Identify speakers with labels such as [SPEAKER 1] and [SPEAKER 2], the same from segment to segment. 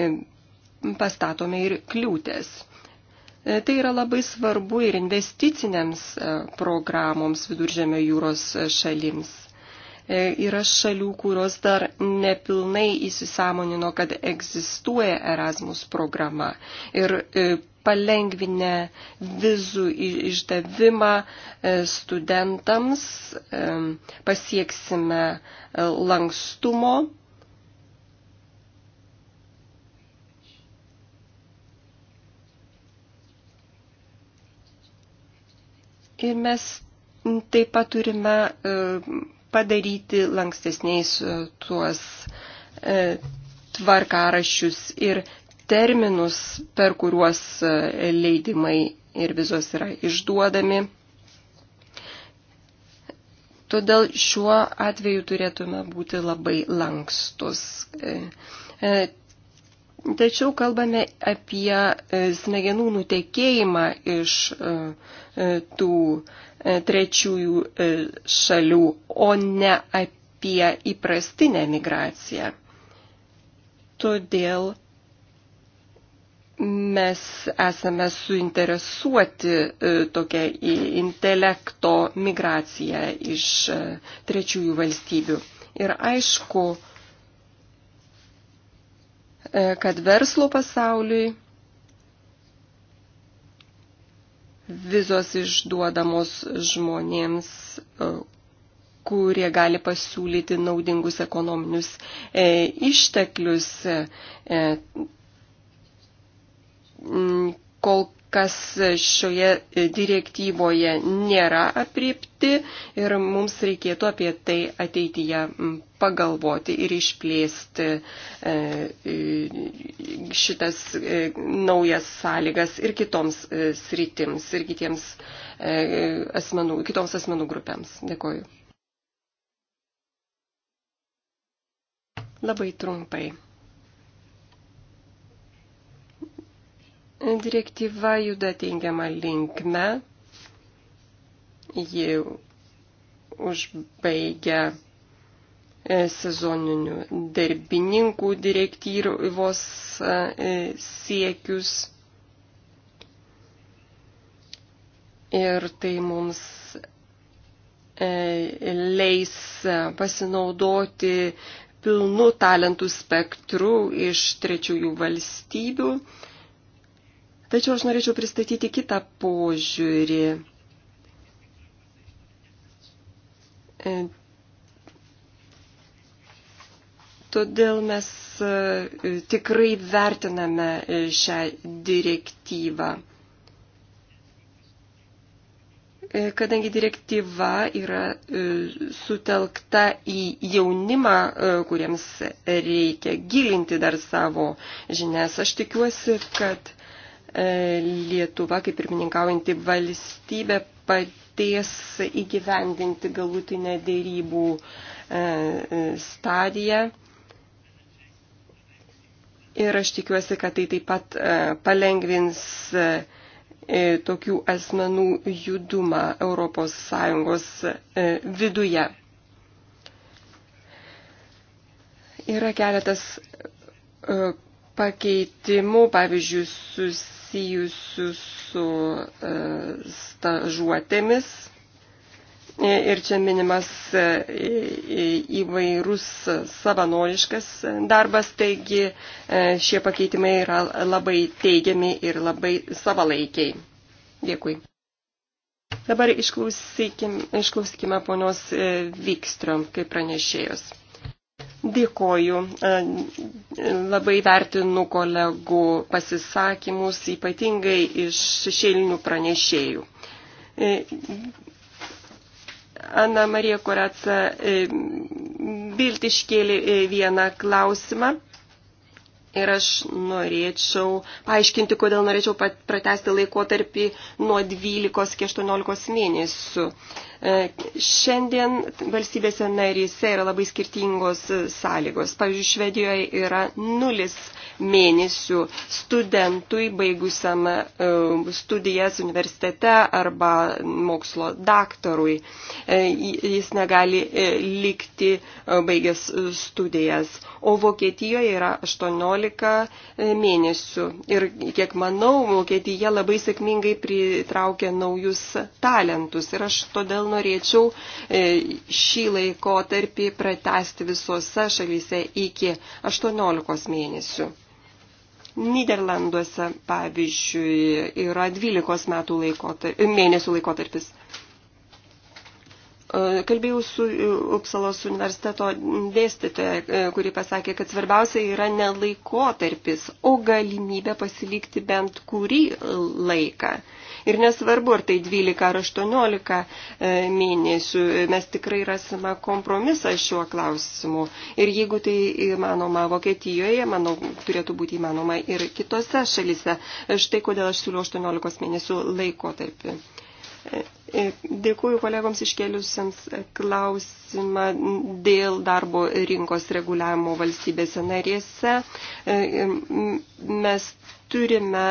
[SPEAKER 1] E, pastatome ir kliūtės. E, tai yra labai svarbu ir investiciniams e, programoms viduržėmio jūros šalims. Yra šalių, kurios dar nepilnai įsisamonino, kad egzistuoja Erasmus programa ir palengvinę vizų išdavimą studentams pasieksime lankstumo Ir mes taip pat turime e, padaryti lankstesniais e, tuos e, tvarkarašius ir terminus, per kuriuos leidimai ir vizos yra išduodami. Todėl šiuo atveju turėtume būti labai lankstus. Tačiau kalbame apie e, smegenų nutekėjimą iš e, e, tų trečiųjų šalių, o ne apie įprastinę migraciją. Todėl mes esame suinteresuoti tokia intelekto migracija iš trečiųjų valstybių. Ir aišku, E, kad verslo pasauliui vizos išduodamos žmonėms, e, kurie gali pasiūlyti naudingus ekonominius e, išteklius. Kol kas šioje direktyvoje nėra apripti ir mums reikėtų apie tai ateityje pagalvoti ir išplėsti e, e, šitas e, naujas sąlygas ir kitoms sritims, ir kitiems asmenų, kitoms asmenų grupėms. Dėkoju. Labai trumpai. direktyva juda teigiamą linkmę. Ji užbaigia e, sezoninių darbininkų direktyvos e, siekius. Ir tai mums e, leis pasinaudoti pilnu talentų spektru iš trečiųjų valstybių Tačiau aš norėčiau pristatyti kitą požiūrį. E, todėl mes e, tikrai vertiname e, šią direktyvą. Kadangi direktyva yra sutelkta į jaunimą, kuriems reikia gilinti dar savo žinias, aš tikiuosi, kad E, Lietuva, kaip pirmininkaujanti valstybė, padės įgyvendinti galutinę dėrybų e, e, stadiją. Ir aš tikiuosi, kad tai taip pat palengvins tokių asmenų judumą ES viduje. Yra keletas pakeitimų, pavyzdžiui, sus susijusių su e, stažuotėmis. E, ir čia minimas e, įvairus savanoriškas darbas, taigi šie pakeitimai yra labai teigiami ir labai savalaikiai. Dėkui. Dabar išklausykime, išklausykime ponios Vikstrom kaip pranešėjos. Dėkoju. E, labai vertinu kolegų pasisakymus, ypatingai iš šešėlinių pranešėjų. E, Ana Marija Koratsa e, Bilt iškėlė vieną klausimą. Ir aš norėčiau paaiškinti, kodėl norėčiau pratesti laikotarpį nuo 12 iki 18 mėnesių. E, šiandien valstybėse naryse yra labai skirtingos e, sąlygos. Pavyzdžiui, Švedijoje yra nulis mėnesių studentui baigusiam e, studijas universitete arba mokslo daktarui. Jis negali likti baigęs studijas. O Vokietijoje yra 18 mėnesių. Ir kiek manau, Vokietija labai sėkmingai pritraukia naujus talentus. Ir aš todėl norėčiau e, šį laikotarpį pratesti visose šalyse iki 18 mėnesių. Niderlanduose, pavyzdžiui, yra 12 metų laikotarp, e, mėnesių laikotarpis. E, kalbėjau su Upsalos universiteto dėstytoje, kuri pasakė, kad svarbiausia yra ne laikotarpis, o galimybė pasilikti bent kurį laiką. Ir nesvarbu, ar tai 12 ar 18 e, mėnesių, mes tikrai rasime kompromisą šiuo klausimu. Ir jeigu tai įmanoma Vokietijoje, manau, turėtų būti įmanoma ir kitose šalise. Štai kodėl aš siūliu 18 mėnesių laikotarpį. Dėkuoju kolegoms iškėliusiems klausimą dėl darbo rinkos reguliavimo valstybėse narėse. E, mes turime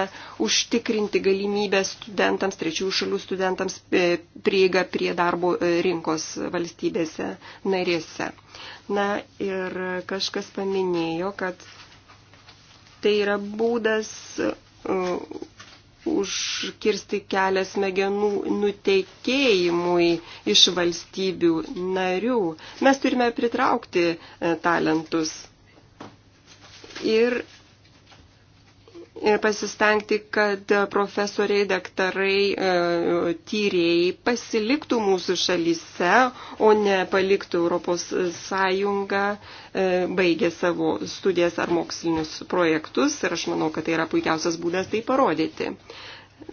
[SPEAKER 1] užtikrinti galimybę studentams, trečiųjų šalių studentams e, prieigą prie darbo e, rinkos valstybėse narėse. Na ir kažkas paminėjo, kad tai yra būdas užkirsti kelią smegenų nutekėjimui iš valstybių narių. Mes turime pritraukti e, talentus ir ir pasistengti, kad profesoriai, daktarai, e, tyrėjai pasiliktų mūsų šalyse, o ne paliktų Europos Sąjungą, e, baigė savo studijas ar mokslinius projektus ir aš manau, kad tai yra puikiausias būdas tai parodyti.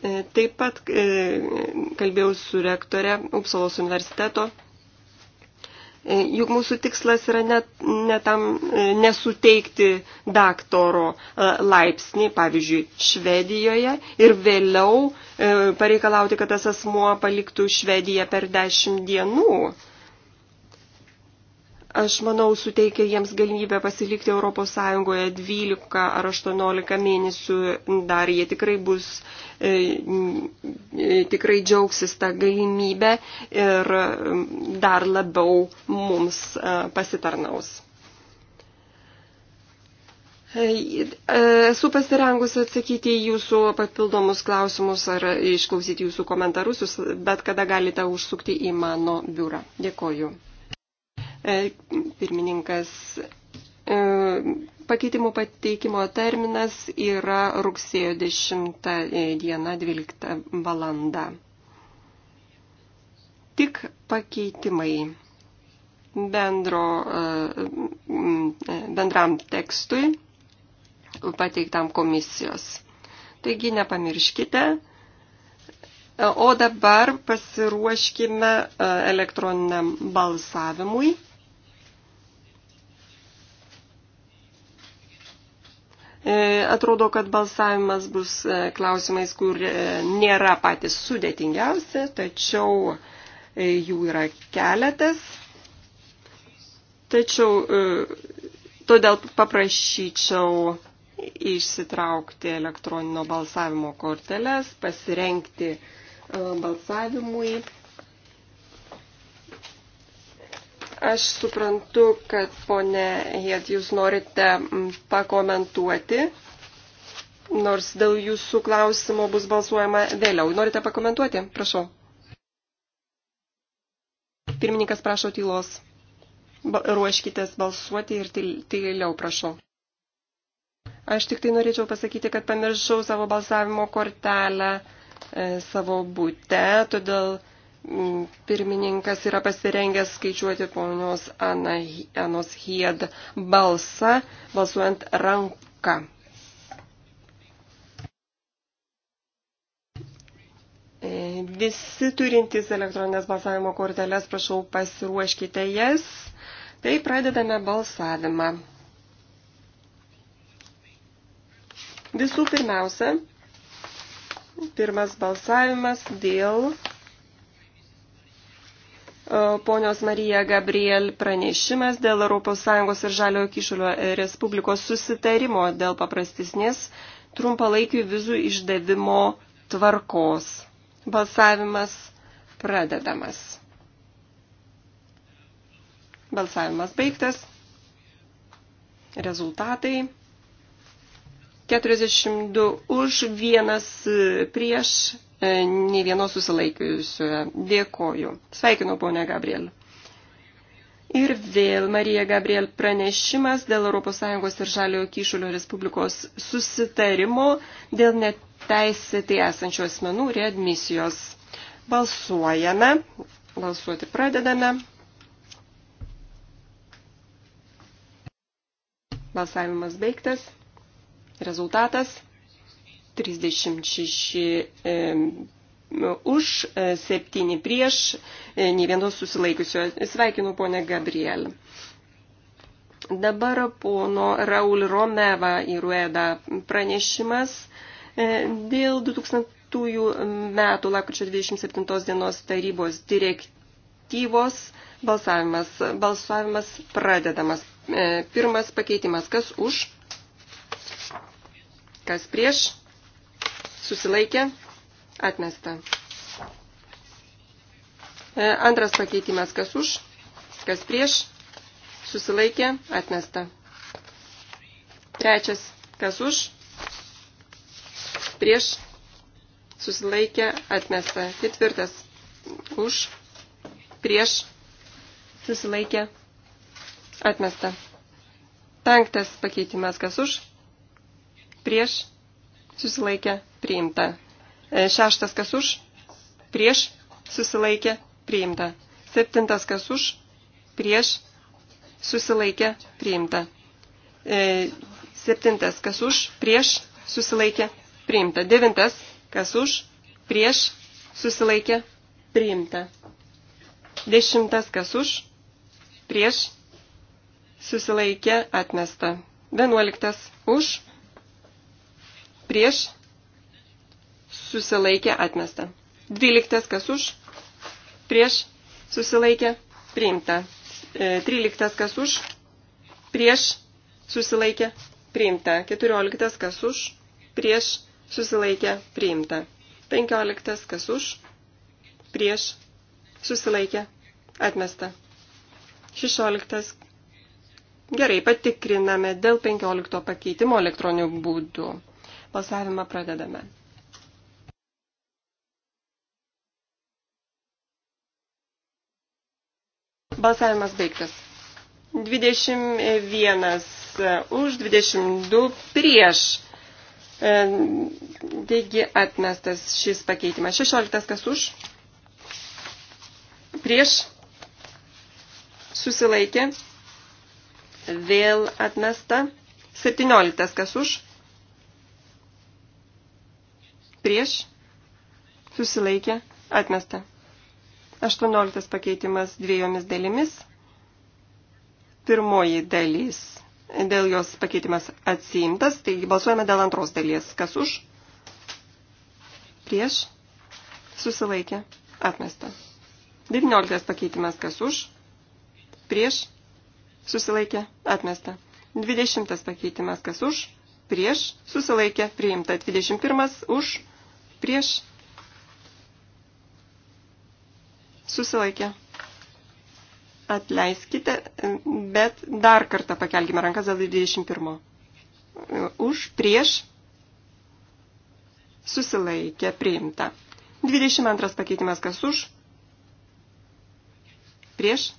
[SPEAKER 1] E, taip pat kalbėjau su rektore Upsalos universiteto E, juk mūsų tikslas yra net, netam, e, nesuteikti daktaro e, laipsnį, pavyzdžiui, Švedijoje ir vėliau pareikalauti, kad tas asmuo paliktų Švediją per dešimt dienų aš manau, suteikia jiems galimybę pasilikti ES 12 ar 18 mėnesių dar. Jie tikrai bus, e, e tikrai džiaugsis tą galimybę ir dar labiau mums e, pasitarnaus. E, e, esu pasirengusi atsakyti į jūsų papildomus klausimus ar išklausyti jūsų komentarus, bet kada galite užsukti į mano biurą. Dėkoju. E, pirmininkas e, pakeitimų pateikimo terminas yra rugsėjo 10 diena 12 valanda. Tik pakeitimai bendro, e, bendram tekstui pateiktam komisijos. Taigi nepamirškite. O dabar pasiruoškime elektroniniam balsavimui. E, atrodo, kad balsavimas bus e, klausimais, kur e, nėra patys sudėtingiausi, tačiau jų yra keletas. Tačiau todėl paprašyčiau išsitraukti elektroninio balsavimo korteles, pasirenkti balsavimui. Aš suprantu, kad ponė Hed, jūs norite mm, pakomentuoti, nors dėl jūsų klausimo bus balsuojama vėliau. Norite pakomentuoti? Prašau. Pirmininkas prašo tylos. Ruoškitės balsuoti ir tyliau prašau. Aš tik tai norėčiau pasakyti, kad pamiršau savo balsavimo kortelę e, savo būte, todėl pirmininkas yra pasirengęs skaičiuoti ponios Ana, Anos Hied balsą, balsuojant ranką. E, visi turintys elektroninės balsavimo korteles, prašau, pasiruoškite jas. Tai pradedame balsavimą. Visų pirmiausia, pirmas balsavimas dėl E, ponios Marija Gabriel pranešimas dėl ES ir Žaliojo Kyšulio Respublikos susitarimo dėl paprastesnės trumpalaikių vizų išdavimo tvarkos. Balsavimas pradedamas. Balsavimas baigtas. Rezultatai. 42 už, vienas prieš E, nei vienos susilaikiusioje. Dėkoju. Sveikinu, ponė Gabriel. Ir vėl Marija Gabriel pranešimas dėl ES ir Žaliojo Kyšulio Respublikos susitarimo dėl neteisėtai esančių asmenų readmisijos. Balsuojame. Balsuoti pradedame. Balsavimas baigtas. Rezultatas. 36 e, už, 7 e, prieš, e, nei vienos susilaikiusio. Sveikinu ponę Gabrielę. Dabar pono Raul Romeva įrueda pranešimas e, dėl 2000 metų lakrčio 27 dienos tarybos direktyvos balsavimas. Balsavimas pradedamas. E, pirmas pakeitimas. Kas už? Kas prieš? susilaikė, atmesta. E, antras pakeitimas, kas už, kas prieš, susilaikė, atmesta. Trečias, kas už, prieš, susilaikė, atmesta. Ketvirtas, už, prieš, susilaikė, atmesta. Penktas pakeitimas, kas už, prieš, susilaikė, priimta. E, šeštas kas už, prieš, susilaikė, priimta. Septintas kas už, prieš, susilaikė, priimta. E, septintas kas už, prieš, susilaikė, priimta. Devintas kas už, prieš, susilaikė, priimta. Dešimtas kas už, prieš, susilaikė, atmesta. Vienuoliktas už, prieš, susilaikė atmesta. 12 kas už, prieš susilaikė priimta. 13 e, kas už, prieš susilaikė priimta. 14 kas už, prieš susilaikė priimta. 15 kas už, prieš susilaikė atmesta. 16 Gerai, patikriname dėl 15 pakeitimo elektroniniu būdu. Balsavimą pradedame. Balsavimas baigtas. 21 e, už, 22 prieš. E, taigi atmestas šis pakeitimas. 16 kas už. Prieš. Susilaikė. Vėl atmesta. 17 kas už. Prieš. Susilaikė. Atmesta. 18 pakeitimas dviejomis dalimis. Pirmoji dalis. Dėl jos pakeitimas atsiimtas, taigi balsuojame dėl antros dalies. Kas už? Prieš? Susilaikė. Atmesta. 19 pakeitimas. Kas už? Prieš? Susilaikė. Atmesta. 20 pakeitimas. Kas už? Prieš? Susilaikė. Priimta. 21 už? Prieš? susilaikė. Atleiskite, bet dar kartą pakelkime rankas dėl 21. Už, prieš, susilaikė, priimta. 22 pakeitimas kas už, prieš,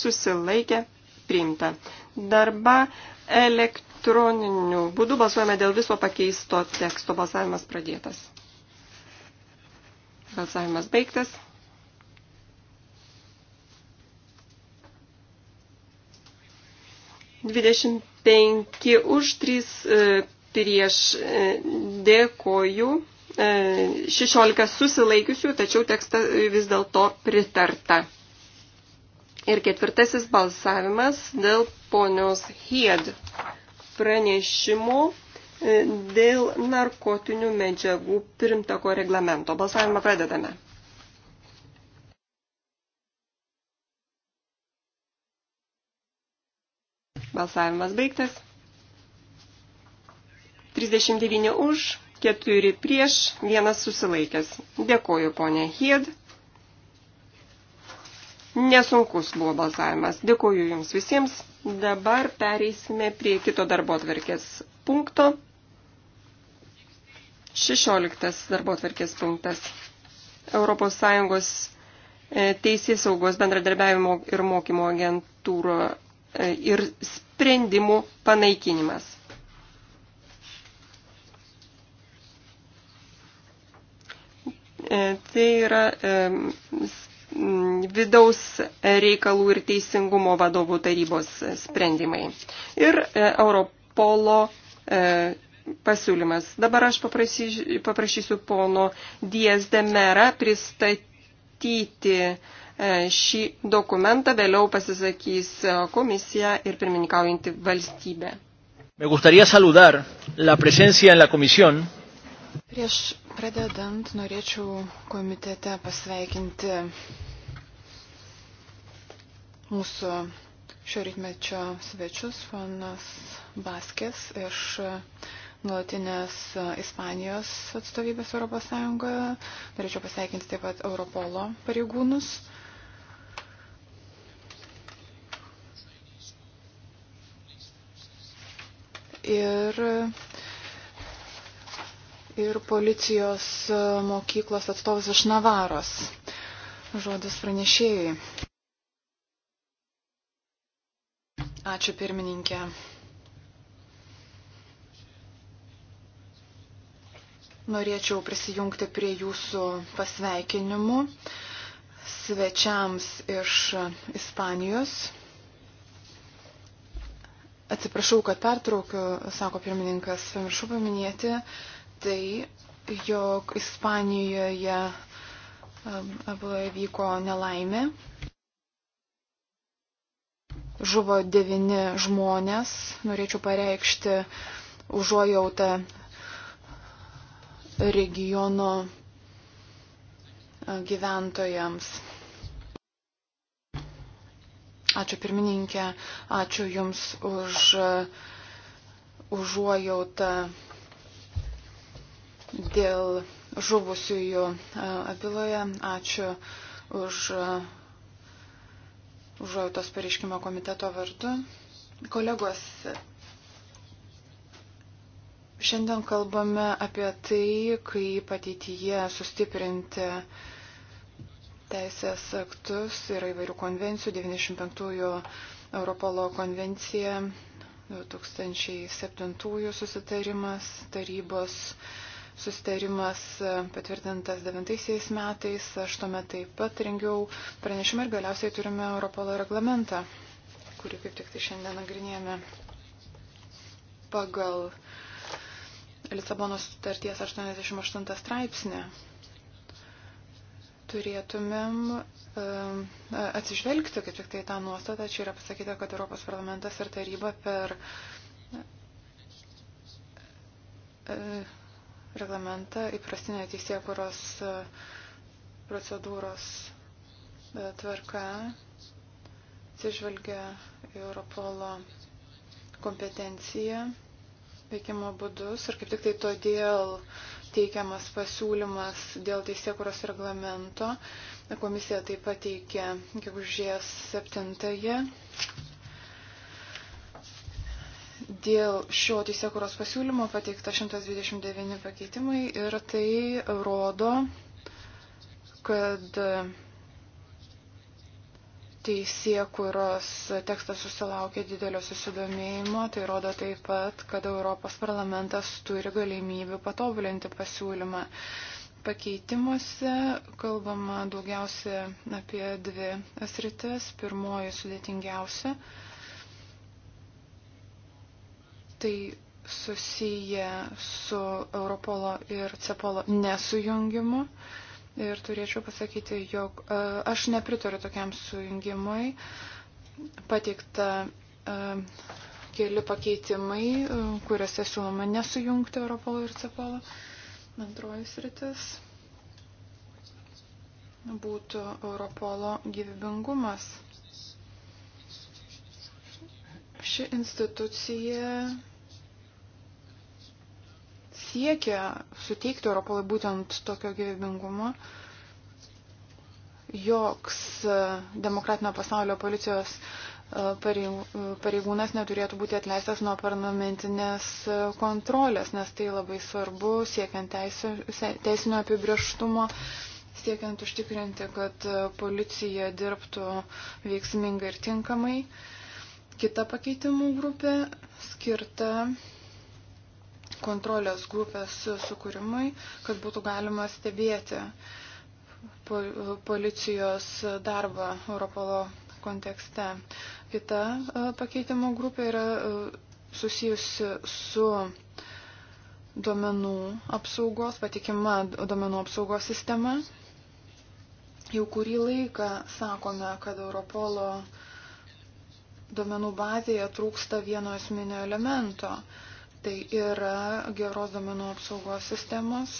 [SPEAKER 1] susilaikė, priimta. Darba elektroniniu būdu balsuojame dėl viso pakeisto teksto. Balsavimas pradėtas. Balsavimas baigtas. 25 už 3 e, prieš e, dėkoju. 16 e, susilaikiusių, tačiau tekstą vis dėlto pritarta. Ir ketvirtasis balsavimas dėl ponios Hied pranešimo dėl narkotinių medžiagų pirmtako reglamento. Balsavimą pradedame. Balsavimas baigtas. 39 už, 4 prieš, 1 susilaikęs. Dėkoju, ponė Hied. Nesunkus buvo balsavimas. Dėkoju Jums visiems. Dabar pereisime prie kito darbo atverkės punkto. 16 darbo atverkės punktas. Europos Sąjungos e, Teisės saugos bendradarbiavimo ir mokymo agentūro E, ir sprendimų panaikinimas. E, tai yra e, vidaus reikalų ir teisingumo vadovų tarybos sprendimai. Ir Europolo pasiūlymas. Dabar aš paprašysiu pono Diezdemerą pristatyti E, šį dokumentą, vėliau pasisakys e, komisija ir pirmininkaujanti valstybė.
[SPEAKER 2] Me gustaría saludar la presencia en la comisión.
[SPEAKER 3] Prieš pradedant norėčiau komitete pasveikinti mūsų šio rytmečio svečius, ponas Baskės iš nuolatinės Ispanijos atstovybės Europos Sąjungoje. Norėčiau pasveikinti taip pat Europolo pareigūnus. ir, ir policijos mokyklos atstovas iš Navaros. Žodis pranešėjai. Ačiū pirmininkė. Norėčiau prisijungti prie jūsų pasveikinimų svečiams iš Ispanijos. Atsiprašau, kad pertraukiu, sako pirmininkas, pamiršau paminėti, tai, jog Ispanijoje Abloje um, vyko nelaimė. Žuvo devini žmonės. Norėčiau pareikšti užuojautą regiono gyventojams. Ačiū pirmininkė, ačiū Jums už užuojautą dėl žuvusiųjų e, abiloje. Ačiū už užuojautos pareiškimo komiteto vardu. Kolegos, šiandien kalbame apie tai, kaip ateityje sustiprinti uh, teisės aktus, yra įvairių konvencijų, 95-ųjų Europolo konvencija, 2007-ųjų susitarimas, tarybos susitarimas patvirtintas 9 metais, aš tuomet taip pat rengiau pranešimą ir galiausiai turime Europolo reglamentą, kurį kaip tik tai šiandien nagrinėjame pagal Lisabonos sutarties 88 straipsnį turėtumėm e, atsižvelgti kaip tik tai tą nuostatą. Čia yra pasakyta, kad Europos parlamentas ir taryba per e, reglamentą įprastinę teisėkuros e, procedūros tvarka atsižvelgia Europolo kompetenciją veikimo būdus ir kaip tik tai todėl uh, teikiamas pasiūlymas dėl teisėkuros reglamento. Komisija taip pat teikė gegužės 7-ąją. Dėl šio teisėkuros pasiūlymo pateikta 129 pakeitimai ir tai rodo, kad teisėkuros tekstas susilaukė didelio susidomėjimo, tai rodo taip pat, kad Europos parlamentas turi galimybių patobulinti pasiūlymą. Pakeitimuose kalbama daugiausia apie dvi sritis. Pirmoji sudėtingiausia. Tai susiję su Europolo ir Cepolo nesujungimu. Uh, ir turėčiau pasakyti, jog e, aš nepritariu tokiam sujungimui. Pateikta e, keli pakeitimai, e, kuriuose siūloma nesujungti Europolo ir Cepolo. Antroji sritis būtų Europolo gyvybingumas. Ši institucija siekia suteikti Europolui būtent tokio gyvybingumo, joks e, demokratinio pasaulio policijos e, e, pareigūnas neturėtų būti atleistas nuo parlamentinės kontrolės, nes tai labai svarbu siekiant teisinio apibrieštumo, siekiant užtikrinti, kad policija dirbtų veiksmingai ir tinkamai. Kita pakeitimų grupė skirta kontrolės grupės sukūrimui, kad būtų galima stebėti policijos darbą Europolo kontekste. Kita e, pakeitimo grupė yra e, susijusi su duomenų apsaugos, patikima duomenų apsaugos sistema. Jau kurį laiką sakome, kad Europolo duomenų bazėje trūksta vieno esminio elemento. Uh, Tai yra geros domenų apsaugos sistemos.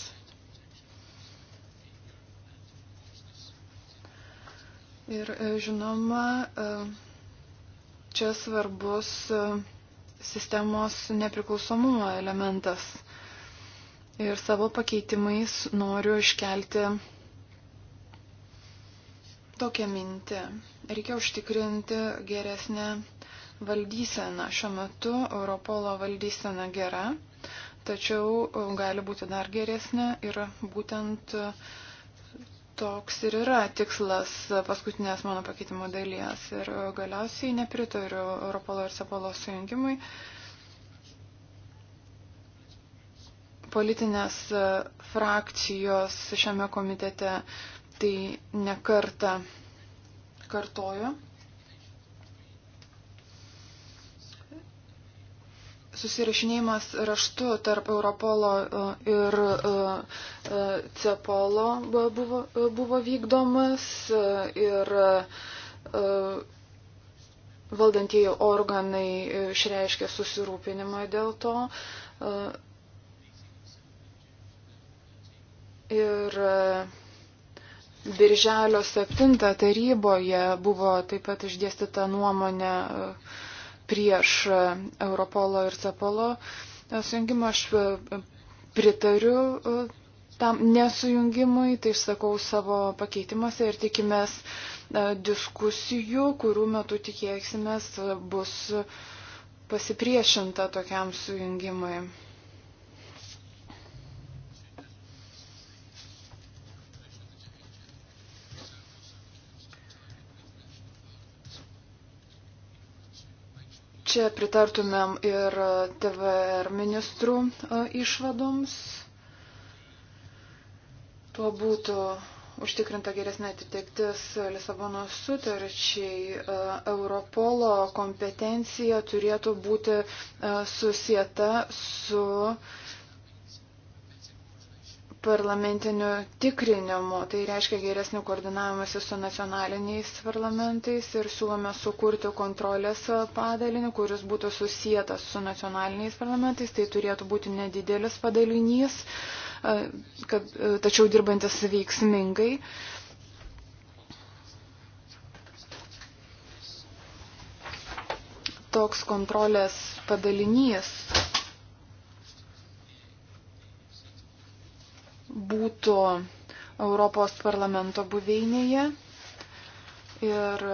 [SPEAKER 3] Ir e, žinoma, e, čia svarbus e, sistemos nepriklausomumo elementas. Ir savo pakeitimais noriu iškelti tokią mintį. Reikia užtikrinti geresnę valdysena. Šiuo metu Europolo valdysena gera, tačiau e, gali būti dar geresnė ir būtent e, toks ir yra tikslas paskutinės mano pakeitimo dalies. Ir e, galiausiai nepritariu Europolo ir Sepolo sujungimui. Politinės frakcijos šiame komitete tai nekarta kartojo. susirašinėjimas raštu tarp Europolo e, ir e, e, Cepolo buvo, buvo vykdomas ir valdantieji organai išreiškė susirūpinimą dėl to. Ir Birželio 7 taryboje buvo taip pat išdėstyta nuomonė, uh, prieš Europolo ir Cepolo sujungimą. Aš e, pritariu e, tam nesujungimui, tai išsakau savo pakeitimuose ir tikimės e, diskusijų, kurių metu tikėksimės bus pasipriešinta tokiam sujungimui. Čia pritartumėm ir TVR ministrų e, išvadoms. Tuo būtų užtikrinta geresnė atitiktis Lisabonos sutarčiai. E, Europolo kompetencija turėtų būti e, susieta su parlamentiniu tikrinimu. Tai reiškia geresnį koordinavimąsi su nacionaliniais parlamentais ir siūlome sukurti kontrolės padalinį, kuris būtų susijęs su nacionaliniais parlamentais. Tai turėtų būti nedidelis padalinys, e, kad, e, tačiau dirbantis veiksmingai. Toks kontrolės padalinys būtų Europos parlamento buveinėje ir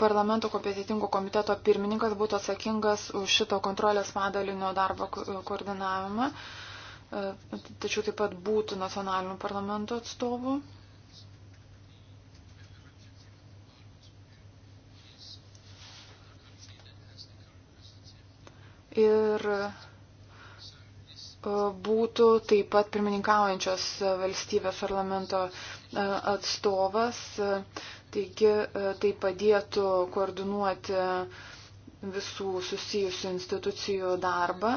[SPEAKER 3] parlamento kompetitingo komiteto pirmininkas būtų atsakingas už šito kontrolės padalinio darbo koordinavimą, e, tačiau taip pat būtų nacionalinių parlamento atstovų. Ir E, būtų taip pat pirmininkaujančios valstybės parlamento e, atstovas. E, taigi tai padėtų koordinuoti visų susijusių institucijų darbą.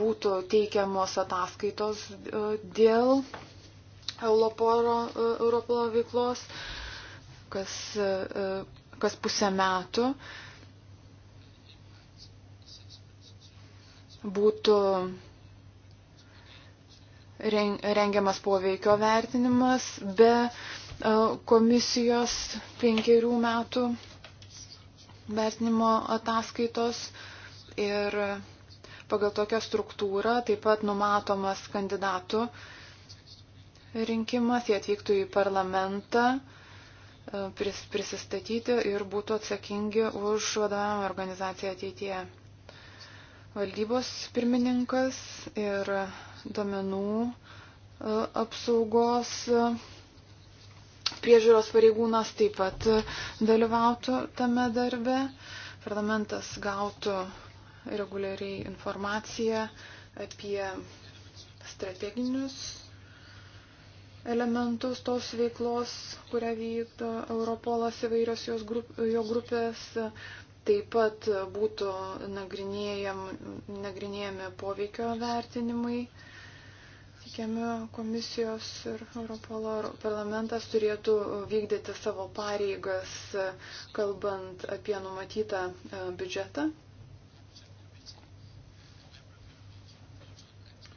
[SPEAKER 3] Būtų teikiamos ataskaitos dėl Europolo, Europolo veiklos kas, kas pusę metų. būtų rengiamas poveikio vertinimas be e, komisijos penkerių metų vertinimo ataskaitos ir pagal tokią struktūrą taip pat numatomas kandidatų rinkimas, jie atvyktų į parlamentą e, prisistatyti ir būtų atsakingi už vadovavimą organizaciją ateityje valdybos pirmininkas ir domenų e, apsaugos e, priežiūros pareigūnas taip pat dalyvautų tame darbe. Parlamentas gautų reguliariai informaciją apie strateginius elementus tos veiklos, kurią vykdo Europolas įvairios jos grup, jo grupės, Taip pat būtų nagrinėjami poveikio vertinimai, teikiami komisijos ir Europolo parlamentas turėtų vykdyti savo pareigas, kalbant apie numatytą e, biudžetą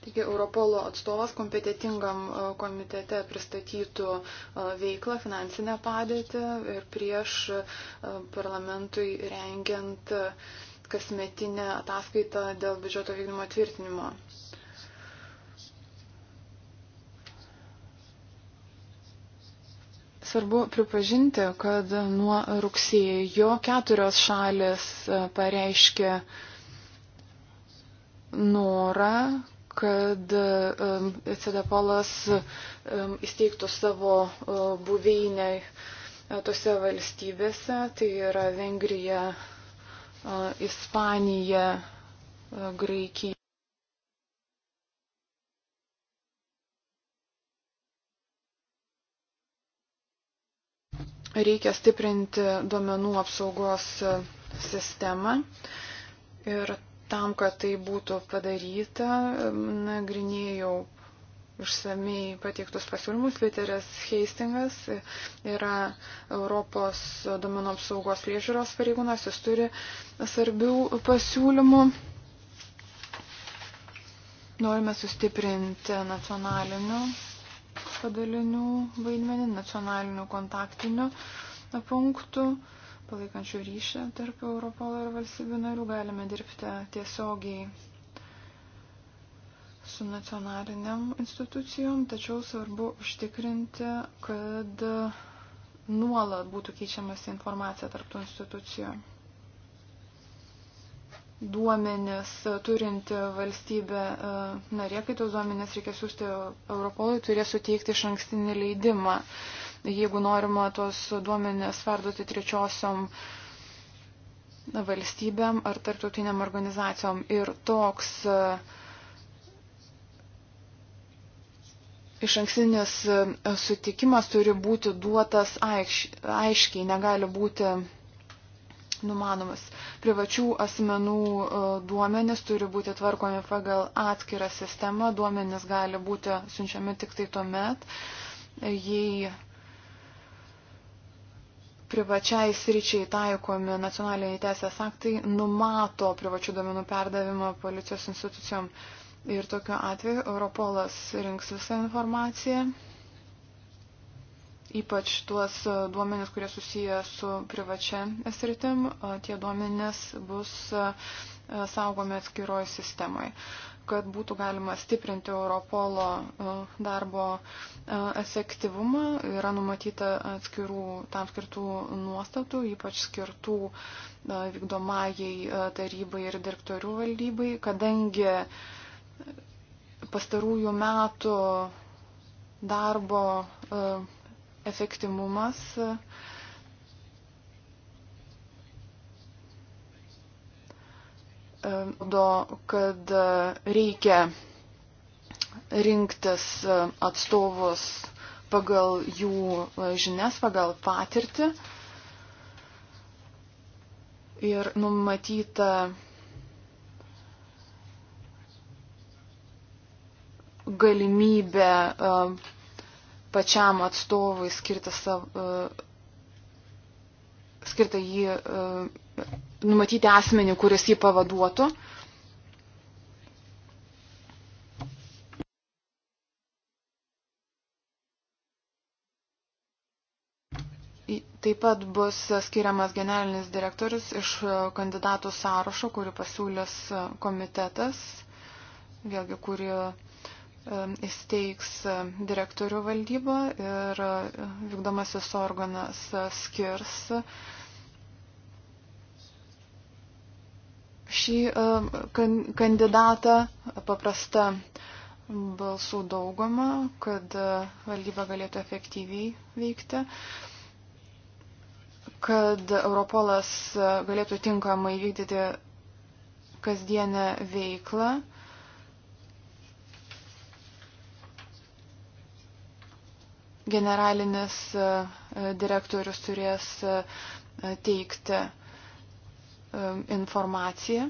[SPEAKER 3] Taigi Europolo atstovas kompetitingam e, komitete pristatytų e, veiklą, finansinę padėtį ir prieš e, parlamentui rengiant kasmetinę ataskaitą dėl biudžeto vykdymo tvirtinimo. Svarbu pripažinti, kad nuo rugsėjo keturios šalis pareiškė norą, kad Cedapolas įsteigtų savo e, buveinę e, tose valstybėse, tai yra Vengrija, e, Ispanija, Graikija. Reikia stiprinti duomenų apsaugos sistemą ir Tam, kad tai būtų padaryta, nagrinėjau išsamei pateiktus pasiūlymus. Viteris Heistingas yra Europos domenų apsaugos priežiūros pareigūnas, jis turi svarbių pasiūlymų. Norime sustiprinti nacionalinių padalinių vaidmenį, nacionalinių kontaktinių punktų. Uh, palaikančių ryšį tarp Europolo ir valstybių narių. Galime dirbti tiesiogiai su nacionaliniam institucijom, tačiau svarbu užtikrinti, kad nuolat būtų keičiamas informacija tarp tų institucijų. Duomenis turinti valstybė e, narė, kai tos duomenis reikia siūsti Europolui, turės suteikti iš ankstinį leidimą. Uh, jeigu norima tuos duomenės perduoti trečiosiom valstybėm ar tarptautiniam organizacijom. Ir toks e, iš anksinis e, sutikimas turi būti duotas aiškiai, negali būti numanomas. Privačių asmenų e, duomenis turi būti tvarkomi pagal atskirą sistemą, duomenis gali būti siunčiami tik tai tuomet, jei privačiai sričiai taikomi nacionaliniai teisės aktai numato privačių duomenų perdavimą policijos institucijom. Ir tokiu atveju Europolas rinks visą informaciją, ypač tuos duomenis, kurie susiję su privačia sritim, tie duomenis bus saugomi atskiroje sistemoje kad būtų galima stiprinti Europolo e, darbo e, efektyvumą. Yra numatyta atskirų tam skirtų nuostatų, ypač skirtų e, vykdomajai tarybai ir direktorių valdybai, kadangi pastarųjų metų darbo efektyvumas uh, rodo, kad e, reikia rinktis e, atstovus pagal jų e, žinias, pagal patirtį. Ir numatyta galimybė pačiam atstovui skirti, savo, skirti jį numatyti asmenį, kuris jį pavaduotų. Taip pat bus skiriamas generalinis direktorius iš kandidatų sąrašo, kurį pasiūlės komitetas, vėlgi, kurį įsteigs direktorių valdybą ir vykdomasis organas skirs šį e, kan, kandidatą paprasta balsų daugumą, kad e, valdyba galėtų efektyviai veikti, kad Europolas e, galėtų tinkamai vykdyti kasdienę veiklą. Generalinis direktorius turės teikti Um, informaciją.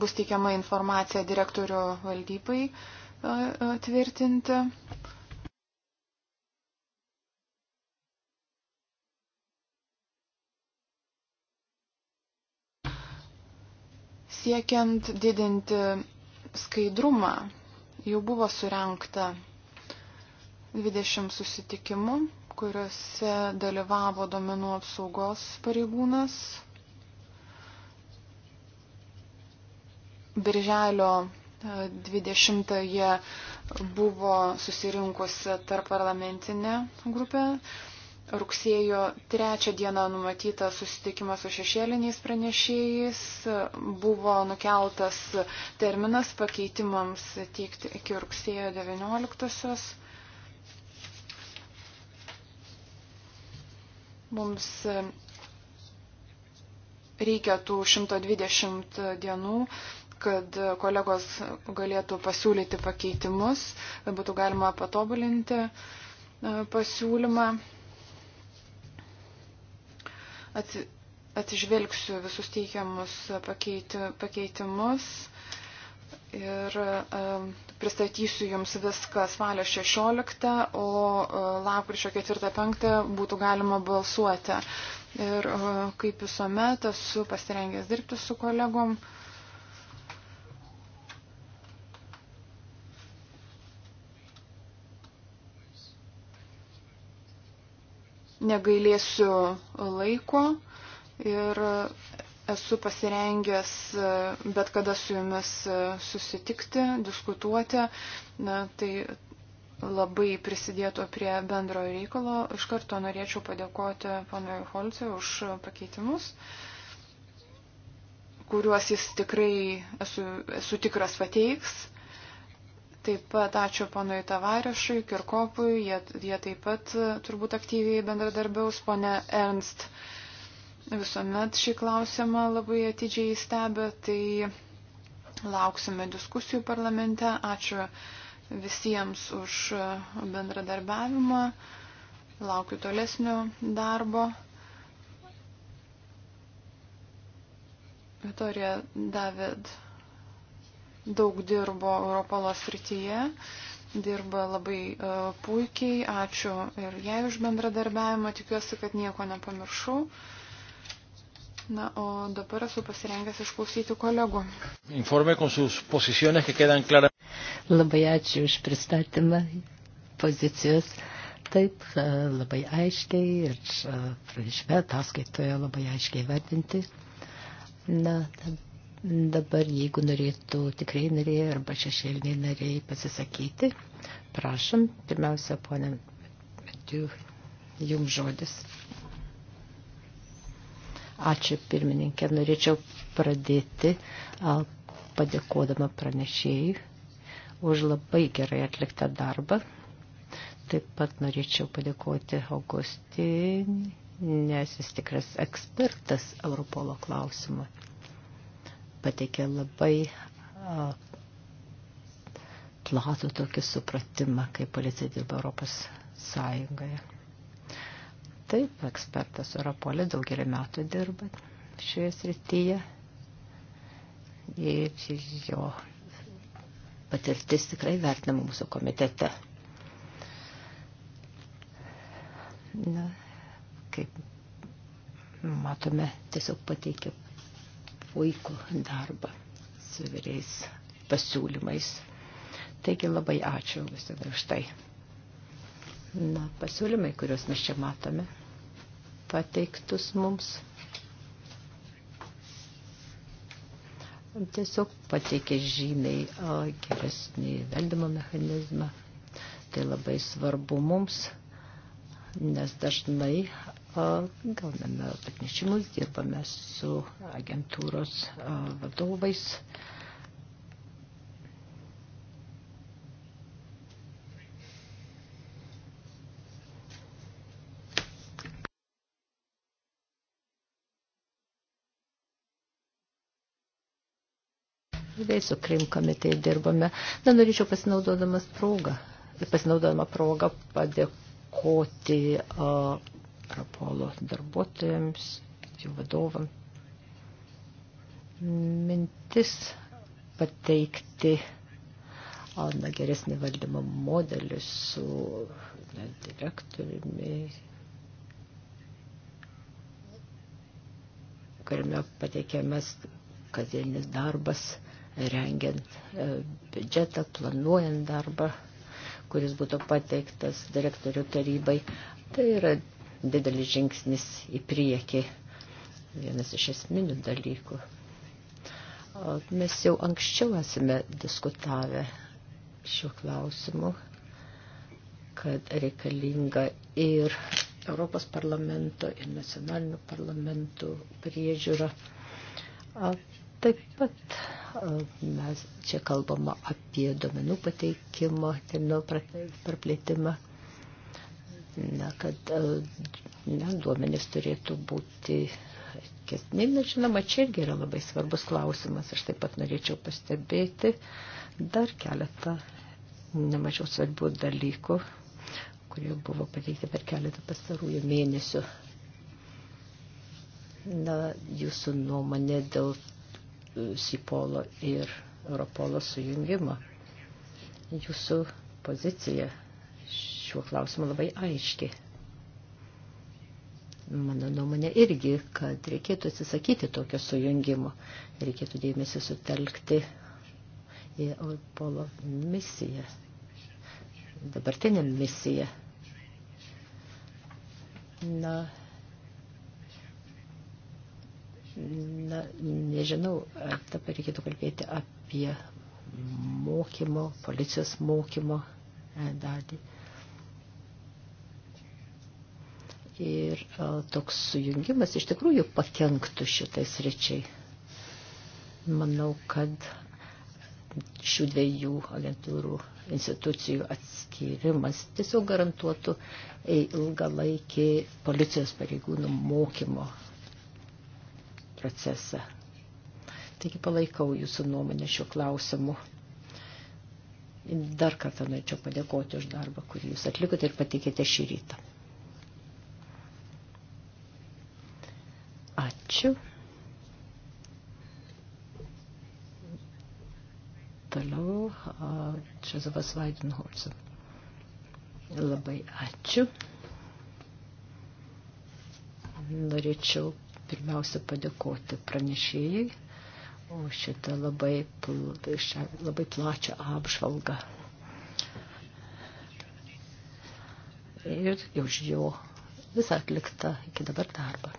[SPEAKER 3] Bus teikiama informacija direktorių valdybai tvirtinti. Siekiant didinti skaidrumą, jau buvo surenkta 20 susitikimų kuriuose dalyvavo domenų apsaugos pareigūnas. Birželio 20-ąją e, buvo susirinkusi tarp parlamentinė grupė. Rugsėjo 3 dieną numatyta susitikimas su šešėliniais pranešėjais. Buvo nukeltas terminas pakeitimams teikti iki rugsėjo 19. -osios. Mums reikia tų 120 dienų, kad kolegos galėtų pasiūlyti pakeitimus, kad būtų galima patobulinti e, pasiūlymą. Atsižvelgsiu visus teikiamus pakeiti, pakeitimus ir e, pristatysiu Jums viską spalio 16, o e, lapkričio 4-5 būtų galima balsuoti. Ir e, kaip visuomet esu pasirengęs dirbti su kolegom. Negailėsiu laiko ir esu pasirengęs e, bet kada su jumis e, susitikti, diskutuoti. Na, tai labai prisidėtų prie bendro reikalo. Iš karto norėčiau padėkoti panui Holcui už pakeitimus, kuriuos jis tikrai, esu, esu tikras, pateiks. Taip pat ačiū panui Tavarešui, Kirkopui, jie, jie taip pat turbūt aktyviai bendradarbiaus, ponė Ernst. Uh, visuomet šį klausimą labai atidžiai stebė, tai lauksime diskusijų parlamente. Ačiū visiems už bendradarbiavimą, laukiu tolesnio darbo. Vitorija David daug dirbo Europolo srityje, dirba labai e, puikiai, ačiū ir jai už bendradarbiavimą, tikiuosi, kad nieko nepamiršau. Na, o dabar esu pasirengęs išklausyti kolegų. Informe con sus
[SPEAKER 2] posiciones que quedan claras. Labai ačiū už pristatymą pozicijos. Taip, e, labai aiškiai ir pranešime e, ataskaitoje labai aiškiai vertinti. Na, dabar jeigu norėtų tikrai nariai arba šešėliniai nariai pasisakyti, prašom, pirmiausia, ponė Metiu, jums žodis. Ačiū pirmininkė, norėčiau pradėti padėkodama pranešėjai už labai gerai atliktą darbą. Taip pat norėčiau padėkoti Augustinį, nes jis tikras ekspertas Europolo klausimui. Pateikė labai a, platų tokį supratimą, kaip policija dirba Europos Sąjungoje. Taip, ekspertas Europolė daugelį metų dirba šioje srityje ir jo patirtis tikrai vertinama mūsų komitete. Na, kaip matome, tiesiog pateikė puikų darbą su vyriais pasiūlymais. Taigi labai ačiū visada už tai. Na, pasiūlymai, kuriuos mes čia matome, pateiktus mums. Tiesiog pateikė žymiai geresnį valdymo mechanizmą. Tai labai svarbu mums, nes dažnai gauname pranešimus, dirbame su agentūros vadovais. Uh, ilgai su Krim komitei dirbome. Na, norėčiau pasinaudodamas progą, pasinaudodama progą padėkoti uh, Rapolo darbuotojams, jų vadovam. Mintis pateikti o, na, geresnį valdymo modelį su na, direktoriumi, kuriame pateikiamas kasdienis darbas rengiant e, biudžetą, planuojant darbą, kuris būtų pateiktas direktorių tarybai. Tai yra didelis žingsnis į priekį, vienas iš esminių dalykų. Mes jau anksčiau esame diskutavę šiuo klausimu, kad reikalinga ir Europos parlamento ir nacionalinių parlamentų priežiūra. Taip pat Mes čia kalbama apie domenų pateikimo termino praplėtimą, na, kad e, na, duomenys turėtų būti kestnėmi. Žinoma, čia irgi yra labai svarbus klausimas. Aš taip pat norėčiau pastebėti dar keletą nemažiau svarbių dalykų, kurie buvo pateikti per keletą pastarųjų mėnesių na, jūsų nuomonė dėl Sipolo ir Europolo sujungimo. Jūsų pozicija šiuo klausimu labai aiški. Mano nuomonė irgi, kad reikėtų atsisakyti tokio sujungimo. Reikėtų dėmesį sutelkti į Europolo misiją, dabartinę misiją. Na, Na, nežinau, ar dabar reikėtų kalbėti apie mokymo, policijos mokymo e, dalį. Ir e, toks sujungimas iš tikrųjų pakenktų šitais rečiai. Manau, kad šių dviejų agentūrų institucijų atskirimas tiesiog garantuotų e, ilgalaikį policijos pareigūnų mokymo procesą. Taigi palaikau jūsų nuomonę šiuo klausimu. Dar kartą norėčiau padėkoti už darbą, kurį jūs atlikote ir patikėte šį rytą. Ačiū. Toliau Čezovas Vaidinholcim. Labai ačiū. Norėčiau pirmiausia padėkoti pranešėjai už šitą labai, pl šią labai plačią apžvalgą. Ir už jo visą atliktą iki dabar darbą.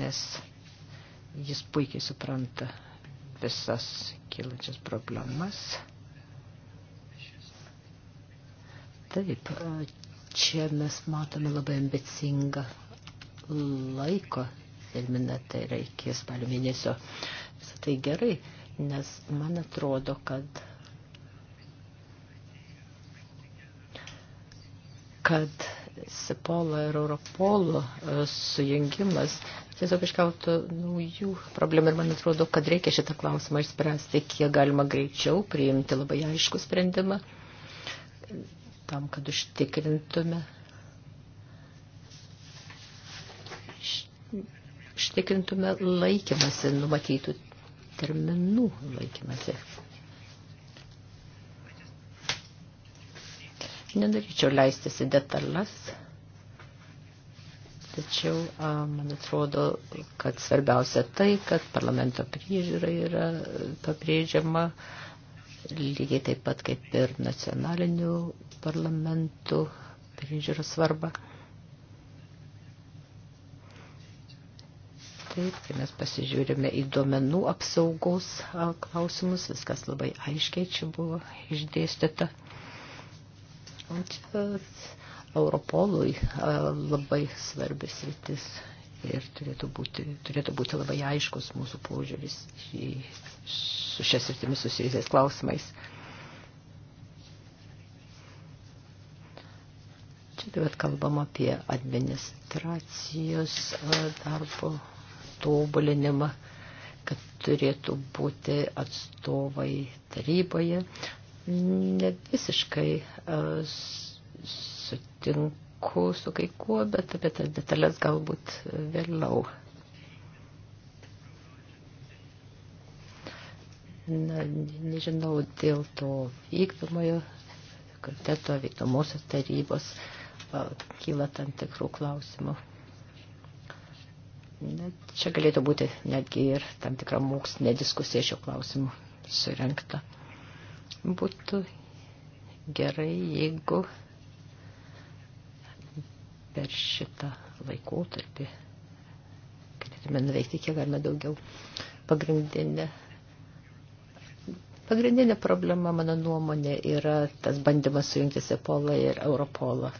[SPEAKER 2] Nes jis puikiai supranta visas kylančias problemas. Taip, čia mes matome labai ambicingą laiko terminą, tai yra iki spalio mėnesio. Visą tai gerai, nes man atrodo, kad kad Sepolo ir Europolo e, sujungimas tiesiog iškeltų naujų problemų ir man atrodo, kad reikia šitą klausimą išspręsti, kiek galima greičiau priimti labai aišku sprendimą tam, kad užtikrintume ištikrintume laikymasi, numatytų terminų laikymasi. Nenorėčiau leistis į detalas, tačiau man atrodo, kad svarbiausia tai, kad parlamento priežiūra yra pabrėžiama lygiai taip pat kaip ir nacionalinių parlamentų priežiūros svarba. Taip, kai mes pasižiūrime į duomenų apsaugos klausimus, viskas labai aiškiai čia buvo išdėstyta. O čia Europolui labai svarbis rytis ir turėtų būti, turėtų būti labai aiškus mūsų požiūris į, su šias rytimis susijusiais klausimais. Čia taip pat kalbam apie administracijos darbo tobulinimą, kad turėtų būti atstovai taryboje. Ne visiškai sutinku su kai kuo, bet apie tas detalės galbūt vėliau. Na, nežinau, dėl to vykdomojo komiteto vykdomosios tarybos kyla tam tikrų klausimų. Čia galėtų būti netgi ir tam tikra mokslinė diskusija šio klausimu surenkta. Būtų gerai, jeigu per šitą laikotarpį galėtume nuveikti kiek galima daugiau. Pagrindinė, pagrindinė problema, mano nuomonė, yra tas bandymas sujungti Sepolą ir Europolą.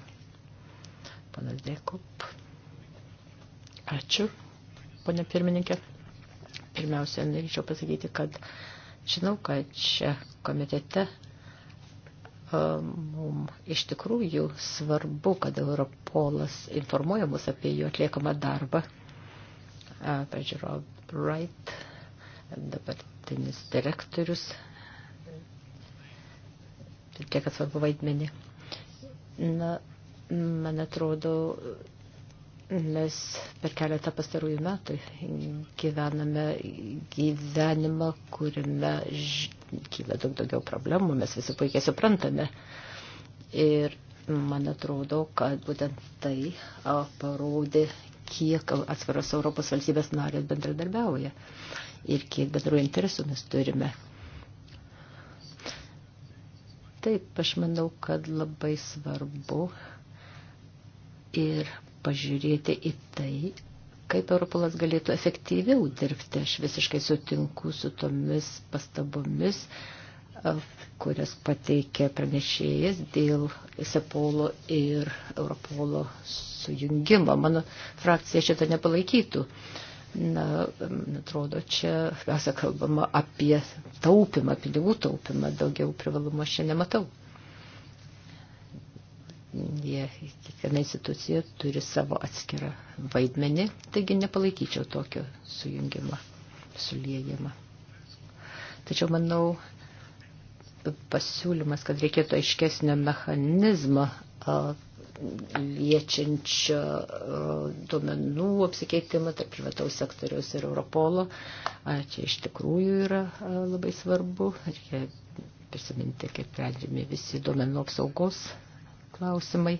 [SPEAKER 2] Panas Dekup. Ačiū ponė pirmininkė. Pirmiausia, norėčiau pasakyti, kad žinau, kad čia komitete mums iš tikrųjų svarbu, kad Europolas informuoja mus apie jų atliekamą darbą. Pavyzdžiui, Rob Wright, dabartinis direktorius, atlieka svarbu vaidmenį. Na, man atrodo, Mes per keletą pastarųjų metų gyvename gyvenimą, kuriame kyla daug daugiau problemų, mes visi puikiai suprantame. Ir man atrodo, kad būtent tai parodė, kiek atsvaros Europos valstybės narės bendradarbiauja ir kiek bendrų interesų mes turime. Taip, aš manau, kad labai svarbu ir pažiūrėti į tai, kaip Europolas galėtų efektyviau dirbti. Aš visiškai sutinku su tomis pastabomis, kurias pateikė pranešėjas dėl Sepolo ir Europolo sujungimo. Mano frakcija šitą nepalaikytų. Na, atrodo, čia esą kalbama apie taupimą, pinigų taupimą, daugiau privalumo aš čia nematau jie, kiekviena institucija turi savo atskirą vaidmenį, taigi nepalaikyčiau tokio sujungimą, suliejimą. Tačiau manau, pasiūlymas, kad reikėtų aiškesnio mechanizmo liečiančio duomenų apsikeitimą tarp privataus sektoriaus ir Europolo. Čia iš tikrųjų yra labai svarbu. Reikia prisiminti, kaip sprendžiami visi duomenų apsaugos klausimai.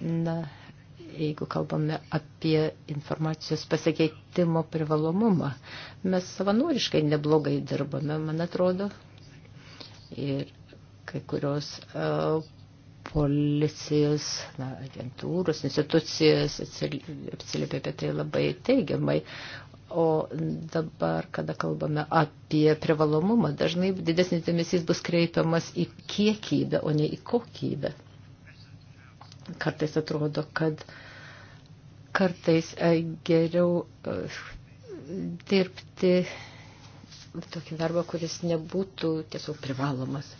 [SPEAKER 2] Na, jeigu kalbame apie informacijos pasikeitimo privalomumą. Mes savanoriškai neblogai dirbame, man atrodo. Ir kai kurios uh, policijos, na, agentūros, institucijos atsiliepia apie tai labai teigiamai. O dabar, kada kalbame apie privalomumą, dažnai didesnis dėmesys bus kreipiamas į kiekybę, o ne į kokybę. Kartais atrodo, kad kartais e, geriau e, dirbti tokį darbą, kuris nebūtų tiesiog privalomas.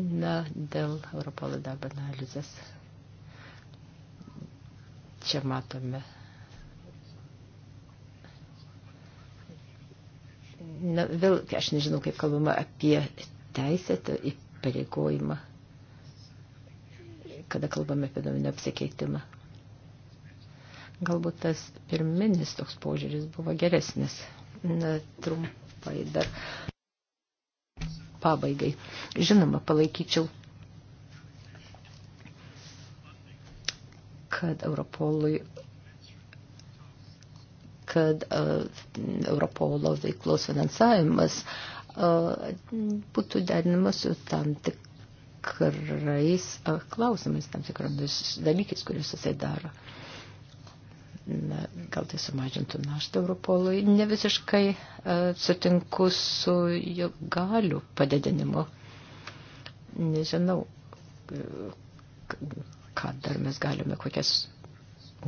[SPEAKER 2] Na, dėl Europolo darbo analizės. Čia matome Na, vėl, aš nežinau, kaip kalbama apie teisę, tai įpareigojimą, kada kalbame apie duomenų apsikeitimą. Galbūt tas pirminis toks požiūris buvo geresnis. Na, trumpai dar. Pabaigai. Žinoma, palaikyčiau, kad Europolui kad e, Europolo veiklos finansavimas e, būtų derinamas su tam tikrais e, klausimais, tam tikrais dalykais, kuriuos jisai daro. Na, gal tai sumažintų naštą Europolui. Ne visiškai sutinku su jo galių padidinimu. Nežinau, ką dar mes galime, kokias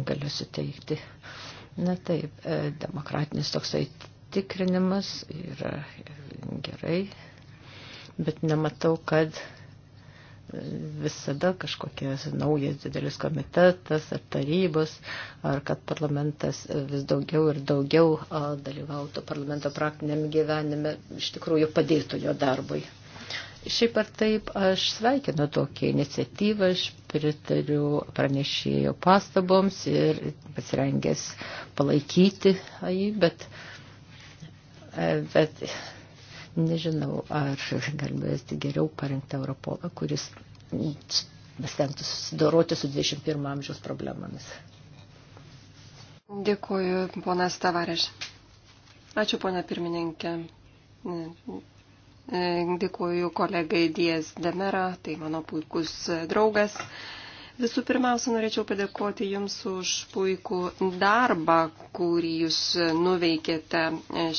[SPEAKER 2] galiu suteikti. Uh, Na taip, e, demokratinis toksai tikrinimas yra gerai, bet nematau, kad visada kažkokie naujas didelis komitetas ar tarybos, ar kad parlamentas vis daugiau ir daugiau dalyvautų parlamento praktiniam gyvenime, iš tikrųjų padėtų jo darbui. Šiaip ar taip, aš sveikinu tokią iniciatyvą, aš pritariu pranešėjo pastaboms ir pasirengęs palaikyti, bet, e, bet nežinau, ar galima rasti geriau parengtą Europolą, kuris stengtų susidoroti su 21 amžiaus problemomis.
[SPEAKER 1] Dėkuoju, ponas Tavareš. Ačiū, ponia pirmininkė. E, dėkuoju kolegai Dies Demera, tai mano puikus draugas. Visų pirmiausia, norėčiau padėkoti Jums už puikų darbą, kurį Jūs nuveikėte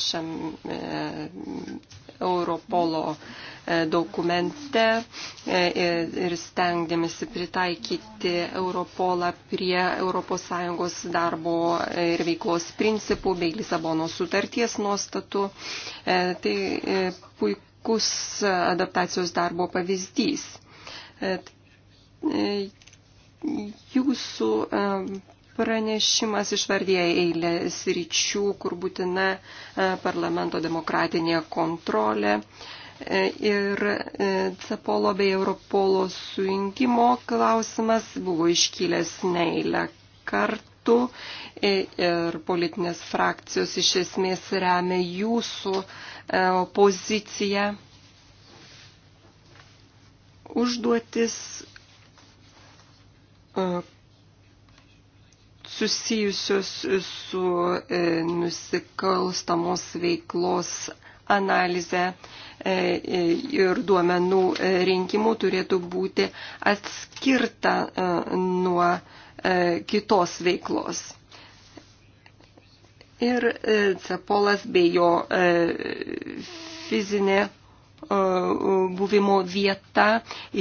[SPEAKER 1] šiam e, Europolo e, dokumente ir stengiamėsi pritaikyti Europolą prie ES darbo ir veiklos principų bei Lisabono sutarties nuostatų. Tai puiku puikus adaptacijos darbo pavyzdys. E, e, jūsų e, pranešimas išvardėja eilę sričių, kur būtina parlamento demokratinė kontrolė ir Cepolo bei Europolo sujungimo klausimas buvo iškilęs neilę kartų ir politinės frakcijos iš esmės remia jūsų E, poziciją. Užduotis e, susijusios su e, nusikalstamos veiklos analizę ir duomenų rinkimų turėtų būti atskirta nuo kitos veiklos ir e, Cepolas bei jo e, fizinė e, buvimo vieta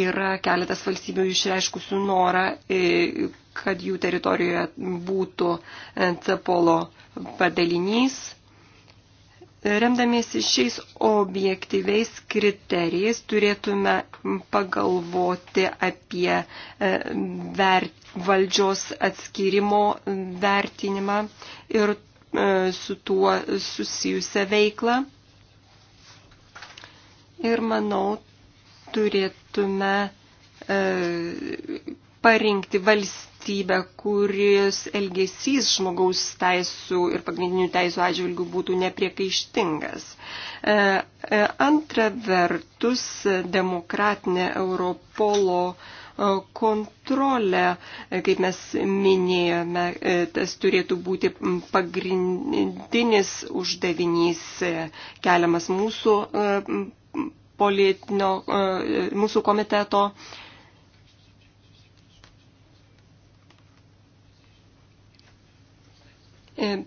[SPEAKER 1] yra keletas valstybių išreiškusių norą, kad jų teritorijoje būtų Cepolo padalinys. Remdamiesi šiais objektyviais kriterijais turėtume pagalvoti apie vert, valdžios atskirimo vertinimą ir E, su tuo susijusią veiklą. Ir manau, turėtume e, parinkti valstybę, kuris elgesys žmogaus teisų ir pagrindinių teisų atžvilgių būtų nepriekaištingas. E, antra vertus, demokratinė Europolo kontrolę, kaip mes minėjome, tas turėtų būti pagrindinis uždavinys keliamas mūsų e, politinio, e, mūsų komiteto. E,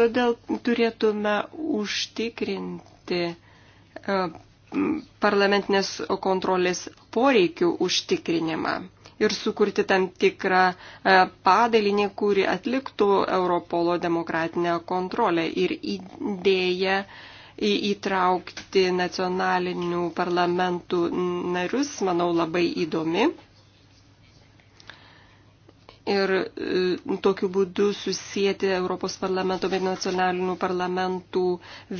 [SPEAKER 1] todėl turėtume užtikrinti parlamentinės kontrolės poreikių užtikrinimą ir sukurti tam tikrą e, padalinį, kuri atliktų Europolo demokratinę kontrolę ir idėją įtraukti nacionalinių parlamentų narius, manau, labai įdomi. Ir e, tokiu būdu susijęti Europos parlamento bei nacionalinių parlamentų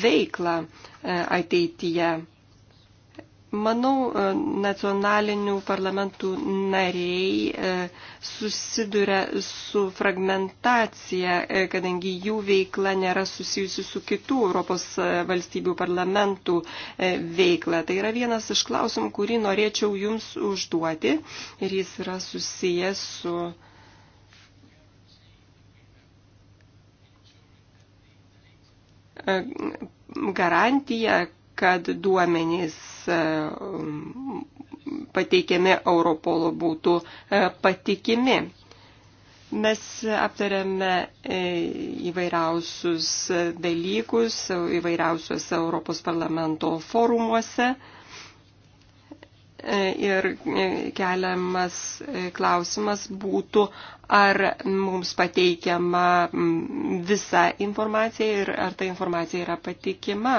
[SPEAKER 1] veiklą e, ateityje Manau, e, nacionalinių parlamentų nariai e, susiduria su fragmentacija, e, kadangi jų veikla nėra susijusi su kitų Europos valstybių parlamentų veikla. Tai yra vienas iš klausimų, kurį norėčiau Jums užduoti ir jis yra susijęs su. garantija, kad duomenys e, pateikiami Europolo būtų e, patikimi. Mes aptarėme e, įvairiausius dalykus įvairiausiuose Europos parlamento forumuose ir e, keliamas e, klausimas būtų, ar mums pateikiama visa informacija ir ar ta informacija yra patikima,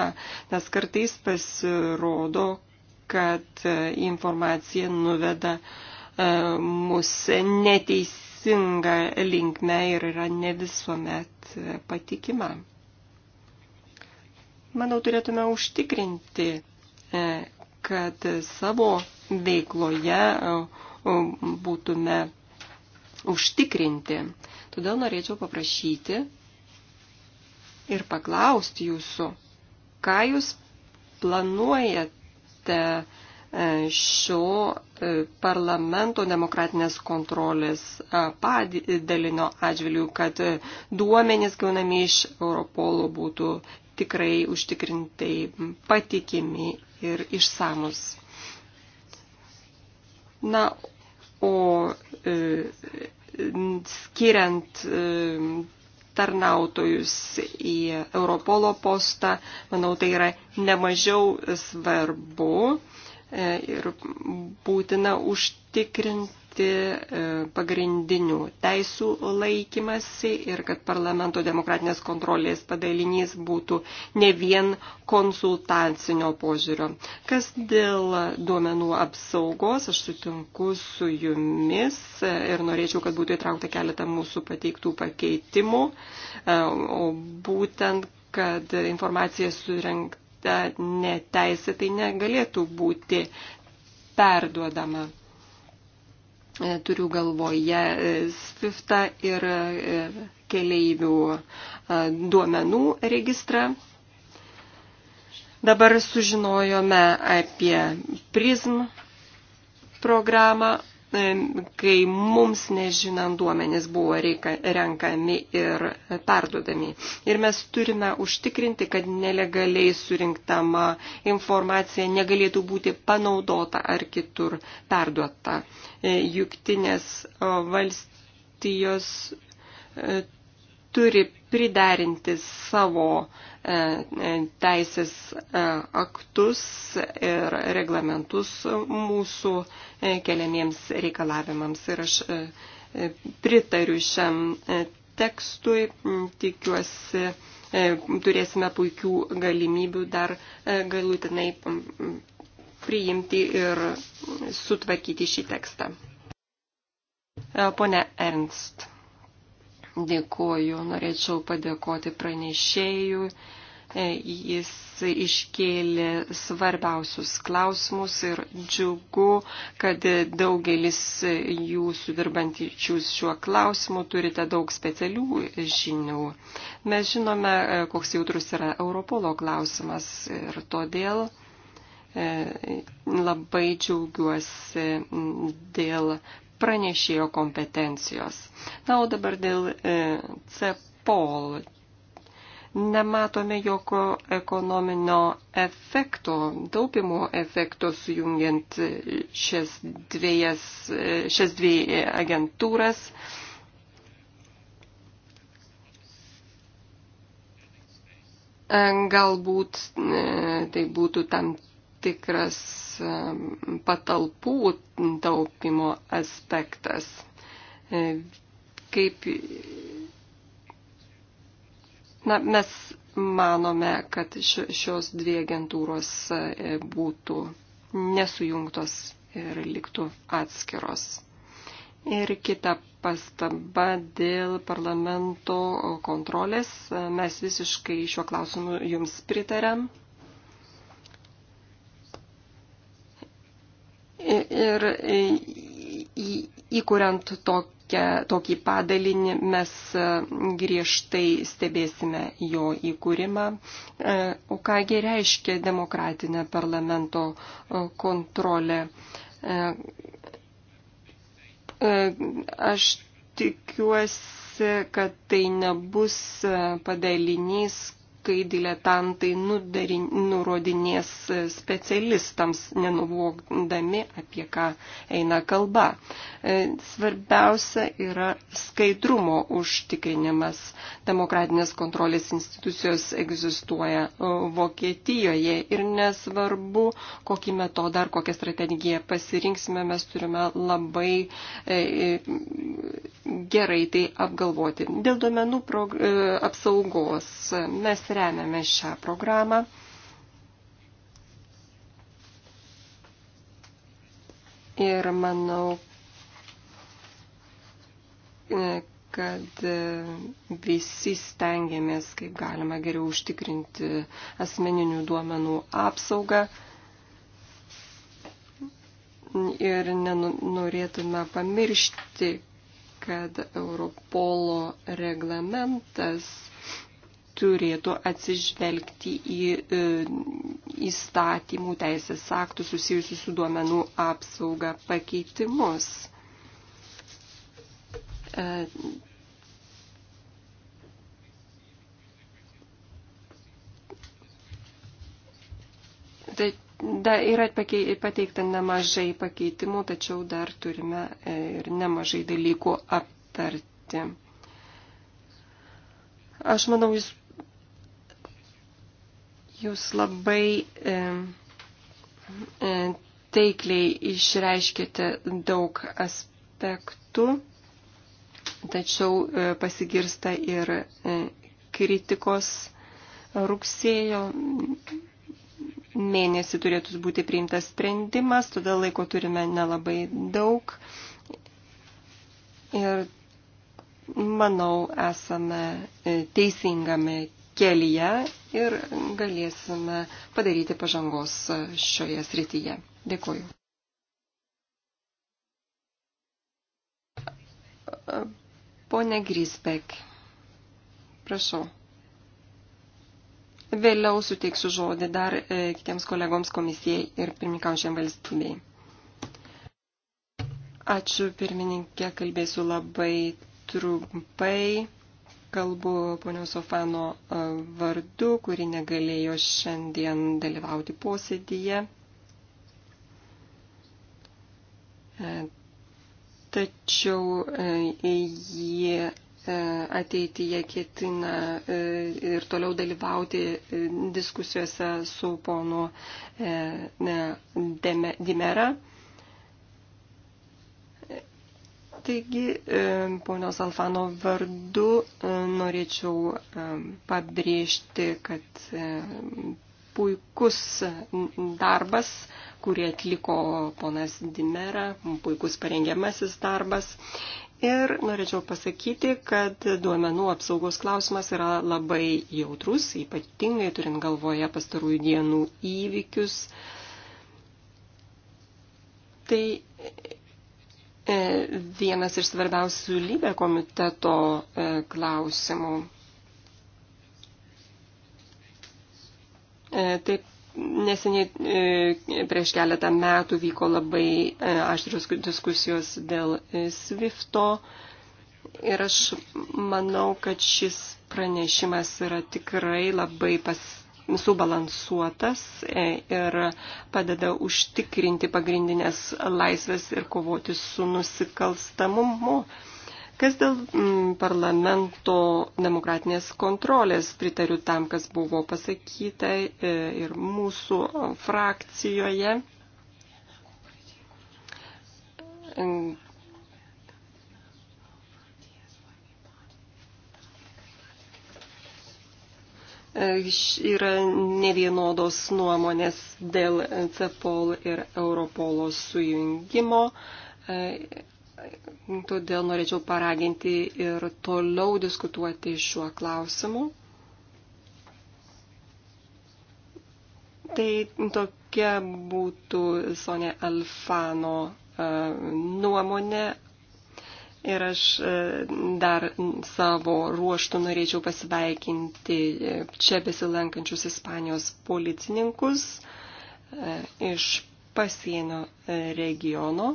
[SPEAKER 1] nes kartais pasirodo, kad e, informacija nuveda mus neteisinga linkme ir yra ne visuomet patikima. Manau, turėtume užtikrinti kad savo veikloje e, būtume užtikrinti. Todėl norėčiau paprašyti ir paklausti jūsų, ką jūs planuojate e, šio e, parlamento demokratinės kontrolės padalinio atžvilgių, kad duomenys gaunami iš Europolo būtų tikrai užtikrintai patikimi ir išsamus. Na, o e, skiriant e, tarnautojus į Europolo postą, manau, tai yra nemažiau svarbu e, ir būtina užtikrinti užtikrinti e, pagrindinių teisų laikymasi ir kad parlamento demokratinės kontrolės padalinys būtų ne vien konsultacinio požiūrio. Kas dėl duomenų apsaugos, aš sutinku su jumis ir norėčiau, kad būtų įtraukta keletą mūsų pateiktų pakeitimų, e, o būtent, kad informacija surinkta neteisėtai negalėtų būti perduodama. E, turiu galvoje e, SWIFTą ir e, keleivių duomenų registrą. Dabar sužinojome apie PRISM programą, kai mums nežinant duomenys buvo reika, renkami ir perdodami. Ir mes turime užtikrinti, kad nelegaliai surinktama informacija negalėtų būti panaudota ar kitur perduota. Juktinės valstijos turi pridarinti savo e, e, teisės e, aktus ir reglamentus mūsų keliamiems reikalavimams. Ir aš pritariu šiam tekstui, mm, tikiuosi, turėsime puikių galimybių dar galutinai mm, mm, priimti ir sutvarkyti šį tekstą. Pone Ernst. Dėkoju, norėčiau padėkoti pranešėjui. E, jis iškėlė svarbiausius klausimus ir džiugu, kad daugelis jūsų dirbantyčius šiuo klausimu turite daug specialių žinių. Mes žinome, e, koks jautrus yra Europolo klausimas ir todėl e, labai džiaugiuosi dėl pranešėjo kompetencijos. Na, o dabar dėl e, CEPOL. Nematome jokio ekonominio efekto, taupimo efekto sujungiant šias, dviejas, e, šias dvi agentūras. Galbūt e, tai būtų tam tikras patalpų taupimo aspektas. E, kaip na, mes manome, kad šios dvi agentūros e, būtų nesujungtos ir liktų atskiros. Ir kita pastaba dėl parlamento kontrolės. Mes visiškai šiuo klausimu jums pritarėm. ir įkuriant tokią, tokį padalinį mes e, griežtai stebėsime jo įkūrimą. E, o kągi reiškia demokratinė parlamento e, kontrolė? Aš tikiuosi, kad tai nebus padalinys, kai diletantai nudarin, nurodinės specialistams, nenuvokdami, apie ką eina kalba. E, svarbiausia yra skaidrumo užtikrinimas. Demokratinės kontrolės institucijos egzistuoja e, Vokietijoje ir nesvarbu, kokį metodą ar kokią strategiją pasirinksime, mes turime labai e, gerai tai apgalvoti. Dėl duomenų apsaugos mes remiame šią programą. Ir manau, kad visi stengiamės, kaip galima geriau užtikrinti asmeninių duomenų apsaugą. Ir nenorėtume pamiršti, kad Europolo reglamentas turėtų atsižvelgti į e, įstatymų teisės aktų susijusių su duomenų apsauga pakeitimus. E, tai da, yra pateikta nemažai pakeitimų, tačiau dar turime e, ir nemažai dalykų aptarti. Aš manau, jūs Jūs labai e, e, taikliai išreiškite daug aspektų, tačiau e, pasigirsta ir e, kritikos rugsėjo mėnesį turėtų būti priimtas sprendimas, todėl laiko turime nelabai daug. Ir manau, esame e, teisingame kelyje ir galėsime padaryti pažangos šioje srityje. Dėkuoju. Pone Grisbek, prašau. Vėliau suteiksiu žodį dar e, kitiems kolegoms komisijai ir pirmininkaujančiam valstybei. Ačiū pirmininkė, kalbėsiu labai trumpai. Kalbu ponios Sofano vardu, kuri negalėjo šiandien dalyvauti posėdyje. E, tačiau jie e, ateityje ketina e, ir toliau dalyvauti diskusijose su ponu Dimera. De Taigi, e, ponios Alfano vardu e, norėčiau e, pabrėžti, kad puikus darbas, kurį atliko ponas Dimera, puikus parengiamasis darbas. Ir norėčiau pasakyti, kad duomenų apsaugos klausimas yra labai jautrus, ypatingai turint galvoje pastarųjų dienų įvykius. Tai E, vienas iš svarbiausių lybė komiteto e, klausimų. E, taip, neseniai prieš keletą metų vyko labai aštrios diskusijos dėl Swifto ir aš manau, kad šis pranešimas yra tikrai labai pas, subalansuotas e, ir padeda užtikrinti pagrindinės laisvės ir kovoti su nusikalstamumu. Kas dėl mm, parlamento demokratinės kontrolės, pritariu tam, kas buvo pasakyta e, ir mūsų frakcijoje. E, yra nevienodos nuomonės dėl CEPOL ir Europolo sujungimo. E, todėl norėčiau paraginti ir toliau diskutuoti šiuo klausimu. Tai tokia būtų Sonė Alfano e, nuomonė Ir aš e, dar savo ruoštų norėčiau pasveikinti e, čia besilankančius Ispanijos policininkus e, iš pasienio regiono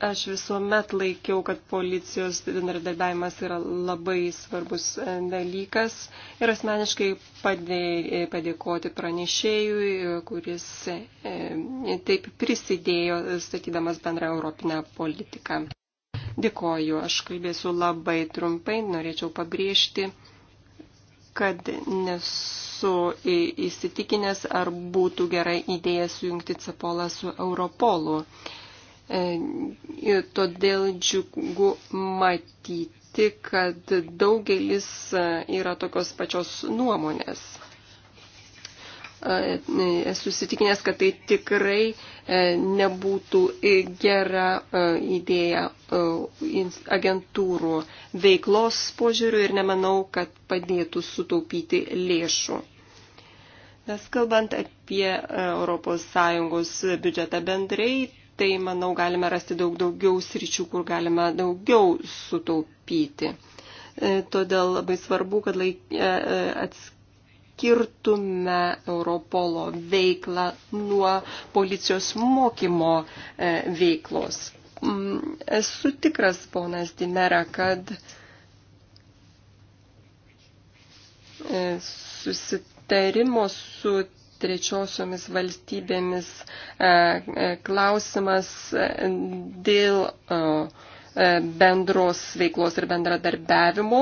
[SPEAKER 1] Aš visuomet laikiau, kad policijos bendradarbiavimas yra labai svarbus e, dalykas ir asmeniškai padė, e, padėkoti pranešėjui, e, kuris e, taip prisidėjo statydamas bendrą europinę politiką. Dėkoju, aš kalbėsiu labai trumpai, norėčiau pabrėžti, kad nesu įsitikinęs, ar būtų gera idėja sujungti Cepolą su Europolu. E, E, ir todėl džiugu matyti, kad daugelis e, yra tokios pačios nuomonės. E, esu sitikinęs, kad tai tikrai nebūtų gera idėja agentūrų veiklos požiūrių ir nemanau, kad padėtų sutaupyti lėšų. Nes kalbant apie ES biudžetą bendrai, tai, manau, galime rasti daug daugiau sričių, kur galime daugiau sutaupyti. E, todėl labai svarbu, kad laik, e, e, atskirtume Europolo veiklą nuo policijos mokymo veiklos. Mm, esu tikras, ponas Dimera, kad susitarimo su trečiosiomis valstybėmis e, e, klausimas e, dėl bendros veiklos ir bendradarbiavimo.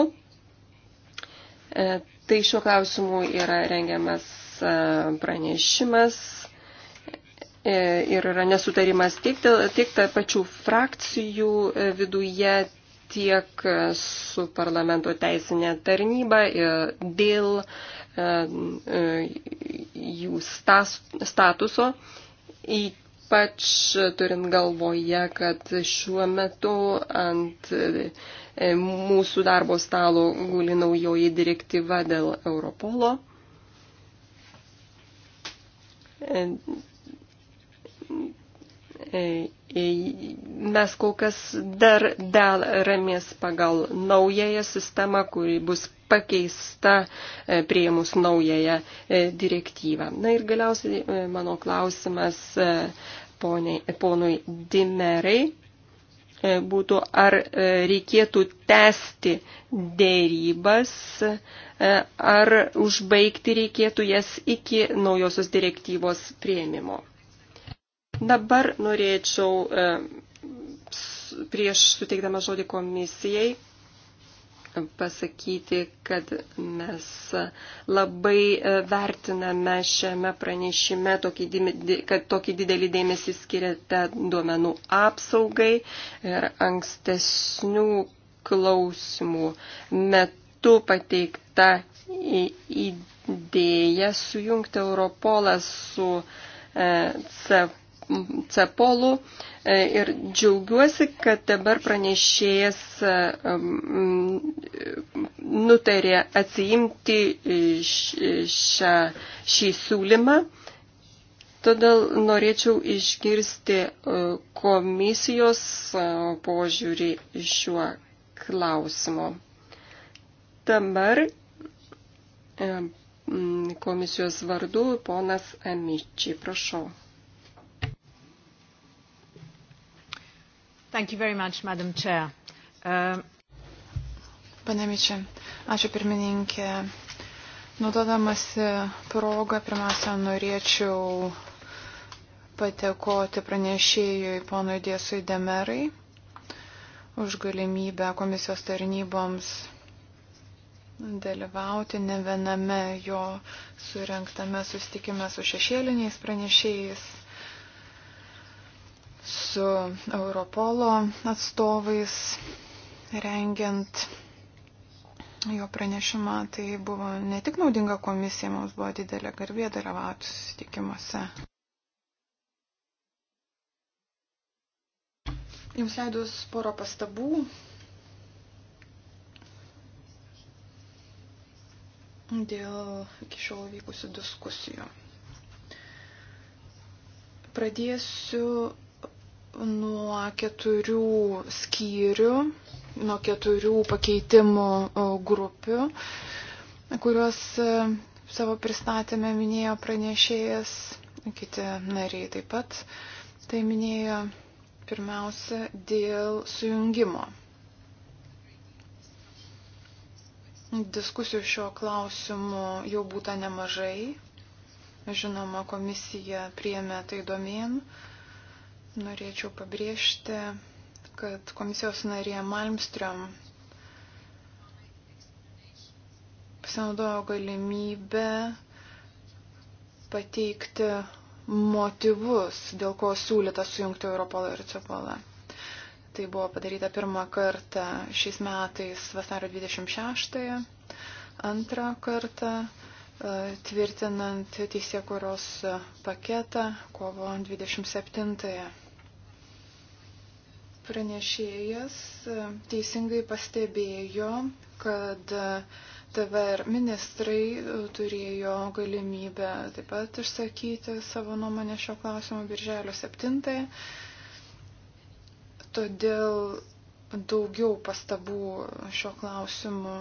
[SPEAKER 1] Tai šiuo klausimu yra rengiamas pranešimas ir yra nesutarimas tiek, tiek pačių frakcijų viduje, tiek su parlamento teisinė tarnyba dėl E, jų statuso, ypač turint galvoje, kad šiuo metu ant e, mūsų darbo stalo guli naujoji direktyva dėl Europolo. E, E, e, mes kol kas dar dėl ramės pagal naująją sistemą, kuri bus pakeista e, prieimus naująją direktyvą. Na ir galiausiai mano klausimas poniai, ponui Dimerai būtų, ar reikėtų tęsti dėrybas, ar užbaigti reikėtų jas iki naujosios direktyvos prieimimo. Dabar norėčiau e, prieš suteikdama žodį komisijai pasakyti, kad mes labai e, vertiname šiame pranešime, kad tokį didelį dėmesį skiriate duomenų apsaugai ir e, ankstesnių klausimų metu pateikta idėja sujungti Europolą su CP cepolų e, ir džiaugiuosi, kad dabar pranešėjas e, nutarė atsiimti e, šią, šį siūlymą. Todėl norėčiau išgirsti komisijos požiūrį šiuo klausimu. Dabar komisijos vardu ponas Amičiai, prašau.
[SPEAKER 2] Thank you very much, Madam
[SPEAKER 3] Chair. Uh... Um, Panemičia, ačiū pirmininkė. Naudodamasi progą, pirmiausia, norėčiau patekoti pranešėjui ponui Dėsui Demerai už galimybę komisijos tarnyboms dalyvauti ne viename jo surinktame sustikime su šešėliniais pranešėjais su Europolo atstovais rengiant jo pranešimą. Tai buvo ne tik naudinga komisija, mums buvo didelė garbė dalyvauti susitikimuose. Jums leidus poro pastabų. Dėl iki šiol vykusių diskusijų. Pradėsiu nuo keturių skyrių, nuo keturių pakeitimų e, grupių, kuriuos e, savo pristatymę minėjo pranešėjas, kiti nariai taip pat tai minėjo pirmiausia dėl sujungimo. Diskusijų šio klausimu jau būta nemažai. Žinoma, komisija priemė tai domėn. Uh, Norėčiau pabrėžti, kad komisijos narė Malmström pasinaudojo galimybę pateikti motyvus, dėl ko siūlyta sujungti Europolą ir Cepolą. Tai buvo padaryta pirmą kartą šiais metais vasario 26-ąją, antrą kartą e, tvirtinant teisėkuros paketą kovo 27-ąją. Pranešėjas e, teisingai pastebėjo, kad e, TVR ministrai e, turėjo galimybę taip pat išsakyti savo nuomonę šio klausimo birželio 7. Todėl daugiau pastabų šio klausimu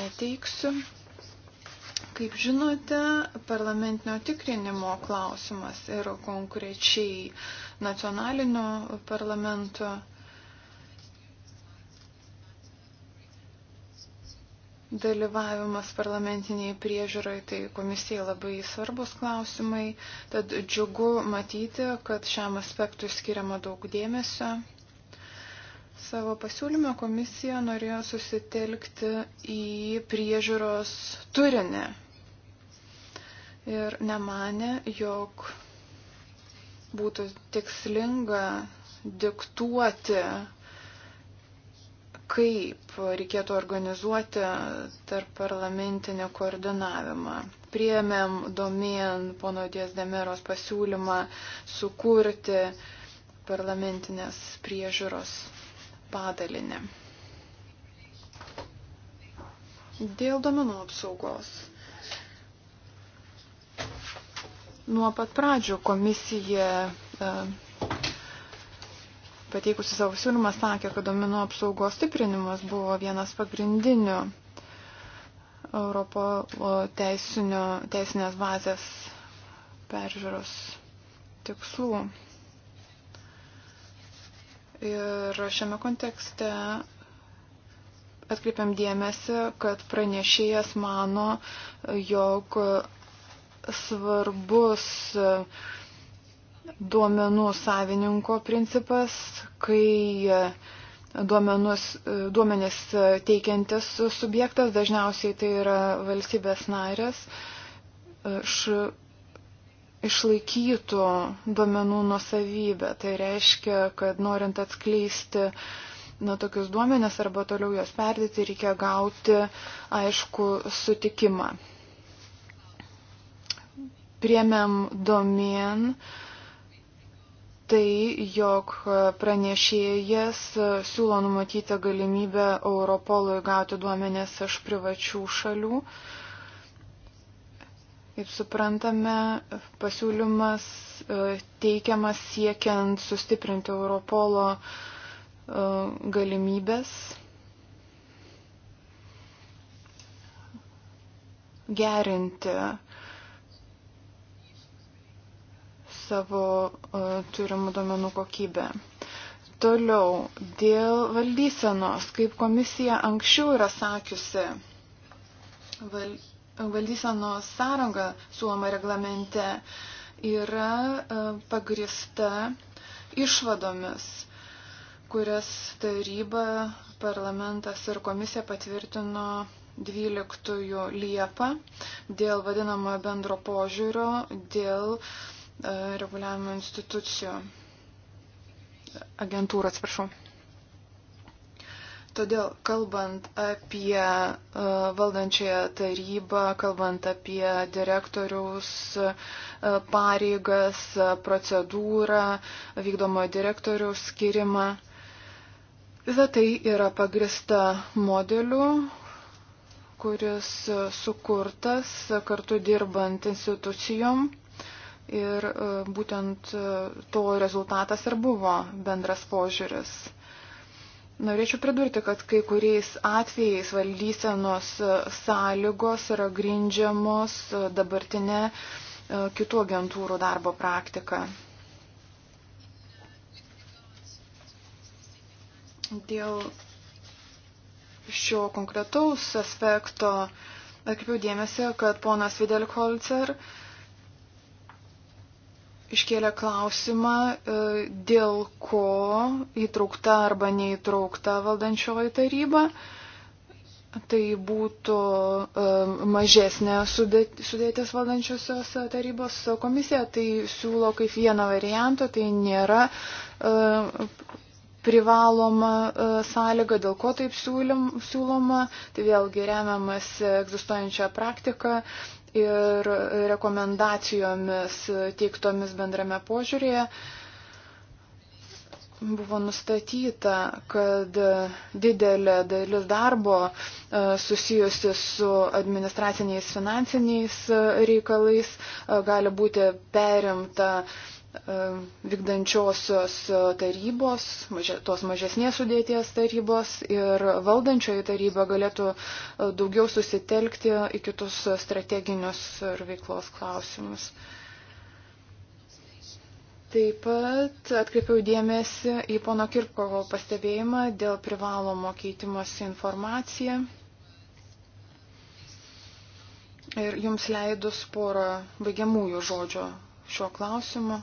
[SPEAKER 3] neteiksiu. Kaip žinote, parlamentinio tikrinimo klausimas ir konkrečiai nacionalinio parlamento dalyvavimas parlamentiniai priežiūrai, tai komisijai labai svarbus klausimai, tad džiugu matyti, kad šiam aspektui skiriama daug dėmesio. Savo pasiūlymą komisija norėjo susitelkti į priežiūros turinį ir nemanė, jog būtų tikslinga diktuoti, kaip reikėtų organizuoti tarp parlamentinį koordinavimą. Priemėm domėn pono Diezdemiros pasiūlymą sukurti parlamentinės priežiūros padalinį. Dėl domenų apsaugos Nuo pat pradžių komisija e, pateikusi savo siūlymą sakė, kad domino apsaugos stiprinimas buvo vienas pagrindinių Europo teisinio, teisinės bazės peržiūros tikslų. Ir šiame kontekste atkreipiam dėmesį, kad pranešėjas mano, jog svarbus e, duomenų savininko principas, kai e, duomenus, e, duomenis teikiantis subjektas, dažniausiai tai yra valstybės narės, š, išlaikytų duomenų nusavybę. Tai reiškia, kad norint atskleisti na, tokius duomenis arba toliau juos perdėti, reikia gauti aišku sutikimą priemėm domien tai, jog pranešėjas siūlo numatyti galimybę Europolui gauti duomenės iš privačių šalių. Kaip suprantame, pasiūlymas e, teikiamas siekiant sustiprinti Europolo e, galimybės gerinti savo e, turimų domenų kokybę. Toliau, dėl valdysenos, kaip komisija anksčiau yra sakiusi, val, valdysenos sąranga suoma reglamente yra e, pagrista išvadomis, kurias taryba, parlamentas ir komisija patvirtino 12 Liepą dėl vadinamojo bendro požiūrio, dėl uh, E, reguliavimo institucijų, agentūrų, atsiprašau. Todėl, kalbant apie e, valdančiąją tarybą, kalbant apie direktoriaus e, pareigas, procedūrą, vykdomo direktoriaus skirimą, visa tai yra pagrista modeliu, kuris sukurtas kartu dirbant institucijom Ir e, būtent e, to rezultatas ir buvo bendras požiūris. Norėčiau pridurti, kad kai kuriais atvejais valdysenos e, sąlygos yra grindžiamos dabartinė kitų agentūrų darbo praktika. Dėl šio konkretaus aspekto atkreipiu dėmesį, kad ponas Videlkolcer uh, iškėlė klausimą, e, dėl ko įtraukta arba neįtraukta valdančioji taryba. Tai būtų e, mažesnė sudėtis valdančiosios tarybos komisija, tai siūlo kaip vieną variantą, tai nėra e, privaloma sąlyga, dėl ko taip siūlym, siūloma, tai vėlgi remiamas egzistuojančią praktiką, ir rekomendacijomis teiktomis bendrame požiūrėje buvo nustatyta, kad didelė dalis darbo e, susijusi su administraciniais finansiniais e, reikalais e, gali būti perimta E, vykdančiosios tarybos, tos mažesnės sudėties tarybos ir valdančioji taryba galėtų e, daugiau susitelkti į kitus strateginius ir veiklos klausimus. Taip pat atkreipiau dėmesį į pono Kirkovo pastebėjimą dėl privalomo keitimosi informacija. Ir jums leidus porą baigiamųjų žodžio šiuo klausimu.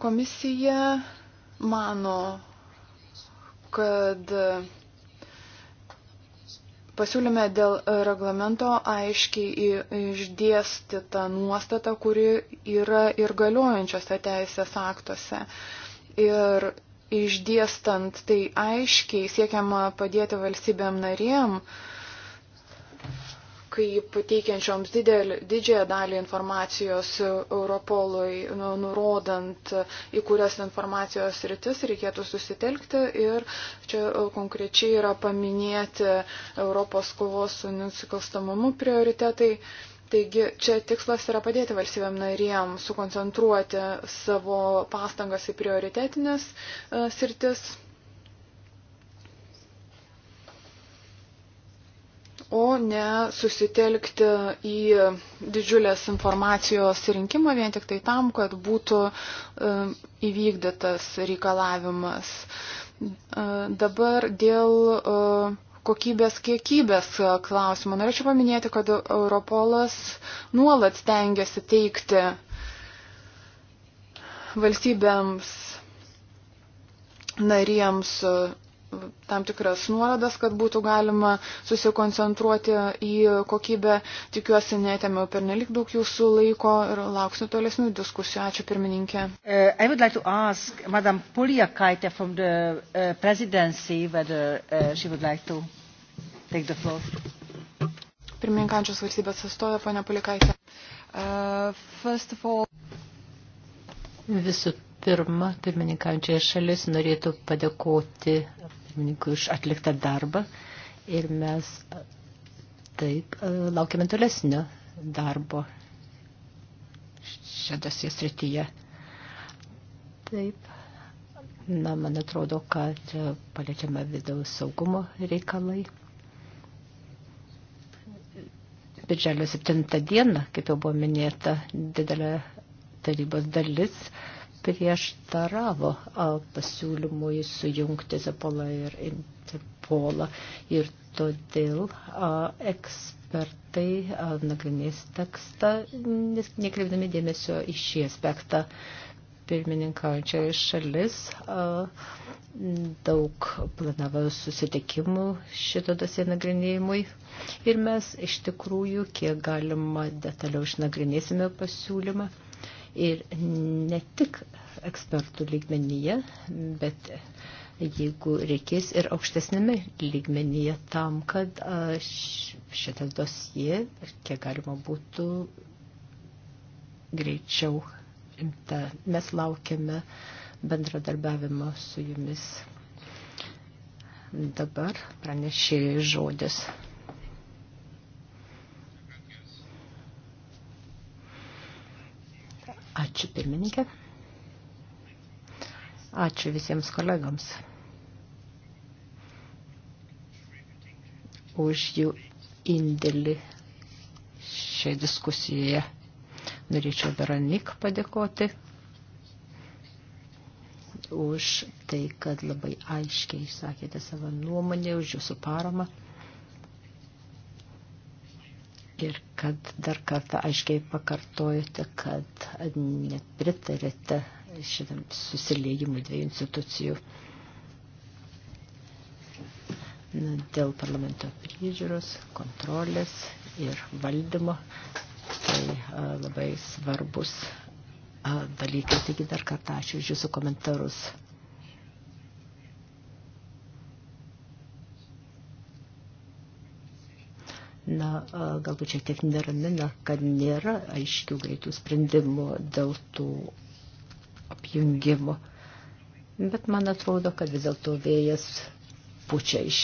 [SPEAKER 3] Komisija mano, kad pasiūlyme dėl reglamento aiškiai išdėstyta nuostata, kuri yra ir galiojančiose teisės aktuose. Ir išdėstant tai aiškiai siekiama padėti valstybėm narėm uh, kaip teikiančioms didel, didžiąją dalį informacijos Europolui, nu, nurodant, į kurias informacijos rytis reikėtų susitelkti. Ir čia e, konkrečiai yra paminėti Europos kovos su nusikalstamumu prioritetai. Taigi čia tikslas yra padėti valstybėm narėm sukoncentruoti savo pastangas į prioritetinės e, sritis. Uh, o ne susitelkti į didžiulės informacijos rinkimą vien tik tai tam, kad būtų e, įvykdytas reikalavimas. E, dabar dėl e, kokybės kiekybės klausimų. Norėčiau paminėti, kad Europolas nuolat stengiasi teikti valstybėms nariems tam tikras nuorodas, kad būtų galima susikoncentruoti į kokybę. Tikiuosi, netėmiau per nelik daug jūsų laiko ir lauksiu tolesnių diskusijų. Ačiū pirmininkė. Uh, like ask, the, uh, whether,
[SPEAKER 2] uh, like to take the floor.
[SPEAKER 3] Pirmininkančios valstybės atstovė, ponia Polikaitė. Uh, first of all...
[SPEAKER 2] Visų pirma, pirmininkaujančiai šalis norėtų padėkoti pirmininkui už atliktą darbą ir mes taip e, laukiame tolesnio darbo šiandien srityje. Taip, na, man atrodo, kad paliečiama vidaus saugumo reikalai. Birželio 7 dieną, kaip jau buvo minėta, didelė tarybos dalis prieštaravo pasiūlymui sujungti Zapolą ir Interpolą. Ir todėl ekspertai nagrinės tekstą, nekreipdami dėmesio į šį aspektą pirmininkaujančioji šalis daug planavo susitikimų šito dosie nagrinėjimui ir mes iš tikrųjų kiek galima detaliau išnagrinėsime pasiūlymą ir ne tik ekspertų lygmenyje, bet jeigu reikės ir aukštesnėme lygmenyje tam, kad šitas dosie, kiek galima būtų greičiau imta. Mes laukiame bendradarbiavimo su jumis. Dabar pranešė žodis. Ačiū pirmininkė. Ačiū visiems kolegams už jų indėlį šioje diskusijoje. Norėčiau Veronik padėkoti už tai, kad labai aiškiai išsakėte savo nuomonę, už jūsų paramą ir kad dar kartą aiškiai pakartojate, kad nepritarėte šitam susiliejimui dviejų institucijų Na, dėl parlamento priežiūros, kontrolės ir valdymo. Tai a, labai svarbus a, dalykai. Taigi dar kartą ačiū už Jūsų komentarus. na, galbūt šiek tiek neramina, kad nėra aiškių greitų sprendimų dėl tų apjungimų. Bet man atrodo, kad vis dėlto vėjas pučia iš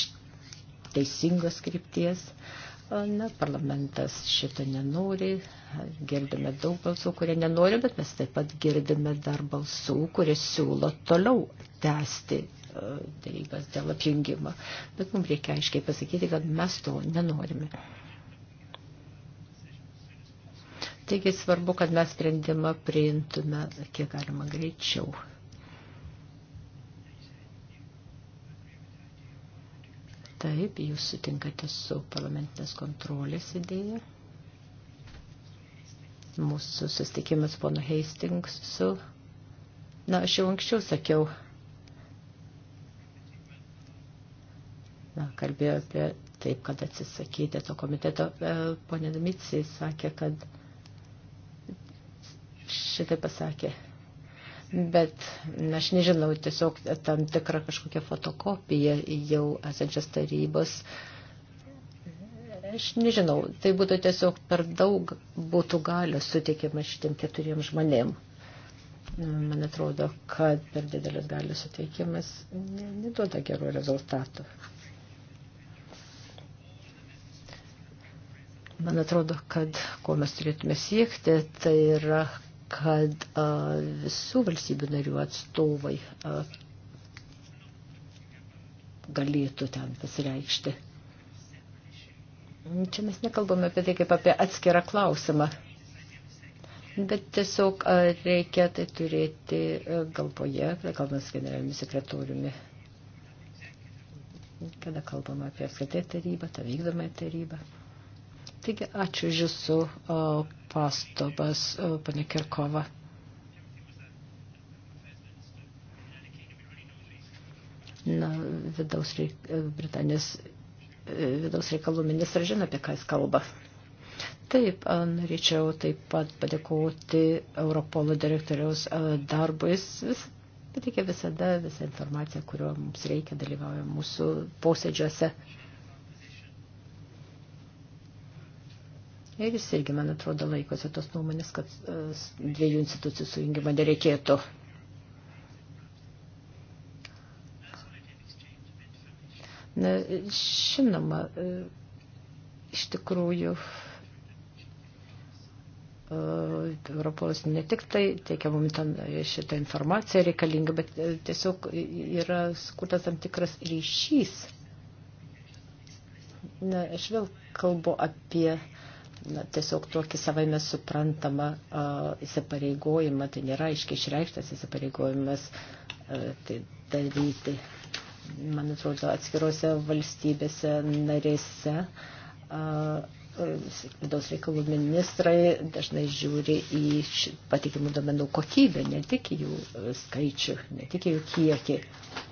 [SPEAKER 2] teisingos krypties. Uh, Na, parlamentas šito nenori, girdime daug balsų, kurie nenori, bet mes taip pat girdime dar balsų, kurie siūlo toliau tęsti darybas dėl apjungimo. Bet mums reikia aiškiai pasakyti, kad mes to nenorime. Taigi svarbu, kad mes sprendimą priimtume kiek galima greičiau. Taip, jūs sutinkate su parlamentinės kontrolės idėja. Mūsų susitikimas pono Hastings su... Na, aš jau anksčiau sakiau. Na, kalbėjau apie taip, kad atsisakyti to komiteto. E, Pone Damicijai sakė, kad šitai pasakė bet aš nežinau, tiesiog tam tikrą kažkokią fotokopiją jau esančias tarybos. Aš nežinau, tai būtų tiesiog per daug būtų galios suteikiama šitiem keturiem žmonėm. Man atrodo, kad per didelis galios suteikimas neduoda gerų rezultatų. Man atrodo, kad ko mes turėtume siekti, tai yra, kad visų valstybių narių atstovai galėtų ten pasireikšti. Čia mes nekalbame apie tai kaip apie atskirą klausimą, bet tiesiog reikia tai turėti galvoje, kalbant su generaliniu sekretoriumi, kada kalbame apie apskritai tarybą, tą vykdomąją tarybą. Taigi, ačiū už jūsų pastabas, panė Kirkova. Na, vidaus reik, e, Britanijos e, vidaus reikalų ministras žino, apie ką jis kalba. Taip, norėčiau taip pat padėkoti Europolo direktoriaus e, darbais. Jis patikė visada visą informaciją, kurio mums reikia dalyvauja mūsų posėdžiuose. Ir jis irgi, man atrodo, laikosi tos nuomonės, kad e, dviejų institucijų sujungimą nereikėtų. Na, žinoma, e, iš tikrųjų, e, Europolas ne tik tai teikia mums šitą informaciją reikalingą, bet tiesiog yra skurtas tam tikras ryšys. Na, aš vėl kalbu apie uh, na, tiesiog tokį savaime suprantamą uh, įsipareigojimą, tai nėra aiškiai išreikštas įsipareigojimas uh, tai daryti. Man atrodo, atskirose valstybėse narėse uh, vidaus reikalų ministrai dažnai žiūri į patikimų domenų kokybę, ne tik jų skaičių, ne tik jų kiekį. Uh,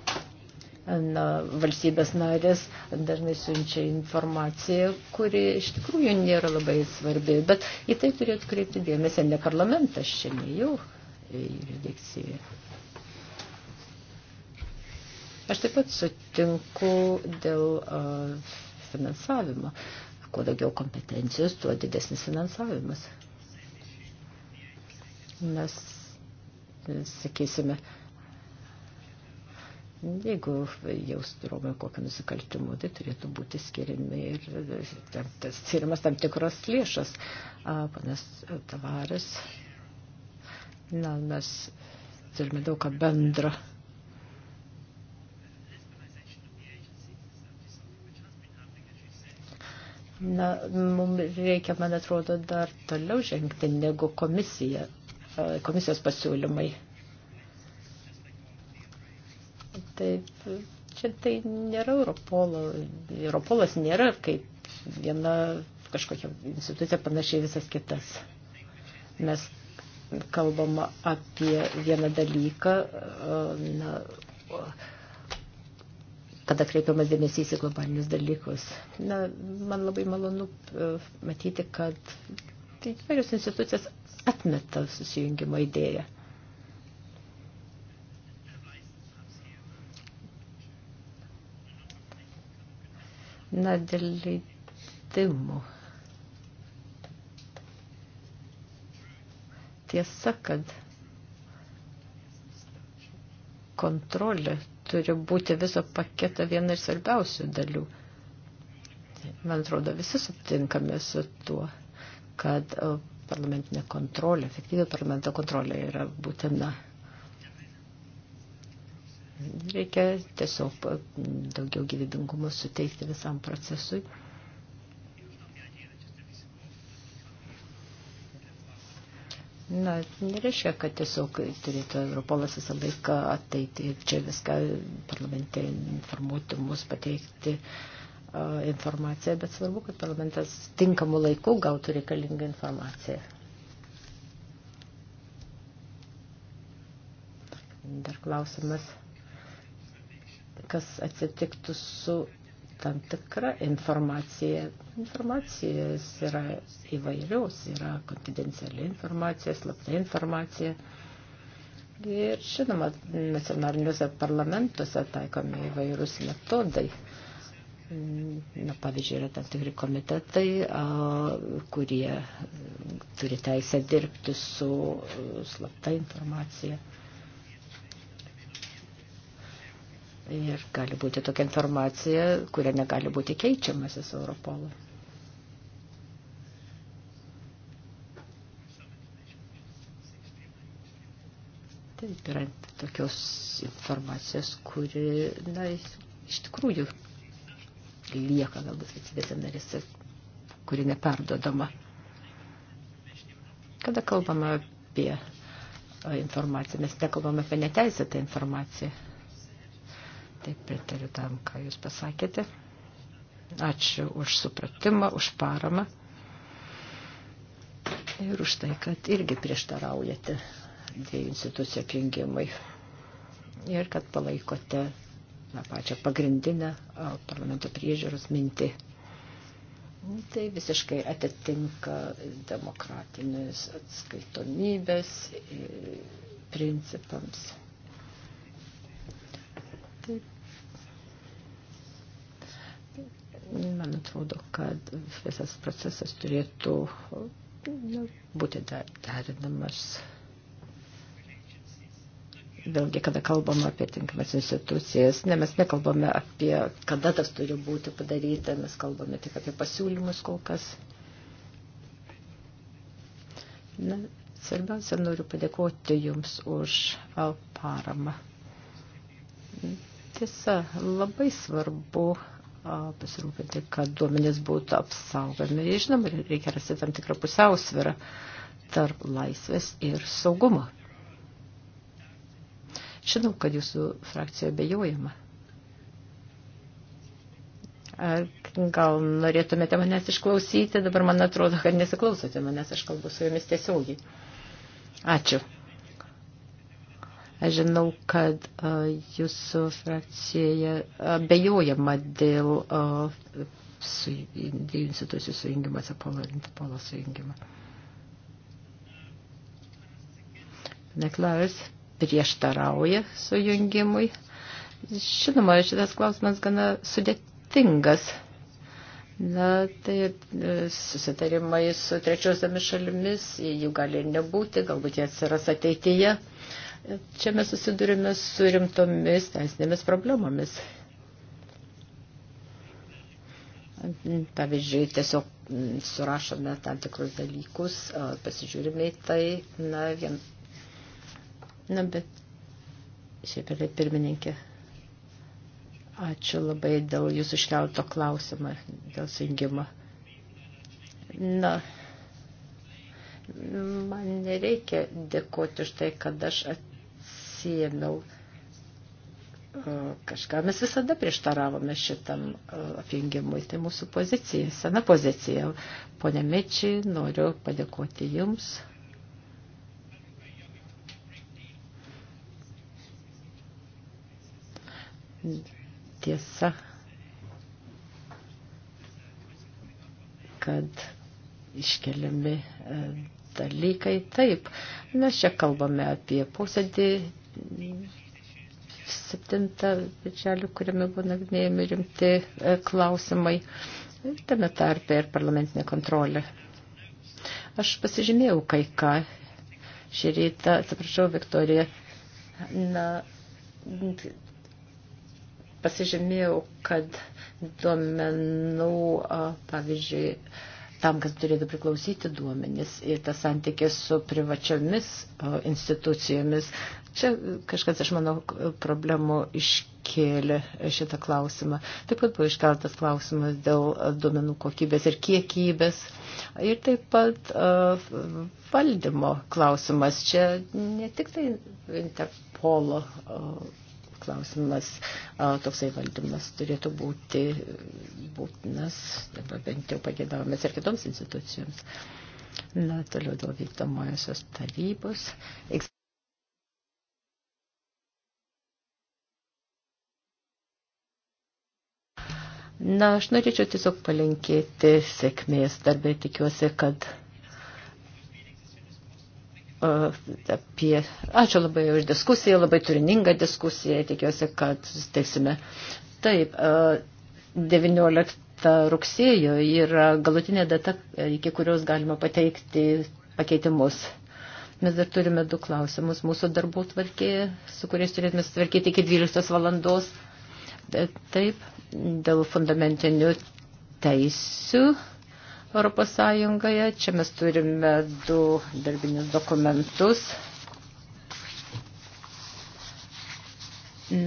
[SPEAKER 2] na, valstybės narės dažnai siunčia informaciją, kuri iš tikrųjų nėra labai svarbi, bet į tai turėtų kreipti dėmesį ne parlamentas, čia ne jau jurisdikcija. Aš taip pat sutinku dėl uh, finansavimo. Kuo daugiau kompetencijos, tuo didesnis finansavimas. Mes, sakysime, uh, Jeigu jau sudarome kokią nusikaltimą, tai turėtų būti skiriami ir tam, tas, skiriamas tam tikros lėšas. Panas Tavaris, na, mes turime daug ką bendrą. Na, mums reikia, man atrodo, dar toliau žengti negu komisija, komisijos pasiūlymai. Taip, čia tai nėra Europolo. Europolas nėra kaip viena kažkokia institucija panašiai visas kitas. Mes kalbama apie vieną dalyką, na, kada kreipiamas dėmesys į globalinius dalykus. Na, man labai malonu e, matyti, kad tai įvairios institucijas atmeta susijungimo idėją. Na, dėl leidimų. Tiesa, kad kontrolė turi būti viso paketo viena iš svarbiausių dalių. Man atrodo, visi sutinkame su tuo, kad uh, parlamentinė kontrolė, efektyvi parlamento kontrolė yra būtina. Reikia tiesiog daugiau gyvybingumo suteikti visam procesui. Na, nereiškia, kad tiesiog turėtų Europolas visą laiką ateiti ir čia viską parlamente informuoti mus, pateikti uh, informaciją, bet svarbu, kad parlamentas tinkamu laiku gautų reikalingą informaciją. Dar klausimas kas atsitiktų su tam tikra informacija. Informacijos yra įvairiaus, yra konfidenciali informacija, slapta informacija. Ir žinoma, nacionaliniuose parlamentuose taikomi įvairūs metodai. Na, pavyzdžiui, yra tam tikri komitetai, a, kurie turi teisę dirbti su slapta informacija. Ir gali būti tokia informacija, kuria negali būti keičiamasis Europolui. Taip yra tokios informacijos, kuri, na, iš tikrųjų lieka galbūt valstybėse narėse, kuri neperdodama. Kada kalbame apie informaciją, mes nekalbame apie neteisėtą informaciją Taip pritariu tam, ką Jūs pasakėte. Ačiū už supratimą, už paramą ir už tai, kad irgi prieštaraujate dviejų institucijų apjungimui ir kad palaikote na, pačią pagrindinę parlamento priežiūros mintį. Tai visiškai atitinka demokratinės atskaitomybės principams. Taip, man atrodo, kad visas procesas turėtų na, būti dar, derinamas. Vėlgi, kada kalbama apie tinkamas institucijas, ne, mes nekalbame apie, kada tas turi būti padaryta, mes kalbame tik apie pasiūlymus kol kas. Na, svarbiausia, noriu padėkoti Jums už paramą. Tiesa, labai svarbu pasirūpinti, kad duomenys būtų apsaugomi. Žinoma, reikia rasti tam tikrą pusiausvyrą tarp laisvės ir saugumo. Žinau, kad jūsų frakcija bejojama. Ar gal norėtumėte manęs išklausyti? Dabar man atrodo, kad nesiklausote manęs, aš kalbu su jumis tiesiogiai. Ačiū. Aš žinau, kad jūsų frakcijoje abejojama dėl su, dviejų institucijų sujungimą, Cepolo ir Interpolo sujungimą. Neklaus prieštarauja sujungimui. Žinoma, šitas klausimas gana sudėtingas. Na, tai e, susitarimai su trečiosiomis šalimis, jų gali ir nebūti, galbūt jie atsiras ateityje. Uh, Čia mes susidurime su rimtomis teisinėmis problemomis. Pavyzdžiui, tiesiog mm, surašome tam tikrus dalykus, pasižiūrime į tai, na, vien. Na, bet šiaip ir pirmininkė. Ačiū labai dėl jūsų iškelto klausimą, dėl sujungimo. Na, man nereikia dėkoti už tai, kad aš atėjau prisijėmiau e, kažką. Mes visada prieštaravome šitam e, apjungimui. Tai mūsų pozicija, sena pozicija. Pone Mečiai, noriu padėkoti Jums. Tiesa, kad iškeliami e, dalykai. Taip, mes čia kalbame apie posėdį septintą birželį, kuriame buvo nagrinėjami rimti e, klausimai, tame tarpe ir parlamentinė kontrolė. Aš pasižymėjau kai ką šį rytą, atsiprašau, Viktorija, na, pasižymėjau, kad duomenų, pavyzdžiui, tam, kas turėtų priklausyti duomenis ir tas santykis su privačiomis institucijomis. Čia kažkas, aš manau, problemų iškėlė šitą klausimą. Taip pat buvo iškeltas klausimas dėl duomenų kokybės ir kiekybės. Ir taip pat uh, valdymo klausimas. Čia ne tik tai Interpolo. Uh, klausimas, toksai valdymas turėtų būti būtinas, arba bent jau pagėdavimas ir kitoms institucijoms. Na, toliau dėl vykdomojosios tarybos. Na, aš norėčiau tiesiog palinkėti sėkmės darbę, tikiuosi, kad apie, ačiū labai už diskusiją, labai turiningą diskusiją, tikiuosi, kad susitiksime. Taip, 19 rugsėjo yra galutinė data, iki kurios galima pateikti pakeitimus. Mes dar turime du klausimus mūsų darbų tvarkėje, su kuriais turėtume sutvarkyti iki 12 valandos. Taip, dėl fundamentinių teisių Europos Sąjungoje. Čia mes turime du darbinius dokumentus.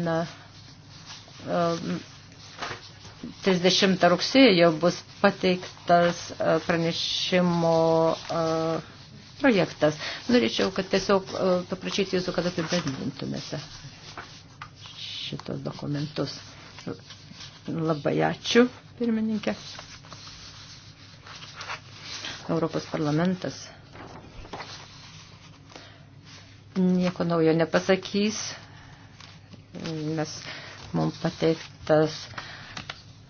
[SPEAKER 2] Na, 30 um, rugsėjo bus pateiktas uh, pranešimo uh, projektas. Norėčiau, kad tiesiog uh, paprašyti jūsų, kad apibendrintumėte šitos dokumentus. Labai ačiū, pirmininkė. Europos parlamentas nieko naujo nepasakys, nes mums pateiktas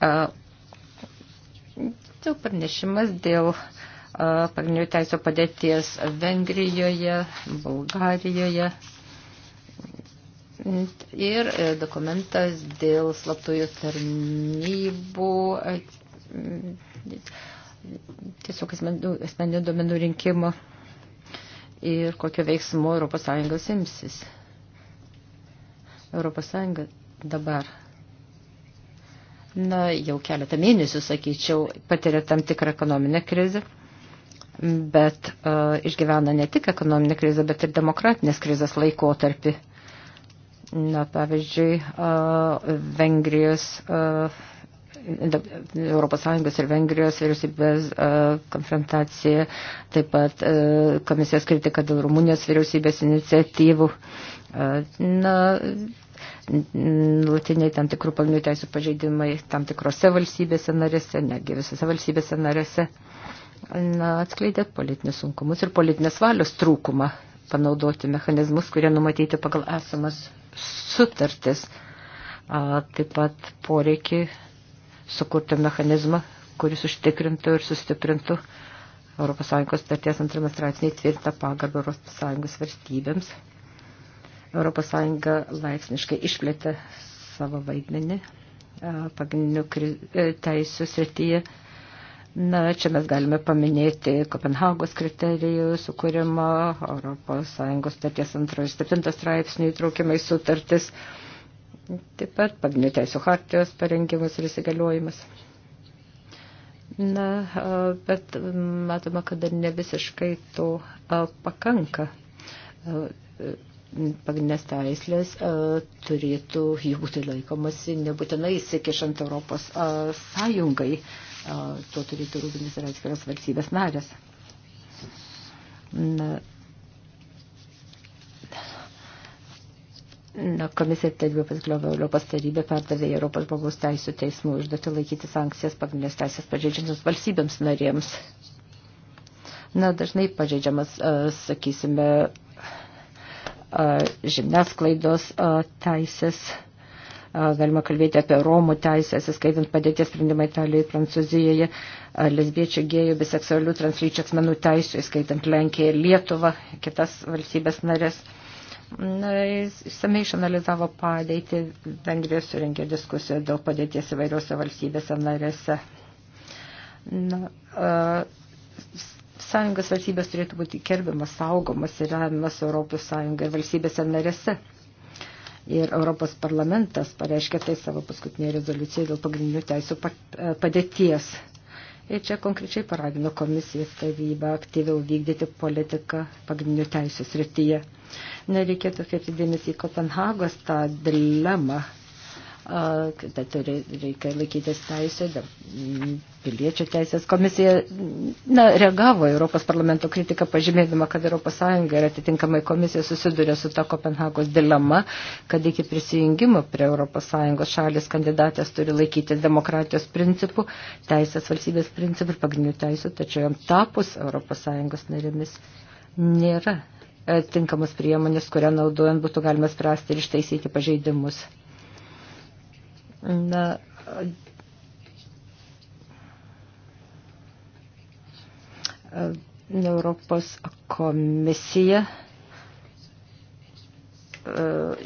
[SPEAKER 2] uh, pranešimas dėl uh, pagrindinių teisų padėties Vengrijoje, Bulgarijoje. Ir e, dokumentas dėl slaptųjų tarnybų e, tiesiog asmeninių domenų rinkimo ir kokio veiksmo ES imsis. ES dabar na, jau keletą mėnesių, sakyčiau, patiria tam tikrą ekonominę krizę, bet uh, išgyvena ne tik ekonominę krizę, bet ir demokratinės krizės laikotarpį. Na, pavyzdžiui, Vengrijos, ES ir Vengrijos vyriausybės konfrontacija, taip pat komisijos kritika dėl Rumunijos vyriausybės iniciatyvų. Na, latiniai tam tikrų palmių teisų pažeidimai tam tikrose valstybėse narėse, negi visose valstybėse narėse na, atskleidėt politinius sunkumus ir politinės valios trūkumą panaudoti mechanizmus, kurie numatyti pagal esamas sutartis, taip pat poreikį sukurti mechanizmą, kuris užtikrintų ir sustiprintų ES starties antrame straipsnėje tvirtą pagarbą ES valstybėms. ES laipsniškai išplėtė savo vaidmenį pagrindinių e, teisų srityje Na, čia mes galime paminėti Kopenhagos kriterijų sukūrimą, ES starties 2.7 straipsnių įtraukimai sutartis, taip pat pagrindinių teisų hartijos parengimas ir įsigaliojimas. Na, bet matoma, kad dar ne visiškai to pakanka pagrindinės teislės turėtų jų būti laikomasi, nebūtinai įsikišant Europos Sąjungai. A, tuo turėtų rūpintis ir atskiras valstybės narės. Na, Na, komisija tarybė paskelbė Europos tarybę perdavė Europos žmogaus teisų teismų užduotį laikyti sankcijas pagrindinės teisės pažeidžiančiams valstybėms narėms. Na, dažnai pažeidžiamas, sakysime, žiniasklaidos teisės galima kalbėti apie Romų teisės, įskaitant padėties sprendimą Italijoje, Prancūzijoje, lesbiečių, gėjų, biseksualių, translyčių asmenų teisų, įskaitant Lenkiją ir Lietuvą, kitas valstybės narės. Na, jis išsamei išanalizavo padėtį, Vengrija surengė diskusiją dėl padėties įvairiuose valstybėse narėse. Na, uh, sąjungos valstybės turėtų būti kerbiamas, saugomas ir remiamas Europos sąjunga ir valstybėse narėse. Uh, Ir Europos parlamentas pareiškia tai savo paskutinėje rezoliucijoje dėl pagrindinių teisų e, padėties. Ir čia konkrečiai paragino komisiją tarybą aktyviau vykdyti politiką pagrindinių teisų srityje. Nereikėtų kreipti dėmesį į Kopenhagos tą dilemą, kad tai reikia laikytis teisė, piliečio teisės komisija na, reagavo Europos parlamento kritiką, pažymėdama, kad ES ir atitinkamai komisija susiduria su ta Kopenhagos dilema, kad iki prisijungimo prie ES šalis kandidatės turi laikytis demokratijos principų, teisės valstybės principų ir pagrindinių teisų, tačiau jam tapus ES narėmis nėra e, tinkamas priemonės, kurią naudojant būtų galima spręsti ir ištaisyti pažeidimus. Na, e, Europos komisija e,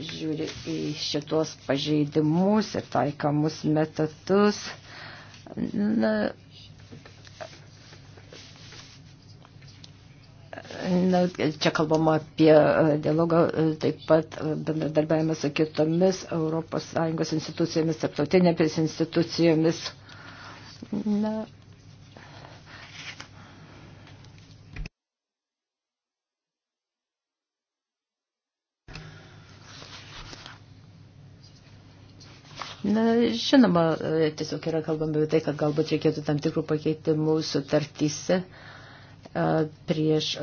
[SPEAKER 2] žiūri į šitos pažeidimus ir taikamus metodus. Na, Na, čia kalbama apie e, dialogą, e, taip pat e, bendradarbiavimą su kitomis ES institucijomis, tarptautinėmis institucijomis. Na. Na, žinoma, tiesiog yra kalbama apie tai, kad galbūt reikėtų tam tikrų pakeitimų sutartyse. Uh, prieš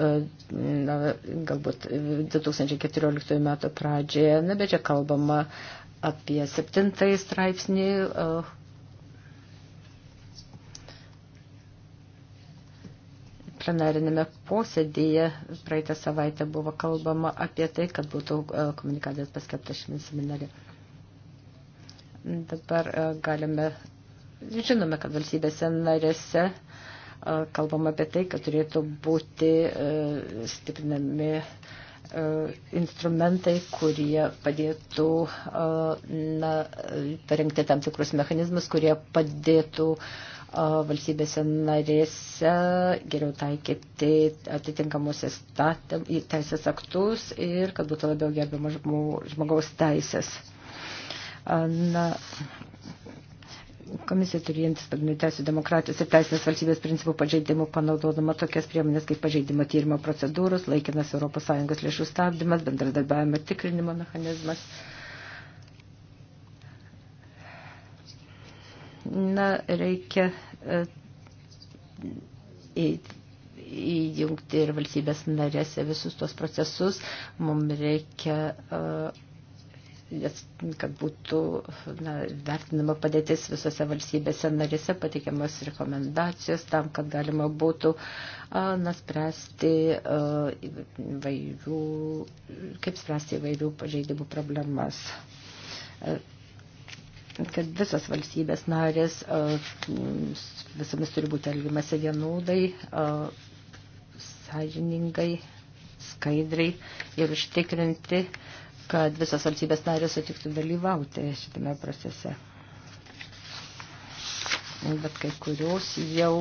[SPEAKER 2] na, galbūt 2014 e, metų pradžioje. Na, bet čia kalbama apie septintąjį straipsnį. Plenarinėme posėdėje praeitą savaitę buvo kalbama apie tai, kad būtų komunikacijas paskelbtas šiame seminare. Dabar galime, žinome, kad valstybėse narėse uh, kalbama apie tai, kad turėtų būti e, stiprinami e, instrumentai, kurie padėtų na, parengti tam tikrus mechanizmus, kurie padėtų valstybėse narėse geriau taikyti atitinkamus teisės aktus ir kad būtų labiau gerbiamas žmogaus teisės. Na, Komisija turi imtis pagrindinių teisų demokratijos ir teisinės valstybės principų pažeidimų, panaudodama tokias priemonės kaip pažeidimo tyrimo procedūros, laikinas ES lėšų stabdymas, bendradarbiavimo tikrinimo mechanizmas. Na, reikia e, į, įjungti ir valstybės narėse visus tuos procesus. Mums reikia uh, kad būtų na, vertinama padėtis visose valstybėse narėse, pateikiamas rekomendacijos tam, kad galima būtų na, spręsti, įvairių, kaip spręsti įvairių pažeidimų problemas kad visas valstybės narės visomis turi būti elgimasi vienodai, sąžiningai, skaidrai ir užtikrinti, kad visas valstybės narės sutiktų dalyvauti šitame procese. Bet kai kurios jau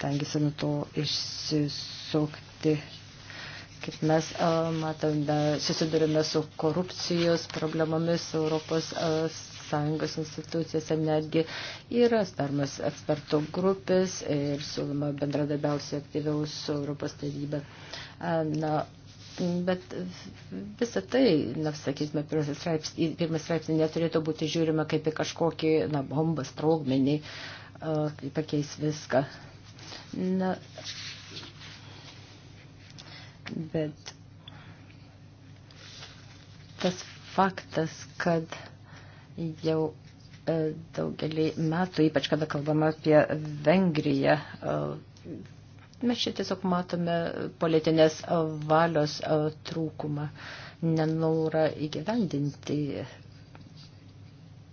[SPEAKER 2] tengiasi nuo to išsisukti. Kaip mes a, matome, susidurime su korupcijos problemomis Europos a, sąjungos institucijose netgi yra starmas ekspertų grupės ir siūloma bendradabiausiai aktyviau su Europos taryba. Na, Bet visą tai, na, sakysime, pirmas straipsnis, pirmas straipsnis neturėtų būti žiūrima kaip į kažkokį, na, bombą, sprogmenį, kai pakeis viską. Na, bet tas faktas, kad jau e, daugelį metų, ypač kada kalbama apie Vengriją, Mes čia tiesiog matome politinės valios e, trūkumą, nenaurą įgyvendinti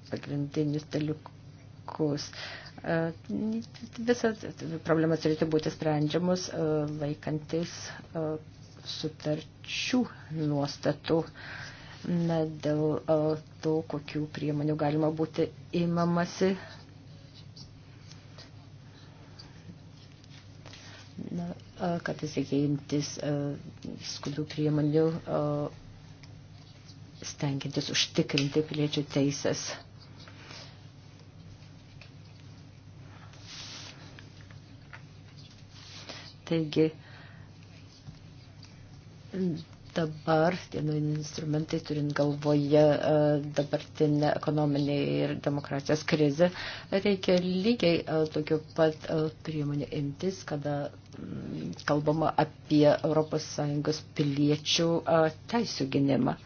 [SPEAKER 2] pagrindinius dalykus. E, Visas problemas turėtų būti sprendžiamus e, laikantis sutarčių nuostatų na, dėl to, kokių priemonių galima būti imamasi kartais reikia imtis skubių priemonių, stengiantis užtikrinti piliečių teisės. Taigi, dabar dienų instrumentai, turint galvoje e, dabartinę ekonominę ir demokratijos krizę, reikia lygiai e, tokiu pat e, priemonė imtis, kada mm, kalbama apie ES piliečių teisų gynimą.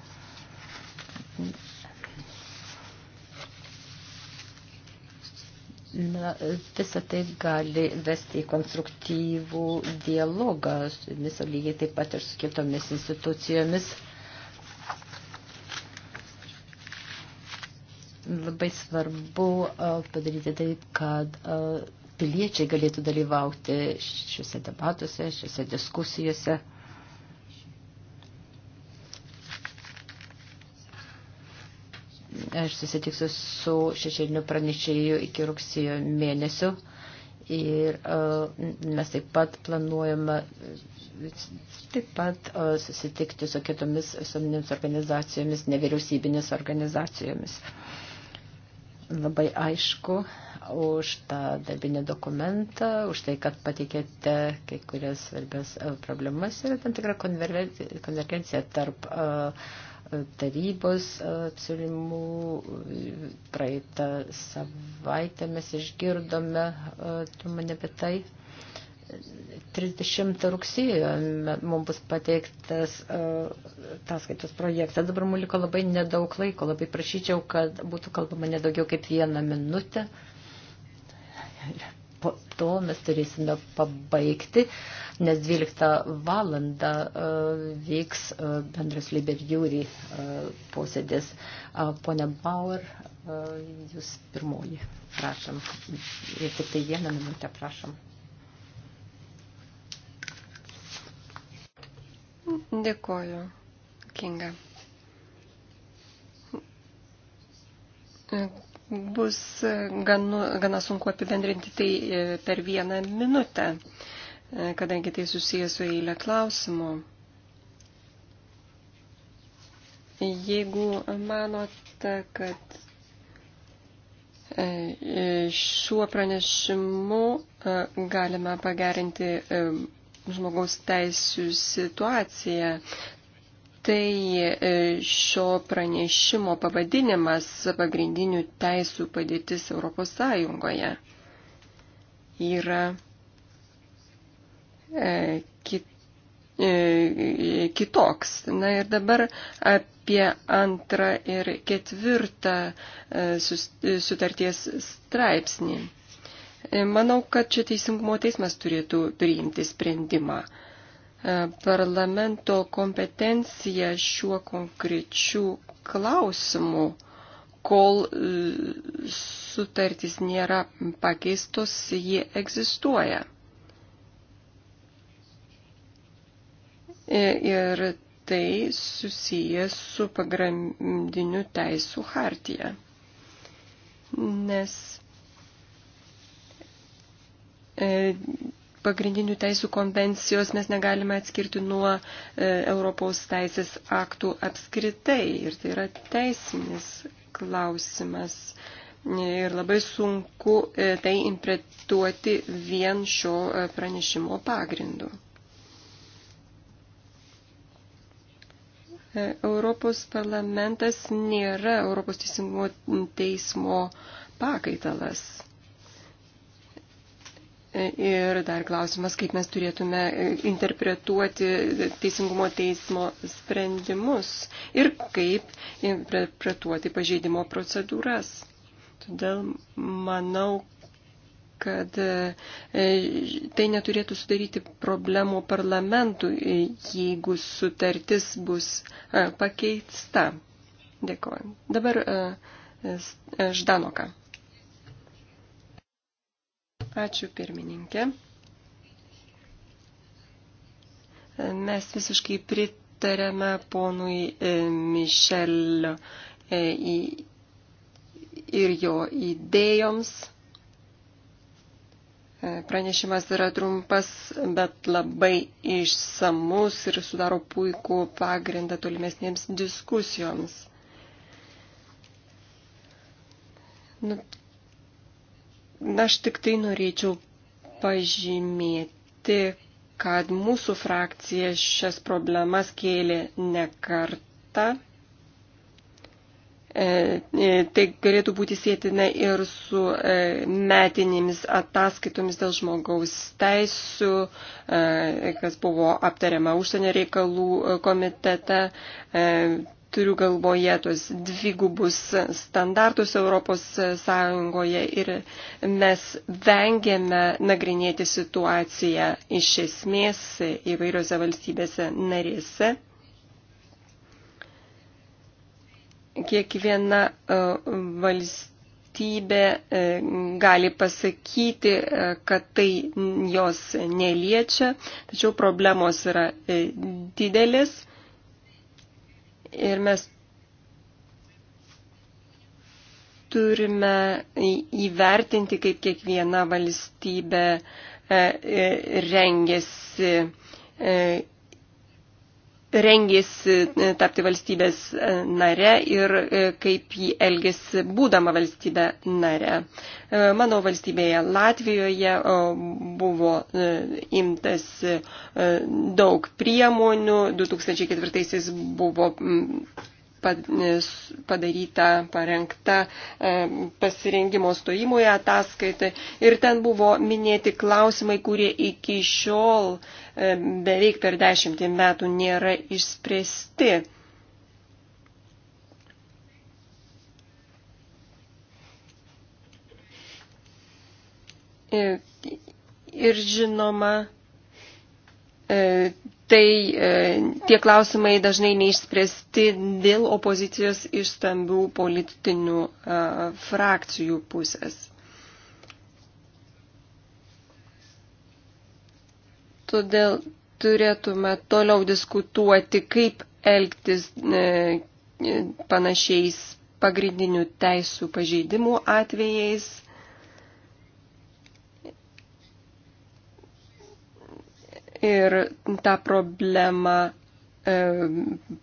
[SPEAKER 2] Na, visą tai gali vesti į konstruktyvų dialogą su jumis, lygiai taip pat ir su kitomis institucijomis. Labai svarbu padaryti tai, kad piliečiai galėtų dalyvauti šiuose debatuose, šiuose diskusijose. Aš susitiksiu su šešėliniu pranešėju iki rugsėjo mėnesio ir e, mes taip pat planuojame e, taip pat e, susitikti su kitomis visuomenėms organizacijomis, nevyriausybinės organizacijomis. Labai aišku už tą darbinį dokumentą, už tai, kad pateikėte kai kurias svarbias problemas. Yra tam tikra konvergencija tarp uh, tarybos e, siūlymų. Praeitą savaitę mes išgirdome mane apie tai. 30 rugsėjo mums bus pateiktas e, taskaitos projektas. Dabar mums liko labai nedaug laiko. Labai prašyčiau, kad būtų kalbama nedaugiau kaip vieną minutę po to mes turėsime pabaigti, nes 12 valandą e, vyks e, bendras Liberjūri e, posėdis. Pone Bauer, jūs pirmoji, prašom. Ir tik tai vieną minutę,
[SPEAKER 1] prašom. Dėkoju, Kinga bus gan, gana sunku apibendrinti tai e, per vieną minutę, e, kadangi tai susijęs su eilė klausimų. Jeigu manote, kad e, šiuo pranešimu galime pagerinti žmogaus teisų situaciją tai e, šio pranešimo pavadinimas pagrindinių teisų padėtis Europos Sąjungoje yra e, kit, e, kitoks. Na ir dabar apie antrą ir ketvirtą sutarties straipsnį. Manau, kad čia teisingumo teismas turėtų priimti sprendimą. E, parlamento kompetencija šiuo konkrečiu klausimu, kol e, sutartys nėra pakeistos, jie egzistuoja. E, ir tai susijęs su pagrindiniu teisų hartija. Nes pagrindinių teisų konvencijos mes negalime atskirti nuo e, Europos teisės aktų apskritai. Ir tai yra teisinis klausimas. Ir labai sunku e, tai impretuoti vien šio e, pranešimo pagrindu. E, Europos parlamentas nėra Europos teisingumo teismo pakaitalas. Ir dar klausimas, kaip mes turėtume e, interpretuoti teisingumo teismo sprendimus ir kaip interpretuoti pažeidimo procedūras. Todėl manau, kad e, tai neturėtų sudaryti problemų parlamentui, jeigu sutartis bus e, pakeista. Dėkuoju. Dabar Ždanoka. Uh, Ačiū pirmininkė. Mes visiškai pritarėme ponui e, Mišelio e, ir jo idėjoms. E, pranešimas yra trumpas, bet labai išsamus ir sudaro puikų pagrindą tolimesnėms diskusijoms. Nu, Aš tik tai norėčiau pažymėti, kad mūsų frakcija šias problemas kėlė ne kartą. E, e, tai galėtų būti sėtina ir su e, metinėmis ataskaitomis dėl žmogaus teisų, kas buvo aptariama užsienio reikalų komitete. Turiu galvoje tos dvigubus standartus ES ir mes vengėme nagrinėti situaciją iš esmės įvairiose valstybėse narėse. Kiekviena e, valstybė valstybė e, gali pasakyti, e, kad tai jos neliečia, tačiau problemos yra didelis Ir mes turime įvertinti, kaip kiekviena valstybė e, e, rengėsi e, rengėsi e, tapti valstybės e, nare ir e, kaip jį elgėsi būdama valstybė nare. Mano valstybėje Latvijoje buvo imtas daug priemonių, 2004 buvo padaryta, parengta e, pasirengimo stojimui ataskaitai. Ir ten buvo minėti klausimai, kurie iki šiol e, beveik per dešimtį metų nėra išspręsti. Ir, e, ir žinoma, tai e, tie klausimai dažnai neišspręsti dėl opozicijos iš stambių politinių e, frakcijų pusės. Todėl turėtume toliau diskutuoti, kaip elgtis e, panašiais pagrindinių teisų pažeidimų atvejais Ir tą problemą e,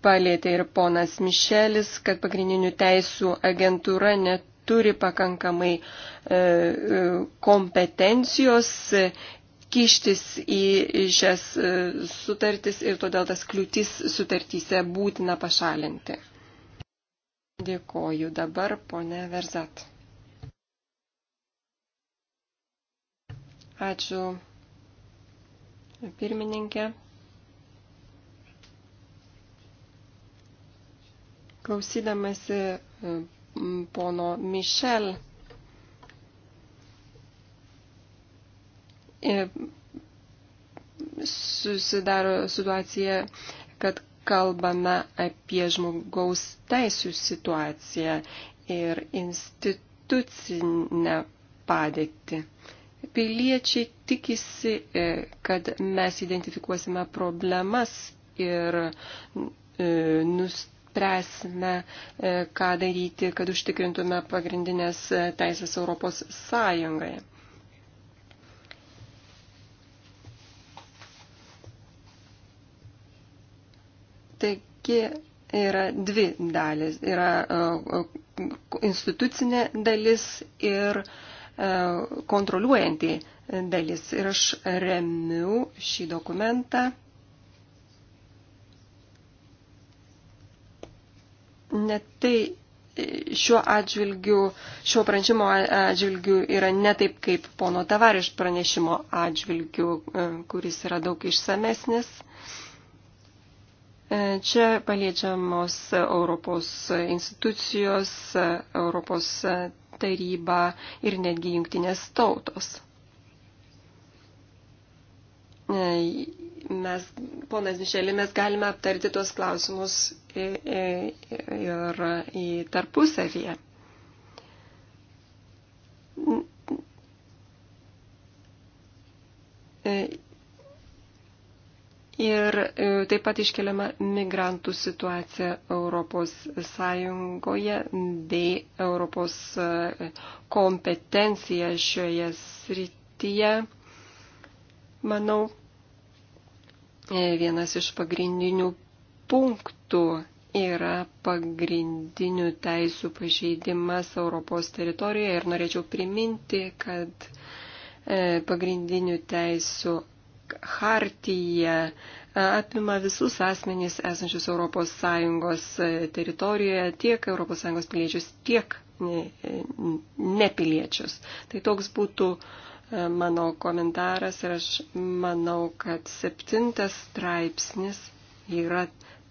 [SPEAKER 1] palėtė ir ponas Mišelis, kad pagrindinių teisų agentūra neturi pakankamai e, e, kompetencijos kištis į šias sutartis ir todėl tas kliūtis sutartyse būtina pašalinti. Dėkoju dabar, ponė Verzat. Ačiū pirmininkė. Klausydamasi e, pono Mišel e, susidaro situacija, kad kalbame apie žmogaus teisų situaciją ir institucinę padėtį. Piliečiai tikisi, e, kad mes identifikuosime problemas ir e, nuspręsime, e, ką daryti, kad užtikrintume pagrindinės teisės Europos Sąjungoje. Taigi yra dvi dalis. Yra institucinė dalis ir uh, E, kontroliuojanti dalis. Ir aš remiu šį dokumentą. Net tai e, šiuo atžvilgiu, šiuo pranešimo atžvilgiu yra ne taip kaip pono tavariš pranešimo atžvilgiu, e, kuris yra daug išsamesnis. Čia paliečiamos Europos institucijos, Europos taryba ir netgi jungtinės tautos. E, mes, ponas Mišelė, mes galime aptarti tuos klausimus ir į tarpusavyje. E, Ir e, taip pat iškeliama migrantų situacija Europos Sąjungoje bei Europos e, kompetencija šioje srityje. Manau, e, vienas iš pagrindinių punktų yra pagrindinių teisų pažeidimas Europos teritorijoje ir norėčiau priminti, kad pagrindinių teisų hartija e, apima visus asmenys esančius ES e, teritorijoje, tiek ES piliečius, tiek e, nepiliečius. Tai toks būtų mano komentaras ir aš manau, kad septintas straipsnis yra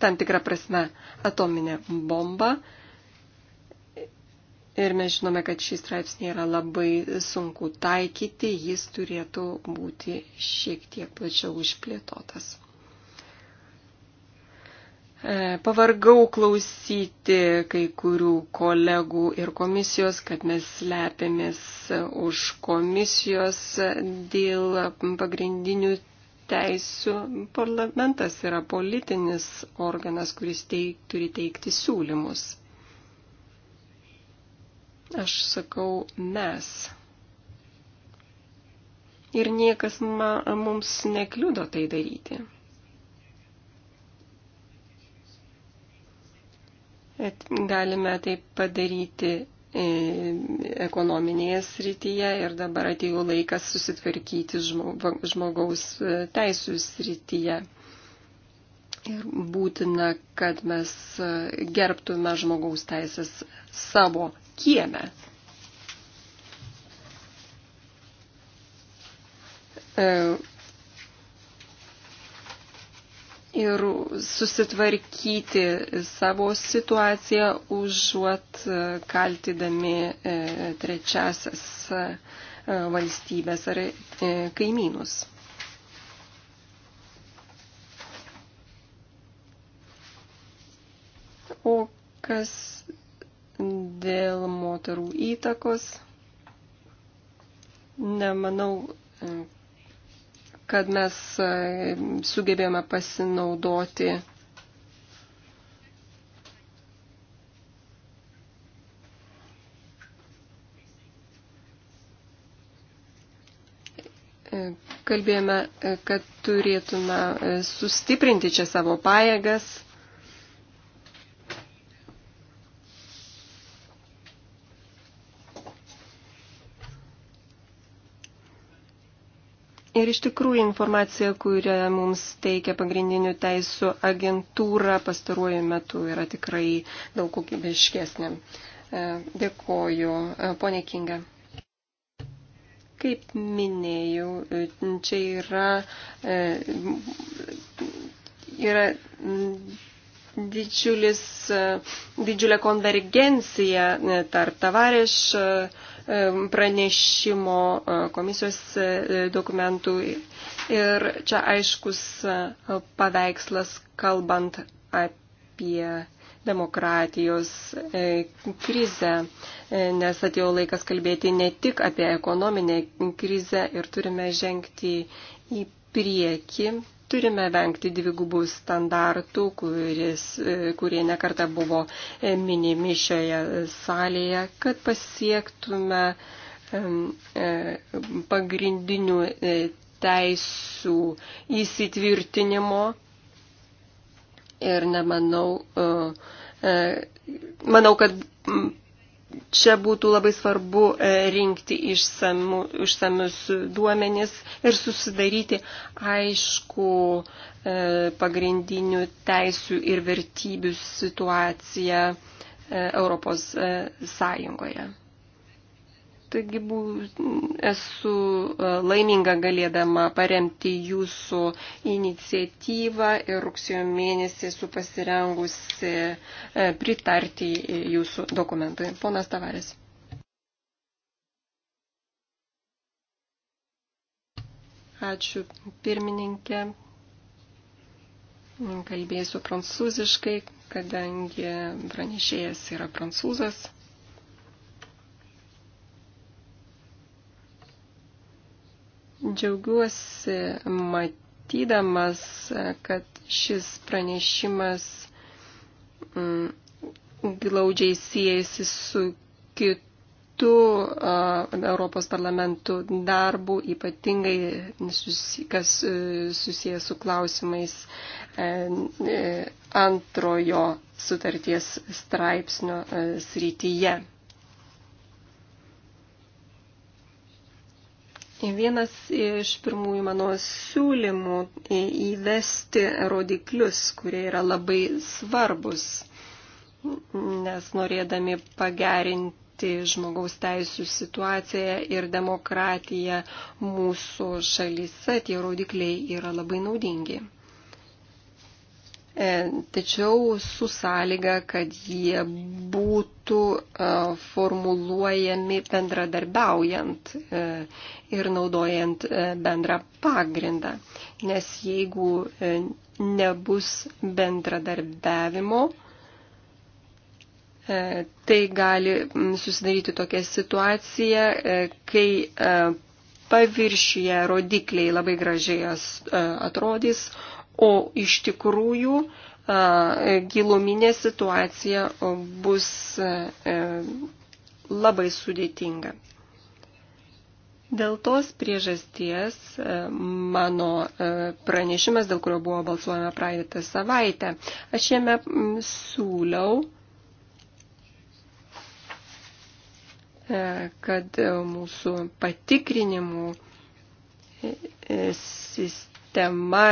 [SPEAKER 1] tam tikrą prasme atominė bomba Ir mes žinome, kad šį straipsnį yra labai sunku taikyti, jis turėtų būti šiek tiek plačiau išplėtotas. E, pavargau klausyti kai kurių kolegų ir komisijos, kad mes slepiamės už komisijos dėl pagrindinių teisių. Parlamentas yra politinis organas, kuris teik, turi teikti siūlymus. Aš sakau mes. Ir niekas ma, mums nekliudo tai daryti. Et galime tai padaryti e, ekonominėje srityje ir dabar atėjo laikas susitvarkyti žmogaus e, teisų srityje. Ir būtina, kad mes e, gerbtume žmogaus teisės savo kieme. Ir susitvarkyti savo situaciją užuot e, kaltydami e, trečiasias e, valstybės ar kaimynus. O kas dėl moterų įtakos. Nemanau, e, kad mes e, sugebėjome pasinaudoti e, kalbėjome, kad turėtume sustiprinti čia savo pajėgas Ir iš tikrųjų informacija, kurią mums teikia pagrindinių teisų agentūra pastaruoju metu yra tikrai daug kokybiškesnė. E, dėkoju, e, ponė Kinga. Kaip minėjau, e, čia yra, yra didžiulis, didžiulė konvergencija e, tarp tavareš e, e, pranešimo komisijos dokumentų ir čia aiškus paveikslas kalbant apie demokratijos krizę, nes atėjo laikas kalbėti ne tik apie ekonominę krizę ir turime žengti į priekį Turime vengti dvigubų standartų, kuris, e, kurie nekarta buvo e, minimi šioje salėje, kad pasiektume e, pagrindinių teisų įsitvirtinimo ir nemanau, manau, kad čia būtų labai svarbu e, rinkti išsamu, išsamius duomenis ir susidaryti aišku e, pagrindinių teisių ir vertybių situaciją e, Europos Sąjungoje. Taigi bū, esu e, laiminga galėdama paremti jūsų iniciatyvą ir rugsėjo mėnesį esu pasirengusi e, pritarti jūsų dokumentui. Ponas Tavaris. Ačiū pirmininkė. Kalbėsiu prancūziškai, kadangi pranešėjas yra prancūzas. Džiaugiuosi matydamas, kad šis pranešimas mm, glaudžiai siejasi su kitu kitų Europos parlamentų darbų, ypatingai kas e, susijęs su klausimais e, e, antrojo sutarties straipsnio srityje. Vienas iš pirmųjų mano siūlymų įvesti rodiklius, kurie yra labai svarbus, nes norėdami pagerinti žmogaus teisų situaciją ir demokratiją mūsų šalyse, tie rodikliai yra labai naudingi. E, tačiau su sąlyga, kad jie būtų e, formuluojami bendradarbiaujant e, ir naudojant bendrą pagrindą. Nes jeigu nebus bendradarbiavimo, tai gali susidaryti tokia situacija, kai paviršyje rodikliai labai gražiai atrodys, o iš tikrųjų giluminė situacija bus labai sudėtinga. Dėl tos priežasties mano pranešimas, dėl kurio buvo balsuojama praeitą savaitę, aš jame siūliau, kad mūsų patikrinimų e, e, sistema tema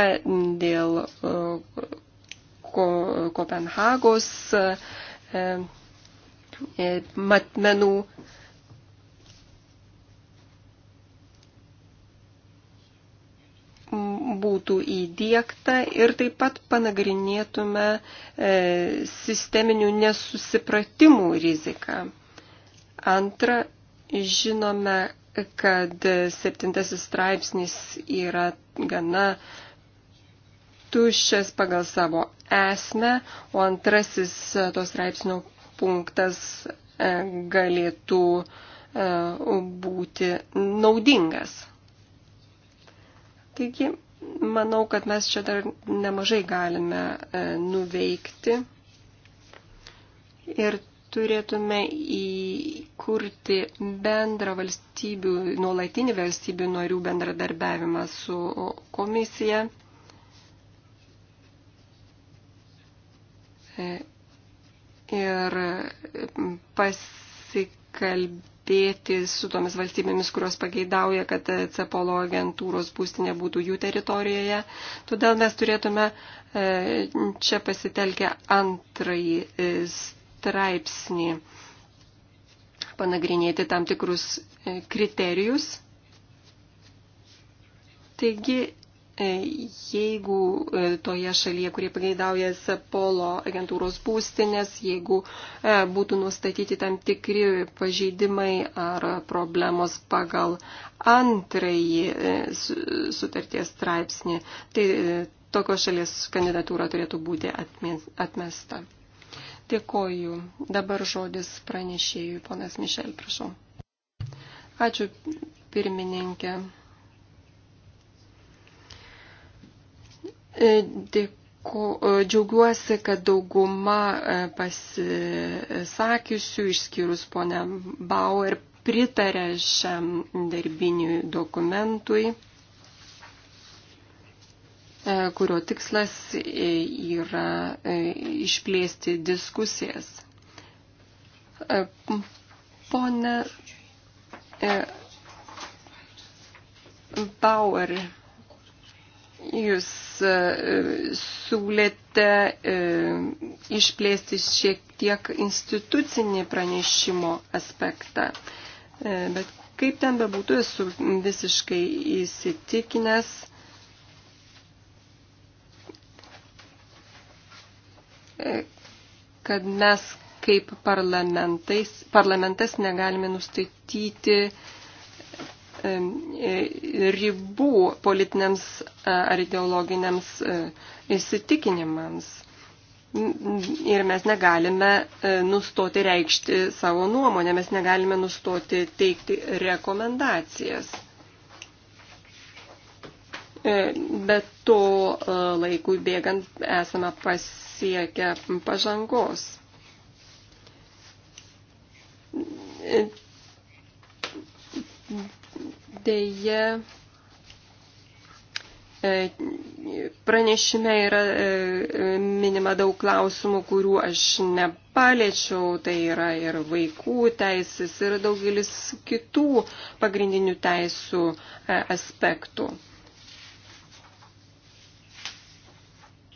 [SPEAKER 1] dėl e, Kopenhagos e, e, matmenų. būtų įdėkta ir taip pat panagrinėtume e, sisteminių nesusipratimų riziką. Antra, žinome, kad septintasis straipsnis yra gana tuščias pagal savo esmę, o antrasis to straipsnio punktas e, galėtų e, būti naudingas. Taigi, manau, kad mes čia dar nemažai galime e, nuveikti. Ir turėtume įkurti bendrą valstybių, nuolatinį valstybių norių bendradarbiavimą su komisija. E, ir pasikalbėti su tomis valstybėmis, kurios pageidauja, kad CEPOLO agentūros būstinė būtų jų teritorijoje. Todėl mes turėtume e, čia pasitelkę antrąjį straipsnį, panagrinėti tam tikrus e, kriterijus. Taigi, e, jeigu e, toje šalyje, kurie pageidauja Sepolo agentūros būstinės, jeigu būtų nustatyti tam tikri pažeidimai ar problemos pagal antrąjį sutarties straipsnį, tai tokios šalies kandidatūra turėtų būti atmesta. Dėkoju. Dabar žodis pranešėjui, ponas Mišel, prašau. Ačiū, pirmininkė. E, dėko, e, džiaugiuosi, kad dauguma e, pasisakiusių, išskyrus ponę Bauer, pritarė šiam darbiniui dokumentui. E, kurio tikslas e, yra e, išplėsti diskusijas. Pone Bauer, jūs siūlėte išplėsti šiek tiek institucinį pranešimo aspektą, bet kaip ten bebūtų, esu visiškai įsitikinęs, kad mes kaip parlamentas negalime nustatyti e, ribų politiniams ar ideologiniams e, įsitikinimams. Ir mes negalime e, nustoti reikšti savo nuomonę, mes negalime nustoti teikti rekomendacijas. E, bet to e, laikui bėgant esame pasiekę pažangos. E, Deja, pranešime yra minima daug klausimų, kurių aš nepaliečiau, tai yra ir vaikų teisės, ir daugelis kitų pagrindinių teisų aspektų.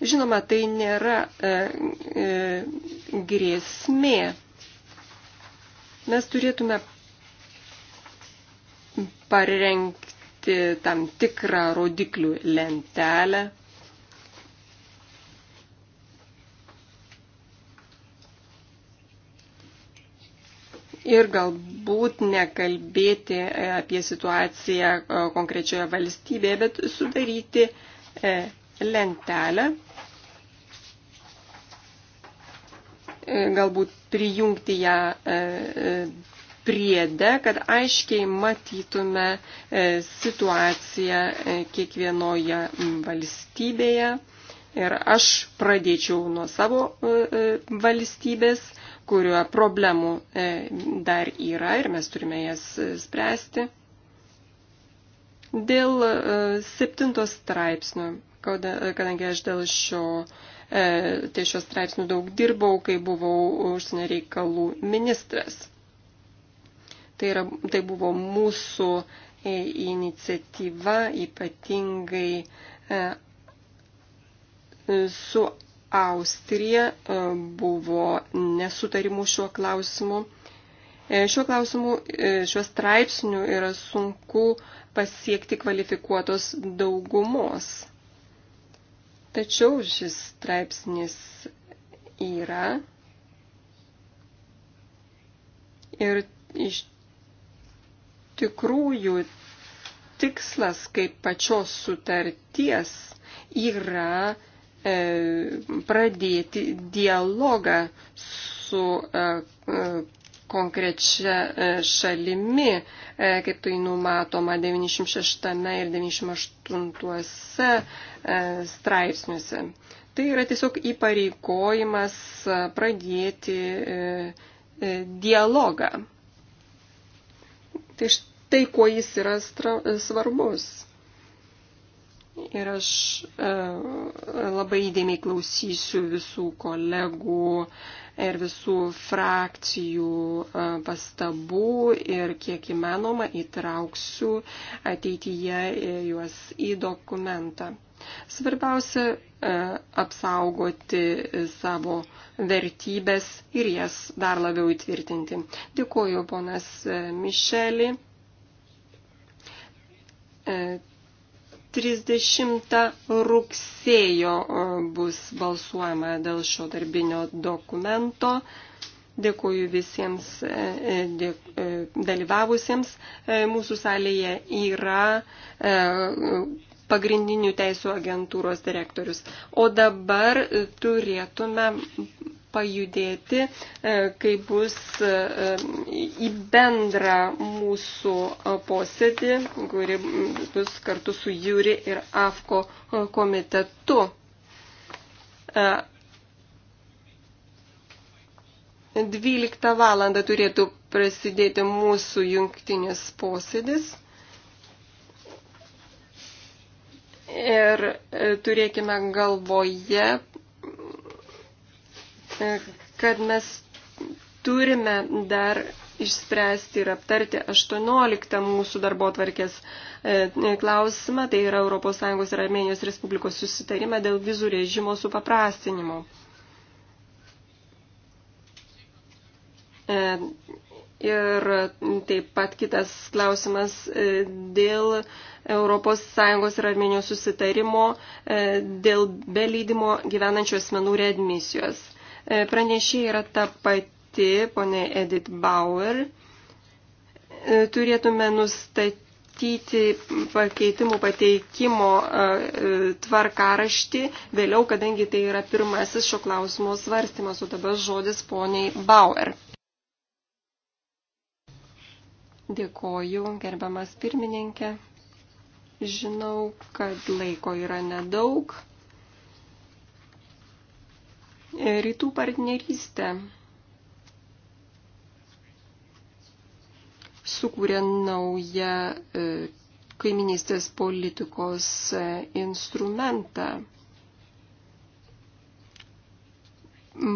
[SPEAKER 1] Žinoma, tai nėra e, e, grėsmė. Mes turėtume parengti tam tikrą rodiklių lentelę. Ir galbūt nekalbėti apie situaciją e, konkrečioje valstybėje, bet sudaryti e, lentelę, e, galbūt prijungti ją e, e, priedę, kad aiškiai matytume situaciją kiekvienoje valstybėje. Ir aš pradėčiau nuo savo valstybės, kurioje problemų dar yra ir mes turime jas spręsti. Dėl septintos straipsnio kadangi aš dėl šio e, tai šios straipsnių daug dirbau, kai buvau užsienio reikalų ministras. Tai, yra, tai buvo mūsų e, iniciatyva ypatingai e, su Austrija buvo nesutarimų šiuo klausimu. Šiuo klausimu, šiuo straipsniu yra sunku pasiekti kvalifikuotos daugumos Tačiau šis straipsnis yra ir iš tikrųjų tikslas kaip pačios sutarties yra e, pradėti dialogą su e, e konkrečia e, šalimi, e, kaip tai numatoma 96 ir 98 e, straipsniuose. Tai yra tiesiog įpareigojimas pradėti dialogą. Tai štai, kuo jis yra svarbus. Ir aš labai įdėmiai klausysiu visų kolegų ir visų frakcijų e, pastabų ir kiek įmanoma įtrauksiu ateityje e, juos į dokumentą. Svarbiausia e, apsaugoti savo vertybės ir jas dar labiau įtvirtinti. Dėkuoju, ponas Mišeli 30 rugsėjo bus balsuojama dėl šio darbinio dokumento. Dėkuoju visiems e, e, dėk, e, dalyvavusiems. Mūsų salėje yra pagrindinių teisų agentūros direktorius. O dabar turėtume pajudėti, e, kai bus e, į bendrą mūsų e, posėdį, kuri bus kartu su Jūri ir AFKO komitetu. Dvyliktą valandą turėtų prasidėti mūsų jungtinis posėdis. Ir turėkime galvoje E, kad mes turime dar išspręsti ir aptarti 18 mūsų darbo tvarkės e, e, klausimą, tai yra ES ir Armenijos Respublikos susitarimą dėl vizų režimo supaprastinimo. Ir taip pat kitas klausimas dėl ES ir Armenijos susitarimo dėl belydimo gyvenančių asmenų readmisijos. E, pranešė yra ta pati, ponė Edith Bauer. E, turėtume nustatyti pakeitimų pateikimo e, tvarkaraštį vėliau, kadangi tai yra pirmasis šio klausimo svarstymas, o dabar žodis poniai Bauer. Dėkoju, gerbiamas pirmininkė. Žinau, kad laiko yra nedaug rytų partnerystė sukūrė naują e, kaiminystės politikos e, instrumentą.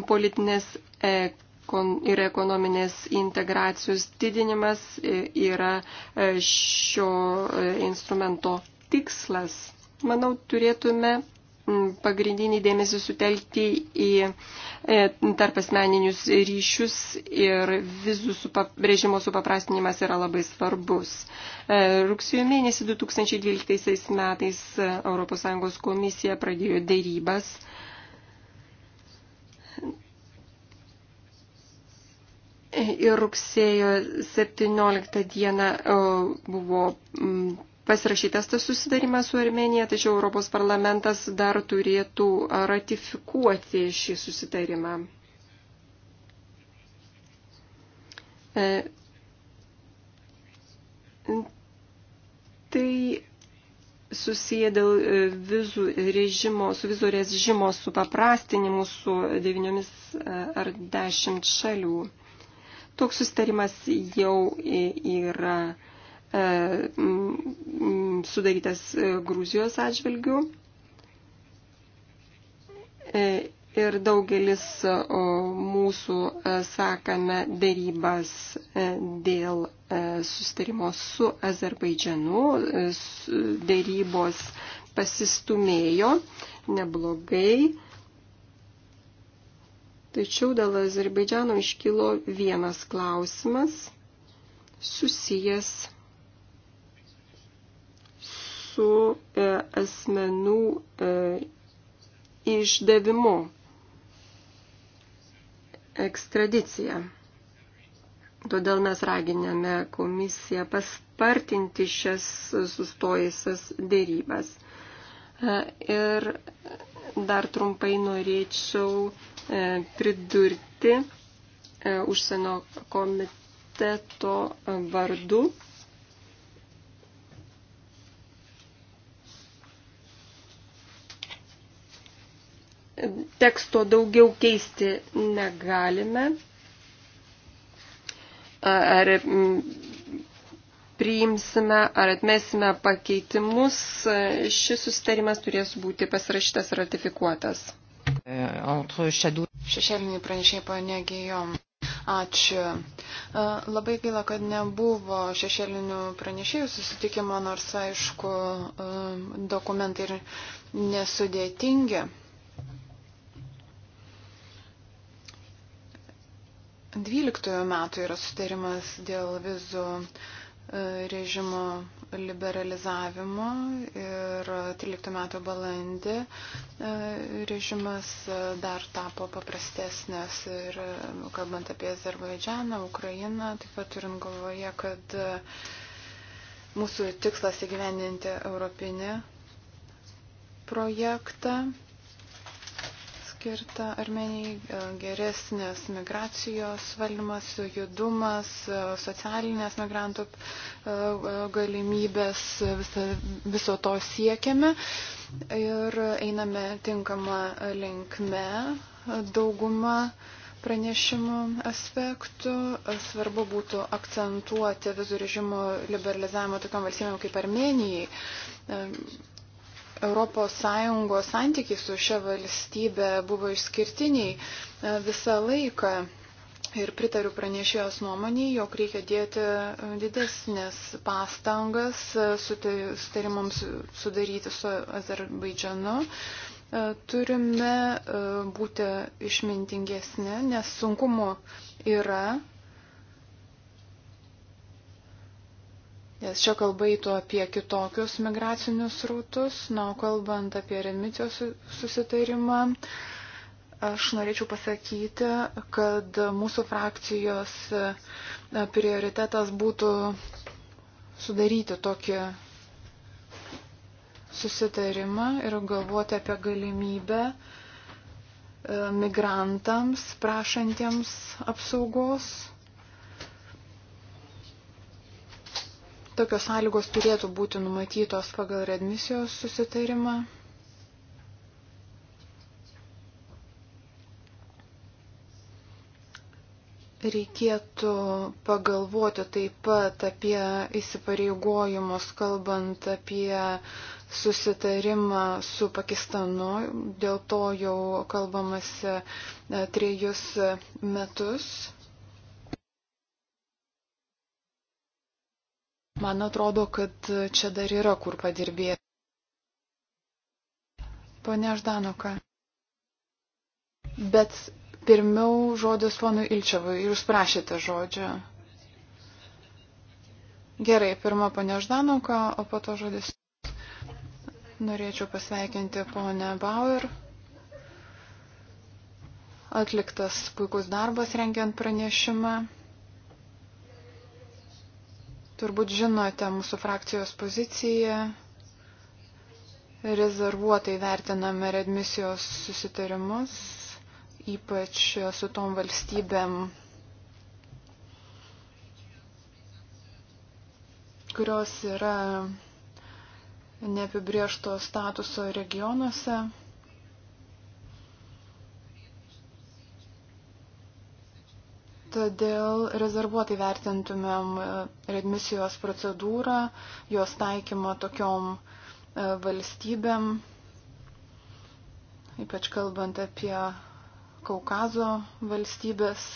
[SPEAKER 1] Politinės ir ekonominės integracijos didinimas e, yra šio instrumento tikslas. Manau, turėtume pagrindinį dėmesį sutelkti į e, tarpasmeninius ryšius ir vizų supap, režimo supaprastinimas yra labai svarbus. E, rugsėjo mėnesį 2012 metais ES komisija pradėjo dėrybas Ir rugsėjo 17 dieną e, buvo pasirašytas tas susidarimas su Armenija, tačiau Europos parlamentas dar turėtų ratifikuoti šį susidarimą. E, tai susiję dėl e, vizų režimo, su vizų režimo su paprastinimu su devyniomis e, ar dešimt šalių. Toks susitarimas jau yra E, sudarytas e, Gruzijos atžvilgių. E, ir daugelis mūsų sakame dėrybas dėl sustarimo su Azerbaidžianu. Dėrybos pasistumėjo neblogai. Tačiau dėl Azerbaidžiano iškilo vienas klausimas susijęs su e, asmenų e, išdavimu, ekstradicija. Todėl mes raginame komisiją paspartinti šias sustojusias dėrybas. E, ir dar trumpai norėčiau pridurti užsienio komiteto vardu teksto daugiau keisti negalime. Ar priimsime ar atmesime pakeitimus,
[SPEAKER 3] šis sustarimas turės būti pasirašytas ir ratifikuotas.
[SPEAKER 1] E,
[SPEAKER 3] Šešėlinį pranešėjai panegėjom. Ačiū. E, labai gaila, kad nebuvo šešėlinių pranešėjų susitikimo, nors aišku, e, dokumentai ir nesudėtingi. 12 metų yra sutarimas dėl vizų e, režimo liberalizavimo ir 13 metų balandį e, režimas e, dar tapo paprastesnės ir kalbant apie Azerbaidžianą, Ukrainą, taip pat turint galvoje, kad mūsų tikslas įgyvendinti europinį projektą skirta Armenijai, e, geresnės migracijos valdymas, judumas, e, socialinės migrantų e, galimybės, viso, viso to siekiame ir einame tinkamą linkme. Dauguma pranešimų aspektų. Svarbu būtų akcentuoti vizų režimo liberalizavimo tokiam valstybėm kaip Armenijai. ES santykiai su šia valstybė buvo išskirtiniai e, visą laiką. Ir pritariu pranešėjos nuomonį, jog reikia dėti e, didesnės pastangas e, sutarimams sudaryti su Azerbaidžianu. Turime būti išmintingesni, nes sunkumų yra, Nes čia kalbaitų apie kitokius migracinius rautus, na, nu, kalbant apie remicijos susitarimą, aš norėčiau pasakyti, kad mūsų frakcijos e, prioritetas būtų sudaryti tokį susitarimą ir galvoti apie galimybę e, migrantams prašantiems apsaugos Tokios sąlygos turėtų būti numatytos pagal redmisijos susitarimą. Reikėtų pagalvoti taip pat apie įsipareigojimus, kalbant apie susitarimą su Pakistanu. Dėl to jau kalbamasi e, trejus metus. Man atrodo, kad čia dar yra kur padirbėti. Pone Ždanuka. Bet pirmiau žodis ponui Ilčiavui. Jūs prašėte žodžio. Gerai, pirma ponė Ždanuka, o po to žodis. Norėčiau pasveikinti ponę Bauer. Atliktas puikus darbas rengiant pranešimą. Turbūt žinote mūsų frakcijos poziciją. Rezervuotai vertiname redmisijos susitarimus, ypač su tom valstybėm, kurios yra neapibriešto statuso regionuose. Todėl rezervuotai vertintumėm e, redmisijos procedūrą, jos taikymą tokiom e, valstybėm, ypač kalbant apie Kaukazo valstybės,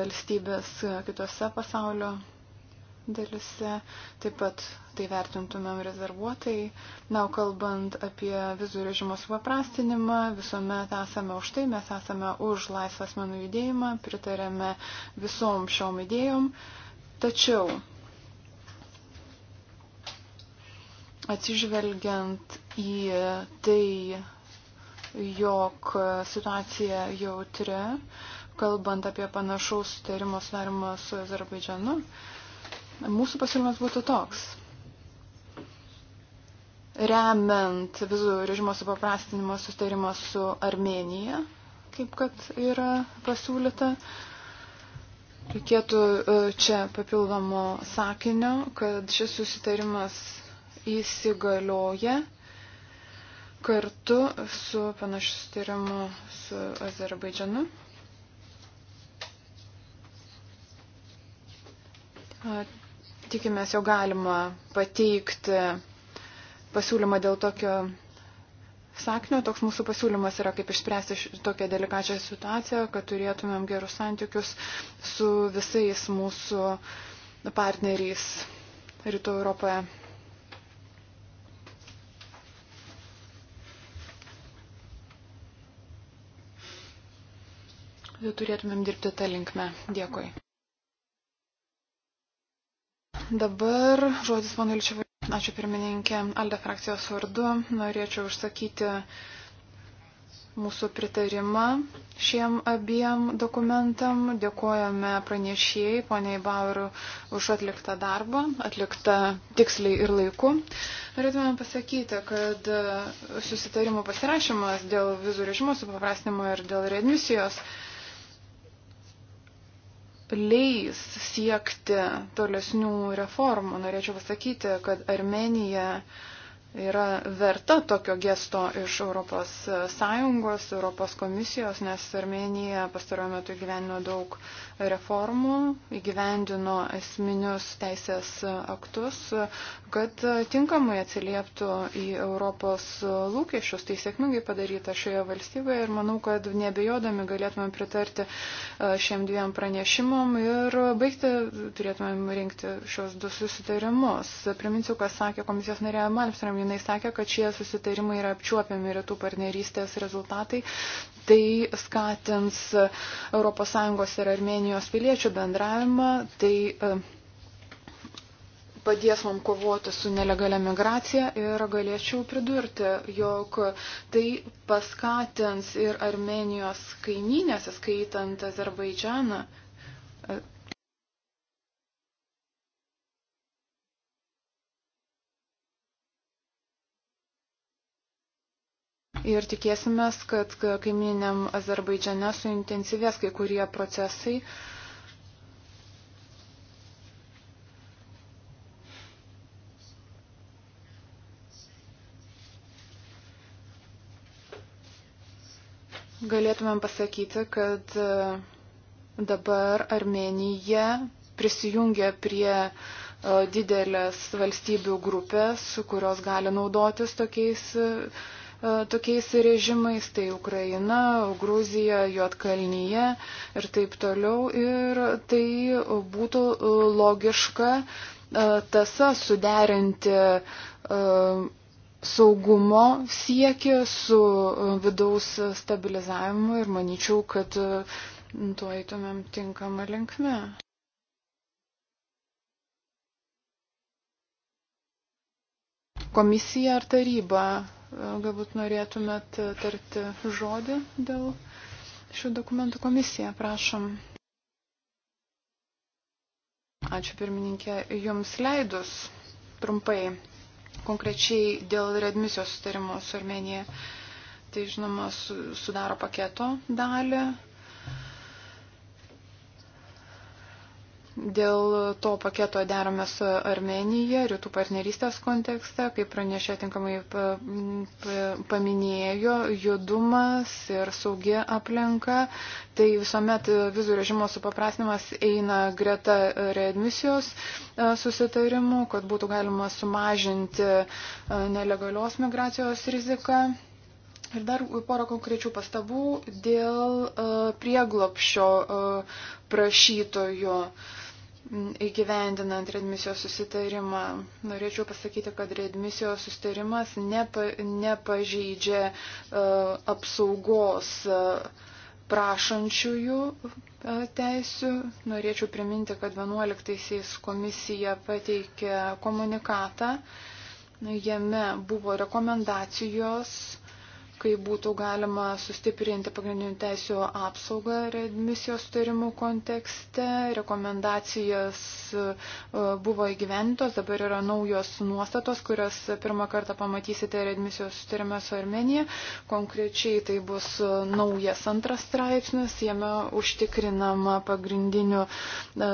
[SPEAKER 3] valstybės e, kitose pasaulio dalise, taip pat tai vertintumėm rezervuotai. Na, o kalbant apie vizų režimo supaprastinimą, visuomet esame už tai, mes esame už laisvą asmenų judėjimą, pritarėme visom šiom idėjom. Tačiau atsižvelgiant į tai, jog situacija jautri, kalbant apie panašaus sutarimo sudarimą su Azerbaidžianu, uh, Mūsų pasiūlymas būtų toks. Remiant vizų režimo supaprastinimo sustarimą su Armenija, kaip kad yra pasiūlyta, reikėtų e, čia papildomo sakinio, kad šis susitarimas įsigalioja kartu su panašiu sustarimu su Azerbaidžanu tikimės jau galima pateikti pasiūlymą dėl tokio saknio. Toks mūsų pasiūlymas yra, kaip išspręsti tokią delikačią situaciją, kad turėtumėm gerus santykius su visais mūsų partneriais Rytų Europoje. turėtumėm dirbti tą linkmę. Dėkui. Dabar žodis Vanilčiavui. Ačiū pirmininkė. Alde frakcijos vardu norėčiau užsakyti mūsų pritarimą šiem abiem dokumentam. Dėkojame pranešėjai, poniai Bauru, už atliktą darbą, atliktą tiksliai ir laiku. Norėtume pasakyti, kad susitarimų pasirašymas dėl vizų režimo supaprastinimo ir dėl readmisijos leis siekti tolesnių reformų. Norėčiau pasakyti, kad Armenija uh, yra verta tokio gesto iš ES, ES komisijos, nes Armenija pastaruoju metu įgyvendino daug reformų, įgyvendino esminius teisės aktus, kad tinkamai atsilieptų į Europos lūkesčius. Tai sėkmingai padaryta šioje valstybėje ir manau, kad nebejodami galėtumėm pritarti e, šiem dviem pranešimom ir baigti turėtumėm rinkti šios du susitarimus. Priminsiu, kas sakė komisijos narė Malmström jinai sakė, kad šie susitarimai yra apčiuopiami rytų partnerystės rezultatai. Tai skatins ES ir Armenijos piliečių bendravimą. Tai, e, padės mums kovoti su nelegalia migracija ir galėčiau pridurti, jog tai paskatins ir Armenijos kaiminės, skaitant Azerbaidžianą, ir tikėsime, kad kaiminėm Azerbaidžiane suintensyvės kai kurie procesai. Galėtumėm pasakyti, kad e, dabar Armenija prisijungia prie e, didelės valstybių grupės, kurios gali naudotis tokiais e, E, tokiais režimais, tai Ukraina, Gruzija, Juotkalnyje ir taip toliau. Ir tai būtų logiška e, tasa suderinti e, saugumo siekį su vidaus stabilizavimu ir manyčiau, kad tuo eitumėm tinkamą linkmę. komisija ar taryba galbūt norėtumėt tarti žodį dėl šių dokumentų komisiją. Prašom. Ačiū pirmininkė. Jums leidus trumpai, konkrečiai dėl redmisijos sutarimo su Armenija, tai žinoma sudaro paketo dalį Dėl to paketo derame su Armenija, rytų partnerystės kontekste, kaip pranešė tinkamai paminėjo, judumas ir saugi aplinka. Tai visuomet vizų režimo supaprastinimas eina greta readmisijos e, susitarimų, kad būtų galima sumažinti e, nelegalios migracijos riziką. Ir dar porą konkrečių pastabų dėl e, prieglopšio prašytojų. Uh, įgyvendinant redmisijos susitarimą. Norėčiau pasakyti, kad redmisijos susitarimas nepa, nepažeidžia uh, apsaugos uh, prašančiųjų e, teisių. Norėčiau priminti, kad 11-aisiais komisija pateikė komunikatą. Jame buvo rekomendacijos kaip būtų galima sustiprinti pagrindinių teisų apsaugą readmisijos sutarimų kontekste. Rekomendacijas e, buvo įgyventos, dabar yra naujos nuostatos, kurias pirmą kartą pamatysite readmisijos sutarime su Armenija. Konkrečiai tai bus naujas antras straipsnis, jame užtikrinama pagrindinių e,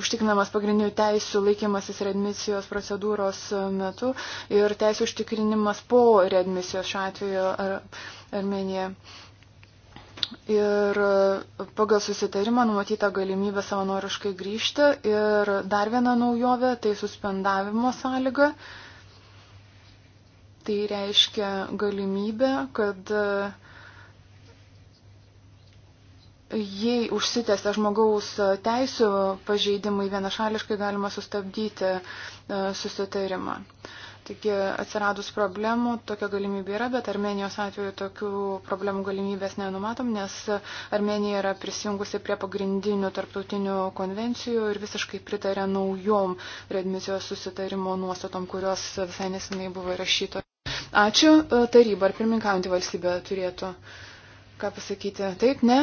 [SPEAKER 3] užtikrinamas pagrindinių teisų laikymasis readmisijos procedūros e, metu ir teisų užtikrinimas po readmisijos šiuo atveju ar, Armenija. Ir e, pagal susitarimą numatyta galimybė savanoriškai grįžti ir dar viena naujovė - tai suspendavimo sąlyga. Tai reiškia galimybę, kad uh, jei užsitęsia žmogaus teisų pažeidimai, vienašališkai galima sustabdyti e, susitarimą. Taigi atsiradus problemų tokia galimybė yra, bet Armenijos atveju tokių problemų galimybės nenumatom, nes Armenija yra prisijungusi prie pagrindinių tarptautinių konvencijų ir visiškai pritarė naujom readmisijos susitarimo nuostatom, kurios visai nesinai buvo rašyto. Ačiū e, taryba, ar pirmininkaujantį valstybę turėtų ką pasakyti? Taip, ne?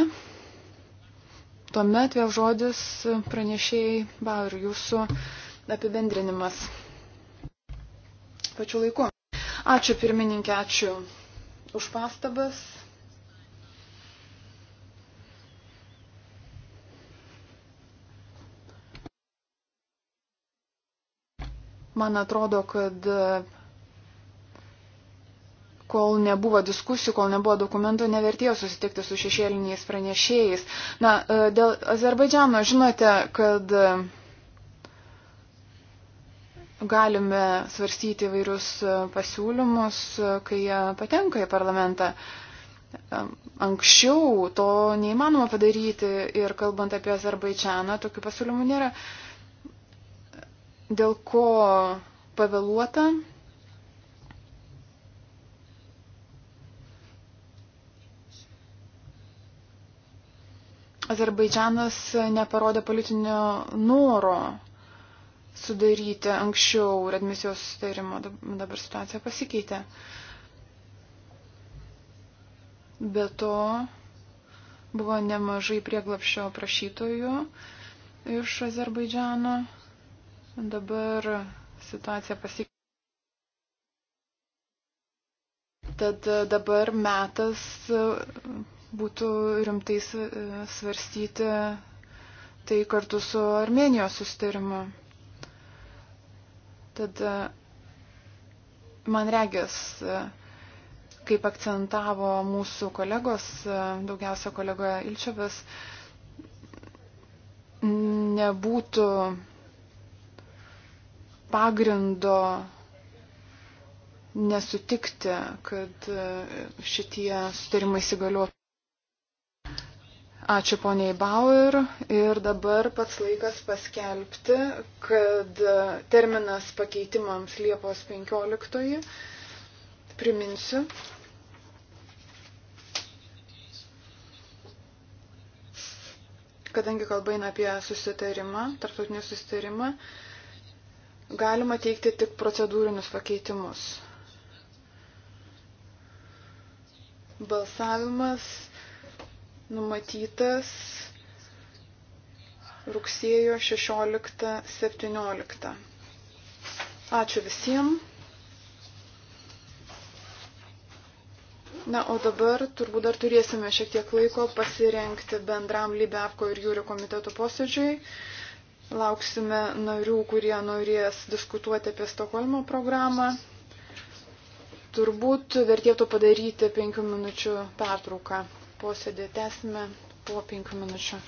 [SPEAKER 3] Tuomet vėl žodis pranešėjai Bauer, jūsų apibendrinimas. Pačiu laiku. Ačiū pirmininkė, ačiū už pastabas. Man atrodo, kad kol nebuvo diskusijų, kol nebuvo dokumentų, nevertėjo susitikti su šešėliniais pranešėjais. Na, e, dėl Azerbaidžiano žinote, kad e, galime svarstyti vairius e, pasiūlymus, kai jie patenka į parlamentą. Anksčiau to neįmanoma padaryti ir kalbant apie Azerbaidžianą, tokių pasiūlymų nėra. Dėl ko pavėluota Azerbaidžianas neparodė politinio noro sudaryti anksčiau redmisijos sutarimo, dabar situacija pasikeitė. Be to buvo nemažai prieglapščio prašytojų iš Azerbaidžiano. Dabar situacija pasikeitė. Tad dabar metas būtų rimtai e, svarstyti tai kartu su Armenijos sustarimu. Tad e, man regis, e, kaip akcentavo mūsų kolegos, daugiausia kolega Ilčiavas, nebūtų pagrindo nesutikti, kad šitie sutarimai įsigaliotų. Ačiū poniai Bauer ir dabar pats laikas paskelbti, kad terminas pakeitimams Liepos 15. Priminsiu. Kadangi kalba eina apie susitarimą, tarptautinį susitarimą, galima teikti tik procedūrinius pakeitimus. Balsavimas numatytas rugsėjo 16-17. Ačiū visiems. Na, o dabar turbūt dar turėsime šiek tiek laiko pasirenkti bendram Libevko ir Jūrio komiteto posėdžiui. Lauksime narių, kurie norės diskutuoti apie Stokholmo programą. Turbūt vertėtų padaryti penkių minučių pertrauką posėdį tęsime po penkių minučių